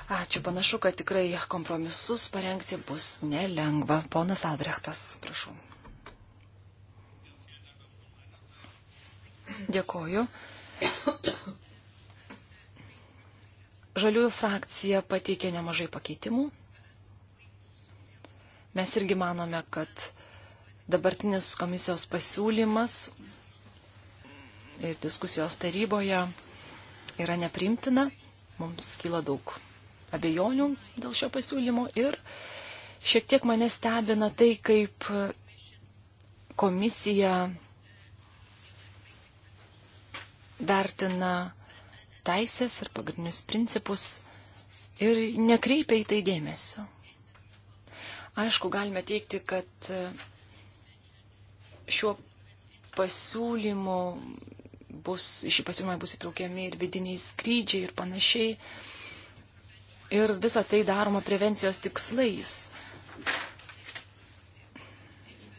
Ačiū, panašu, kad tikrai kompromisus parengti bus nelengva. Ponas Albrechtas, prašau. Dėkoju. Žaliųjų frakcija pateikė nemažai pakeitimų. Mes irgi manome, kad dabartinis komisijos pasiūlymas ir diskusijos taryboje yra neprimtina. Mums kyla daug abejonių dėl šio pasiūlymo ir šiek tiek mane stebina tai, kaip komisija vertina teisės ir pagrindinius principus ir nekreipia į tai dėmesio. Aišku, galime teikti, kad šiuo pasiūlymu bus, šį pasiūlymą bus įtraukiami ir vidiniai skrydžiai ir panašiai. Ir visa tai daroma prevencijos tikslais.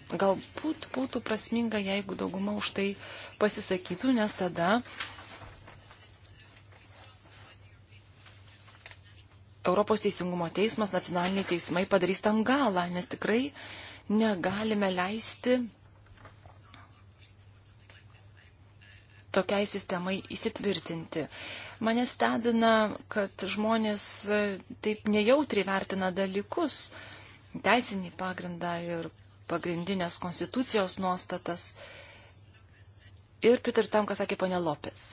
Galbūt būtų prasminga, jeigu dauguma už tai pasisakytų, nes tada Europos teisingumo teismas, nacionaliniai teismai padarys tam galą, nes tikrai negalime leisti tokiai sistemai įsitvirtinti. Mane stebina, kad žmonės e, taip nejautriai vertina dalykus, teisinį pagrindą ir pagrindinės konstitucijos nuostatas. Ir pritariu tam, ką sakė ponė Lopės.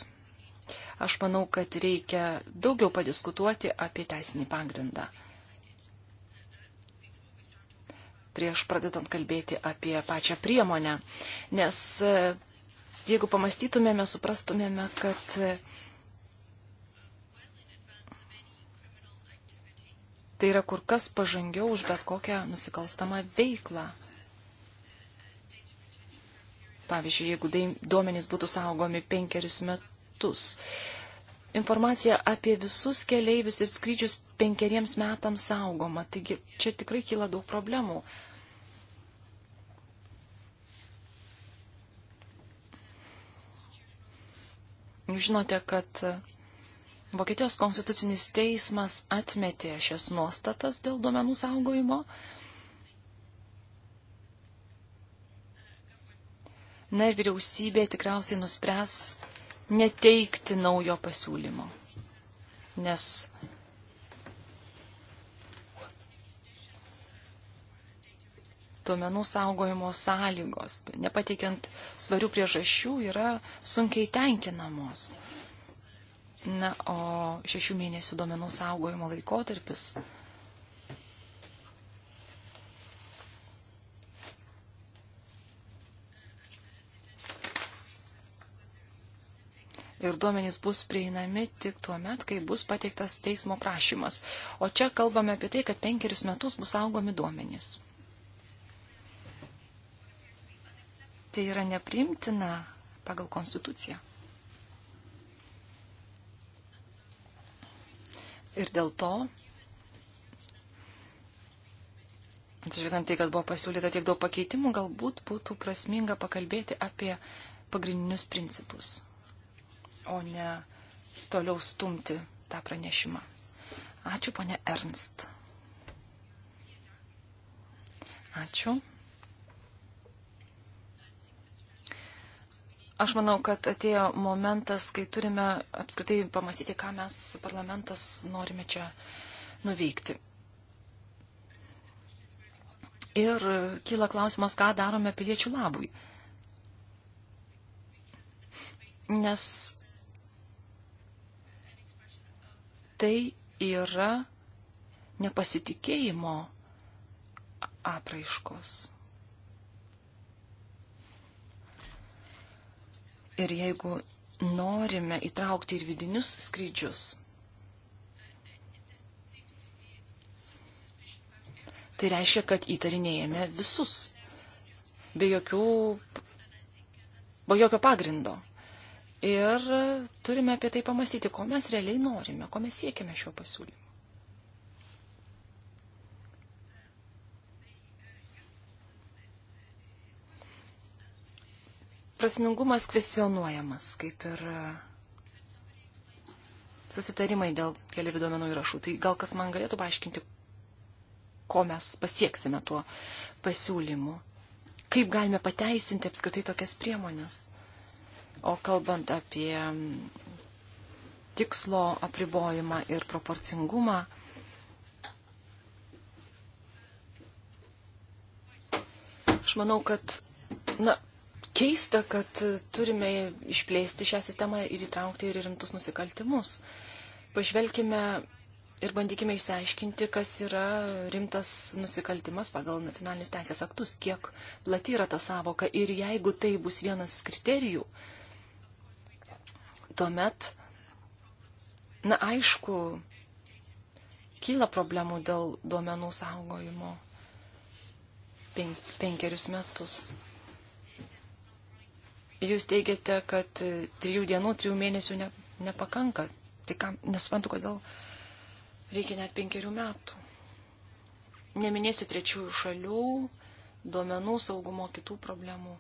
Aš manau, kad reikia daugiau padiskutuoti apie teisinį pagrindą. Prieš pradedant kalbėti apie pačią priemonę. Nes e, jeigu pamastytumėme, suprastumėme, kad e, Tai yra kur kas pažangiau už bet kokią nusikalstamą veiklą. Pavyzdžiui, jeigu duomenys būtų saugomi penkerius metus. Informacija apie visus keleivius ir skrydžius penkeriems metams saugoma. Taigi čia tikrai kyla daug problemų. Žinote, kad Vokietijos konstitucinis teismas atmetė šias nuostatas dėl duomenų saugojimo. Na ir vyriausybė tikriausiai nuspręs neteikti naujo pasiūlymo, nes duomenų saugojimo sąlygos, nepateikiant svarių priežasčių, yra sunkiai tenkinamos. Na, o šešių mėnesių duomenų saugojimo laikotarpis ir duomenys bus prieinami tik tuo met, kai bus pateiktas teismo prašymas. O čia kalbame apie tai, kad penkerius metus bus saugomi duomenys. Tai yra neprimtina pagal konstituciją. Ir dėl to, atsižvelgiant tai, kad buvo pasiūlyta tiek daug pakeitimų, galbūt būtų prasminga pakalbėti apie pagrindinius principus, o ne toliau stumti tą pranešimą. Ačiū, ponė Ernst. Ačiū. Aš manau, kad atėjo momentas, kai turime apskritai pamastyti, ką mes parlamentas norime čia nuveikti. Ir kyla klausimas, ką darome piliečių labui. Nes tai yra nepasitikėjimo apraiškos. Ir jeigu norime įtraukti ir vidinius skrydžius, tai reiškia, kad įtarinėjame visus, be, jokių, be jokio pagrindo. Ir turime apie tai pamastyti, ko mes realiai norime, ko mes siekime šiuo pasiūlymu. prasmingumas kvestionuojamas, kaip ir e, susitarimai dėl keliaivių duomenų įrašų. Tai gal kas man galėtų paaiškinti, ko mes pasieksime tuo pasiūlymu? Kaip galime pateisinti apskritai tokias priemonės? O kalbant apie mm, tikslo apribojimą ir proporcingumą, aš manau, kad na, keista, kad turime išplėsti šią sistemą ir įtraukti ir rimtus nusikaltimus. Pažvelkime ir bandykime išsiaiškinti, kas yra rimtas nusikaltimas pagal nacionalinius teisės aktus, kiek plati yra ta savoka. Ir jeigu tai bus vienas kriterijų, tuomet, na aišku, kyla problemų dėl duomenų saugojimo penkerius metus. Jūs teigiate, kad trijų dienų, trijų mėnesių ne, nepakanka. Tai kam, nesuprantu, kodėl reikia net penkerių metų. Neminėsiu trečiųjų šalių, duomenų saugumo, kitų problemų.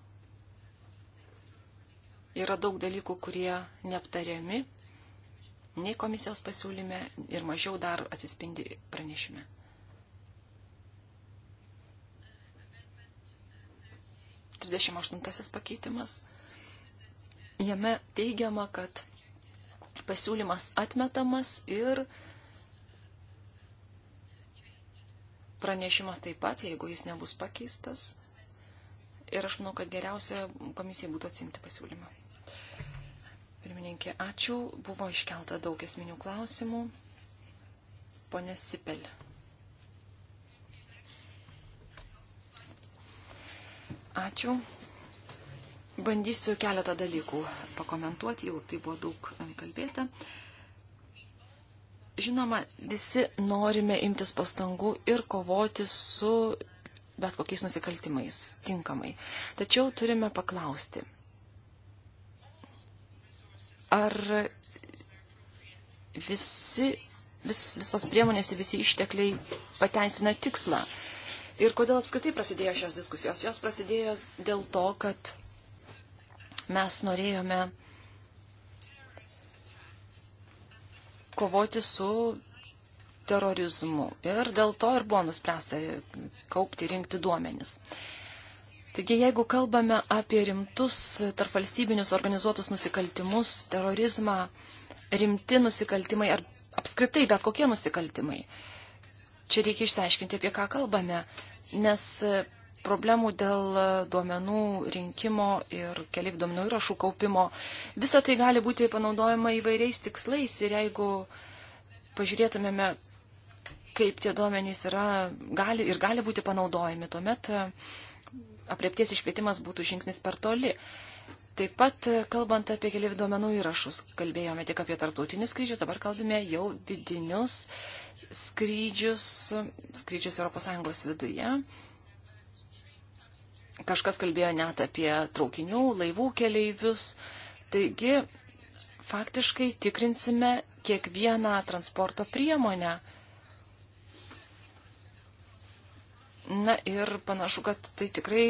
Yra daug dalykų, kurie neaptariami nei komisijos pasiūlyme ir mažiau dar atsispindi pranešime. Trisdešimt aštuntasis pakeitimas. Jame teigiama, kad pasiūlymas atmetamas ir pranešimas taip pat, jeigu jis nebus pakeistas. Ir aš manau, kad geriausia komisija būtų atsimti pasiūlymą. Pirmininkė, ačiū. Buvo iškelta daug esminių klausimų. Pone Sipel. Ačiū. Bandysiu keletą dalykų pakomentuoti, jau tai buvo daug e, kalbėta. Žinoma, visi norime imtis pastangų ir kovoti su bet kokiais nusikaltimais tinkamai. Tačiau turime paklausti, ar visi, vis, visos priemonės ir visi ištekliai pateisina tikslą. Ir kodėl apskritai prasidėjo šios diskusijos? Jos prasidėjo dėl to, kad Mes norėjome kovoti su terorizmu ir dėl to ir buvo nuspręsta kaupti, rinkti duomenis. Taigi, jeigu kalbame apie rimtus tarpvalstybinius organizuotus nusikaltimus, terorizmą, rimti nusikaltimai ar apskritai bet kokie nusikaltimai, čia reikia išsiaiškinti, apie ką kalbame, nes problemų dėl e, duomenų rinkimo ir keliaivių duomenų įrašų kaupimo. Visa tai gali būti panaudojama įvairiais tikslais ir jeigu pažiūrėtumėme, kaip tie duomenys yra gali, ir gali būti panaudojami, tuomet e, apriepties išplėtimas būtų žingsnis per toli. Taip pat, e, kalbant apie keliaivių duomenų įrašus, kalbėjome tik apie tarptautinius skrydžius, dabar kalbime jau vidinius skrydžius, skrydžius ES viduje. Kažkas kalbėjo net apie traukinių, laivų keleivius. Taigi, faktiškai tikrinsime kiekvieną transporto priemonę. Na ir panašu, kad tai tikrai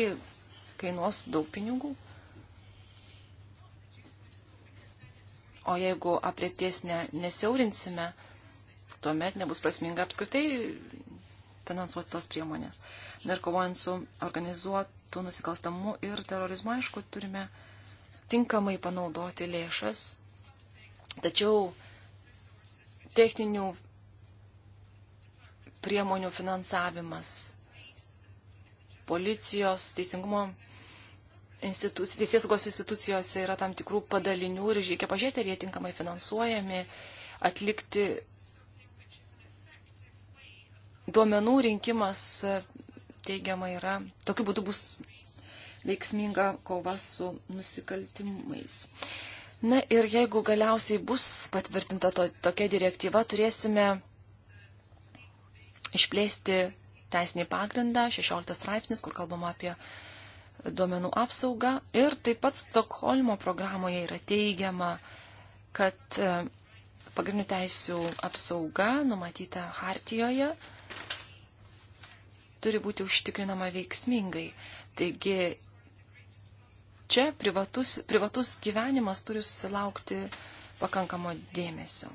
kainuos daug pinigų. O jeigu apriepties ne, nesiaurinsime, tuomet nebus prasminga apskritai finansuoti tos priemonės. Dar kovojant su organizuot, tų nusikalstamų ir terorizmų. Aišku, turime tinkamai panaudoti lėšas, tačiau techninių priemonių finansavimas, policijos, teisingumo institucijos, teisėsaugos institucijose yra tam tikrų padalinių ir reikia pažiūrėti, ar jie tinkamai finansuojami, atlikti duomenų rinkimas teigiama yra, tokiu būdu bus veiksminga kova su nusikaltimais. Na ir jeigu galiausiai bus patvirtinta to, tokia direktyva, turėsime išplėsti teisinį pagrindą, 16 straipsnis, kur kalbama apie duomenų apsaugą. Ir taip pat Stokholmo programoje yra teigiama, kad e, pagrindinių teisių apsauga numatyta Hartijoje turi būti užtikrinama veiksmingai. Taigi čia privatus, privatus gyvenimas turi susilaukti pakankamo dėmesio.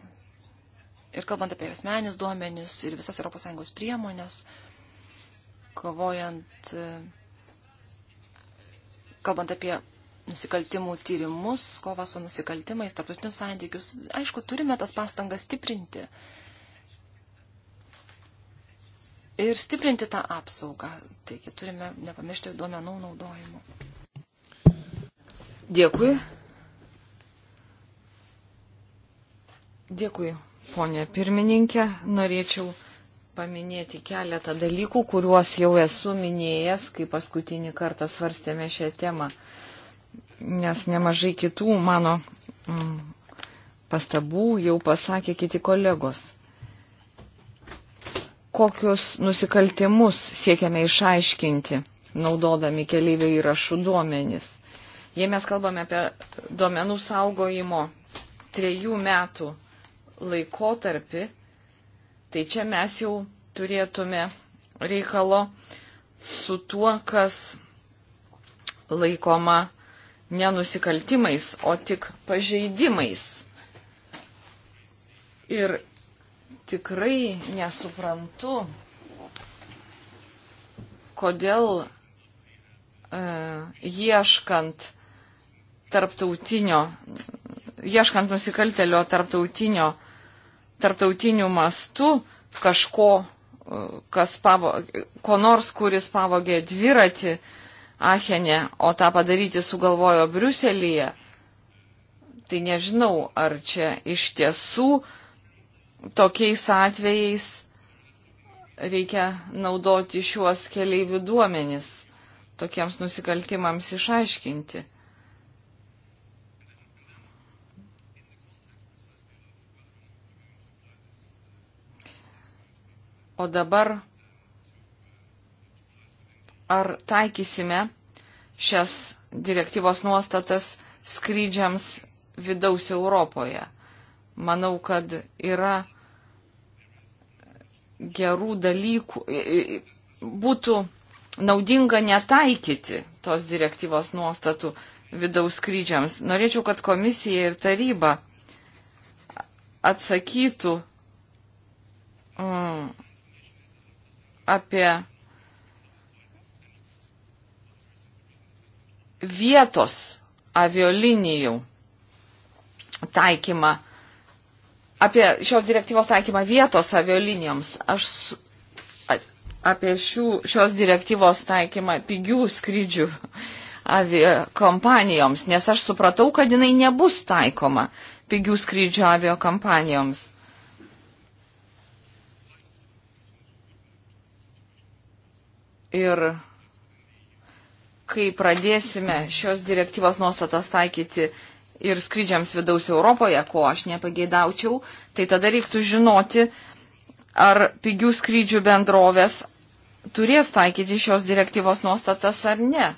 Ir kalbant apie asmenis duomenis ir visas ES priemonės, kovojant, kalbant apie nusikaltimų tyrimus, kovą su nusikaltimais, tarptautinius santykius, aišku, turime tas pastangas stiprinti ir stiprinti tą apsaugą. Taigi turime nepamiršti duomenų naudojimo. Dėkui. Dėkui, ponė pirmininkė. Norėčiau paminėti keletą dalykų, kuriuos jau esu minėjęs, kai paskutinį kartą svarstėme šią temą. Nes nemažai kitų mano mm, pastabų jau pasakė kiti kolegos kokius nusikaltimus siekiame išaiškinti, naudodami keliaivių įrašų duomenis. Jei mes kalbame apie duomenų saugojimo trejų metų laikotarpį, tai čia mes jau turėtume reikalo su tuo, kas laikoma nenusikaltimais, o tik pažeidimais. Ir tikrai nesuprantu, kodėl e, ieškant tarptautinio, ieškant nusikaltelio tarptautinio, tarptautinių mastų kažko, e, kas pavo, ko nors, kuris pavogė dviratį Achenė, o tą padaryti sugalvojo Briuselyje, tai nežinau, ar čia iš tiesų uh, tokiais atvejais reikia naudoti šiuos keliaivių duomenis tokiems nusikaltimams išaiškinti. O dabar ar taikysime šias direktyvos nuostatas skrydžiams vidaus Europoje? Manau, kad yra gerų dalykų, būtų naudinga netaikyti tos direktyvos nuostatų vidaus skrydžiams. Norėčiau, kad komisija ir taryba atsakytų mm, apie vietos avialinijų taikymą apie šios direktyvos taikymą vietos aviolinijoms. Aš apie šių, šios direktyvos taikymą pigių skrydžių aviokompanijoms, nes aš supratau, kad jinai nebus taikoma pigių skrydžių aviokompanijoms. Ir kai pradėsime šios direktyvos nuostatas taikyti ir skrydžiams vidaus Europoje, ko aš nepageidaučiau, tai tada reiktų žinoti, ar pigių skrydžių bendrovės turės taikyti šios direktyvos nuostatas ar ne.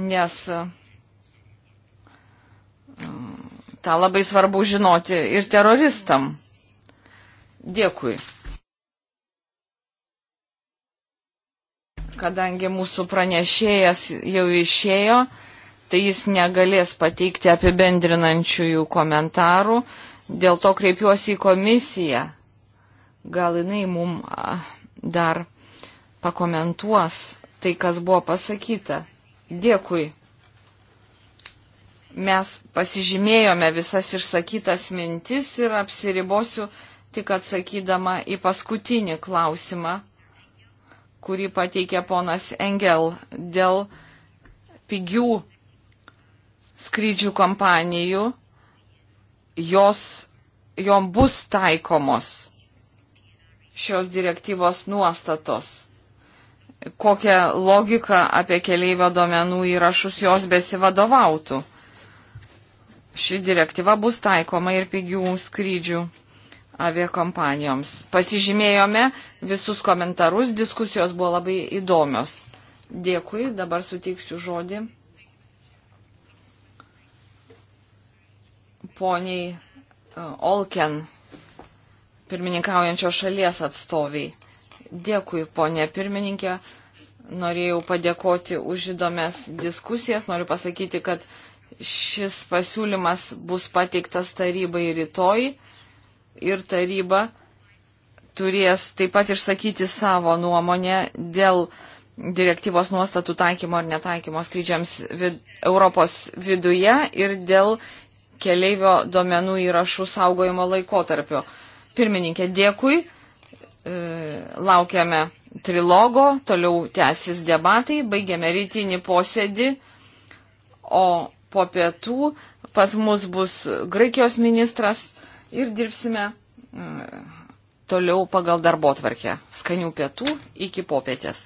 Nes mm, tą labai svarbu žinoti ir teroristam. Dėkui. kadangi mūsų pranešėjas jau išėjo, tai jis negalės pateikti apibendrinančiųjų komentarų. Dėl to kreipiuosi į komisiją. Gal jinai mum dar pakomentuos tai, kas buvo pasakyta. Dėkui. Mes pasižymėjome visas išsakytas mintis ir apsiribosiu tik atsakydama į paskutinį klausimą kurį pateikė ponas Engel dėl pigių skrydžių kompanijų, jos, jom bus taikomos šios direktyvos nuostatos. Kokią logiką apie keleivio duomenų įrašus jos besivadovautų. Ši direktyva bus taikoma ir pigių skrydžių aviekompanijoms. Pasižymėjome visus komentarus, diskusijos buvo labai įdomios. Dėkui, dabar suteiksiu žodį poniai e, Olken, pirmininkaujančio šalies atstoviai. Dėkui, ponė pirmininkė. Norėjau padėkoti už įdomias diskusijas. Noriu pasakyti, kad šis pasiūlymas bus pateiktas tarybai rytoj ir taryba turės taip pat išsakyti savo nuomonę dėl direktyvos nuostatų taikymo ar netaikymo skrydžiams vid Europos viduje ir dėl keleivio duomenų įrašų saugojimo laikotarpio. Pirmininkė, dėkui. E, laukiame trilogo, toliau tęsis debatai, baigiame rytinį posėdį, o po pietų pas mus bus Graikijos ministras ir dirbsime mm, toliau pagal darbo tvarkę. Skanių pietų iki popietės.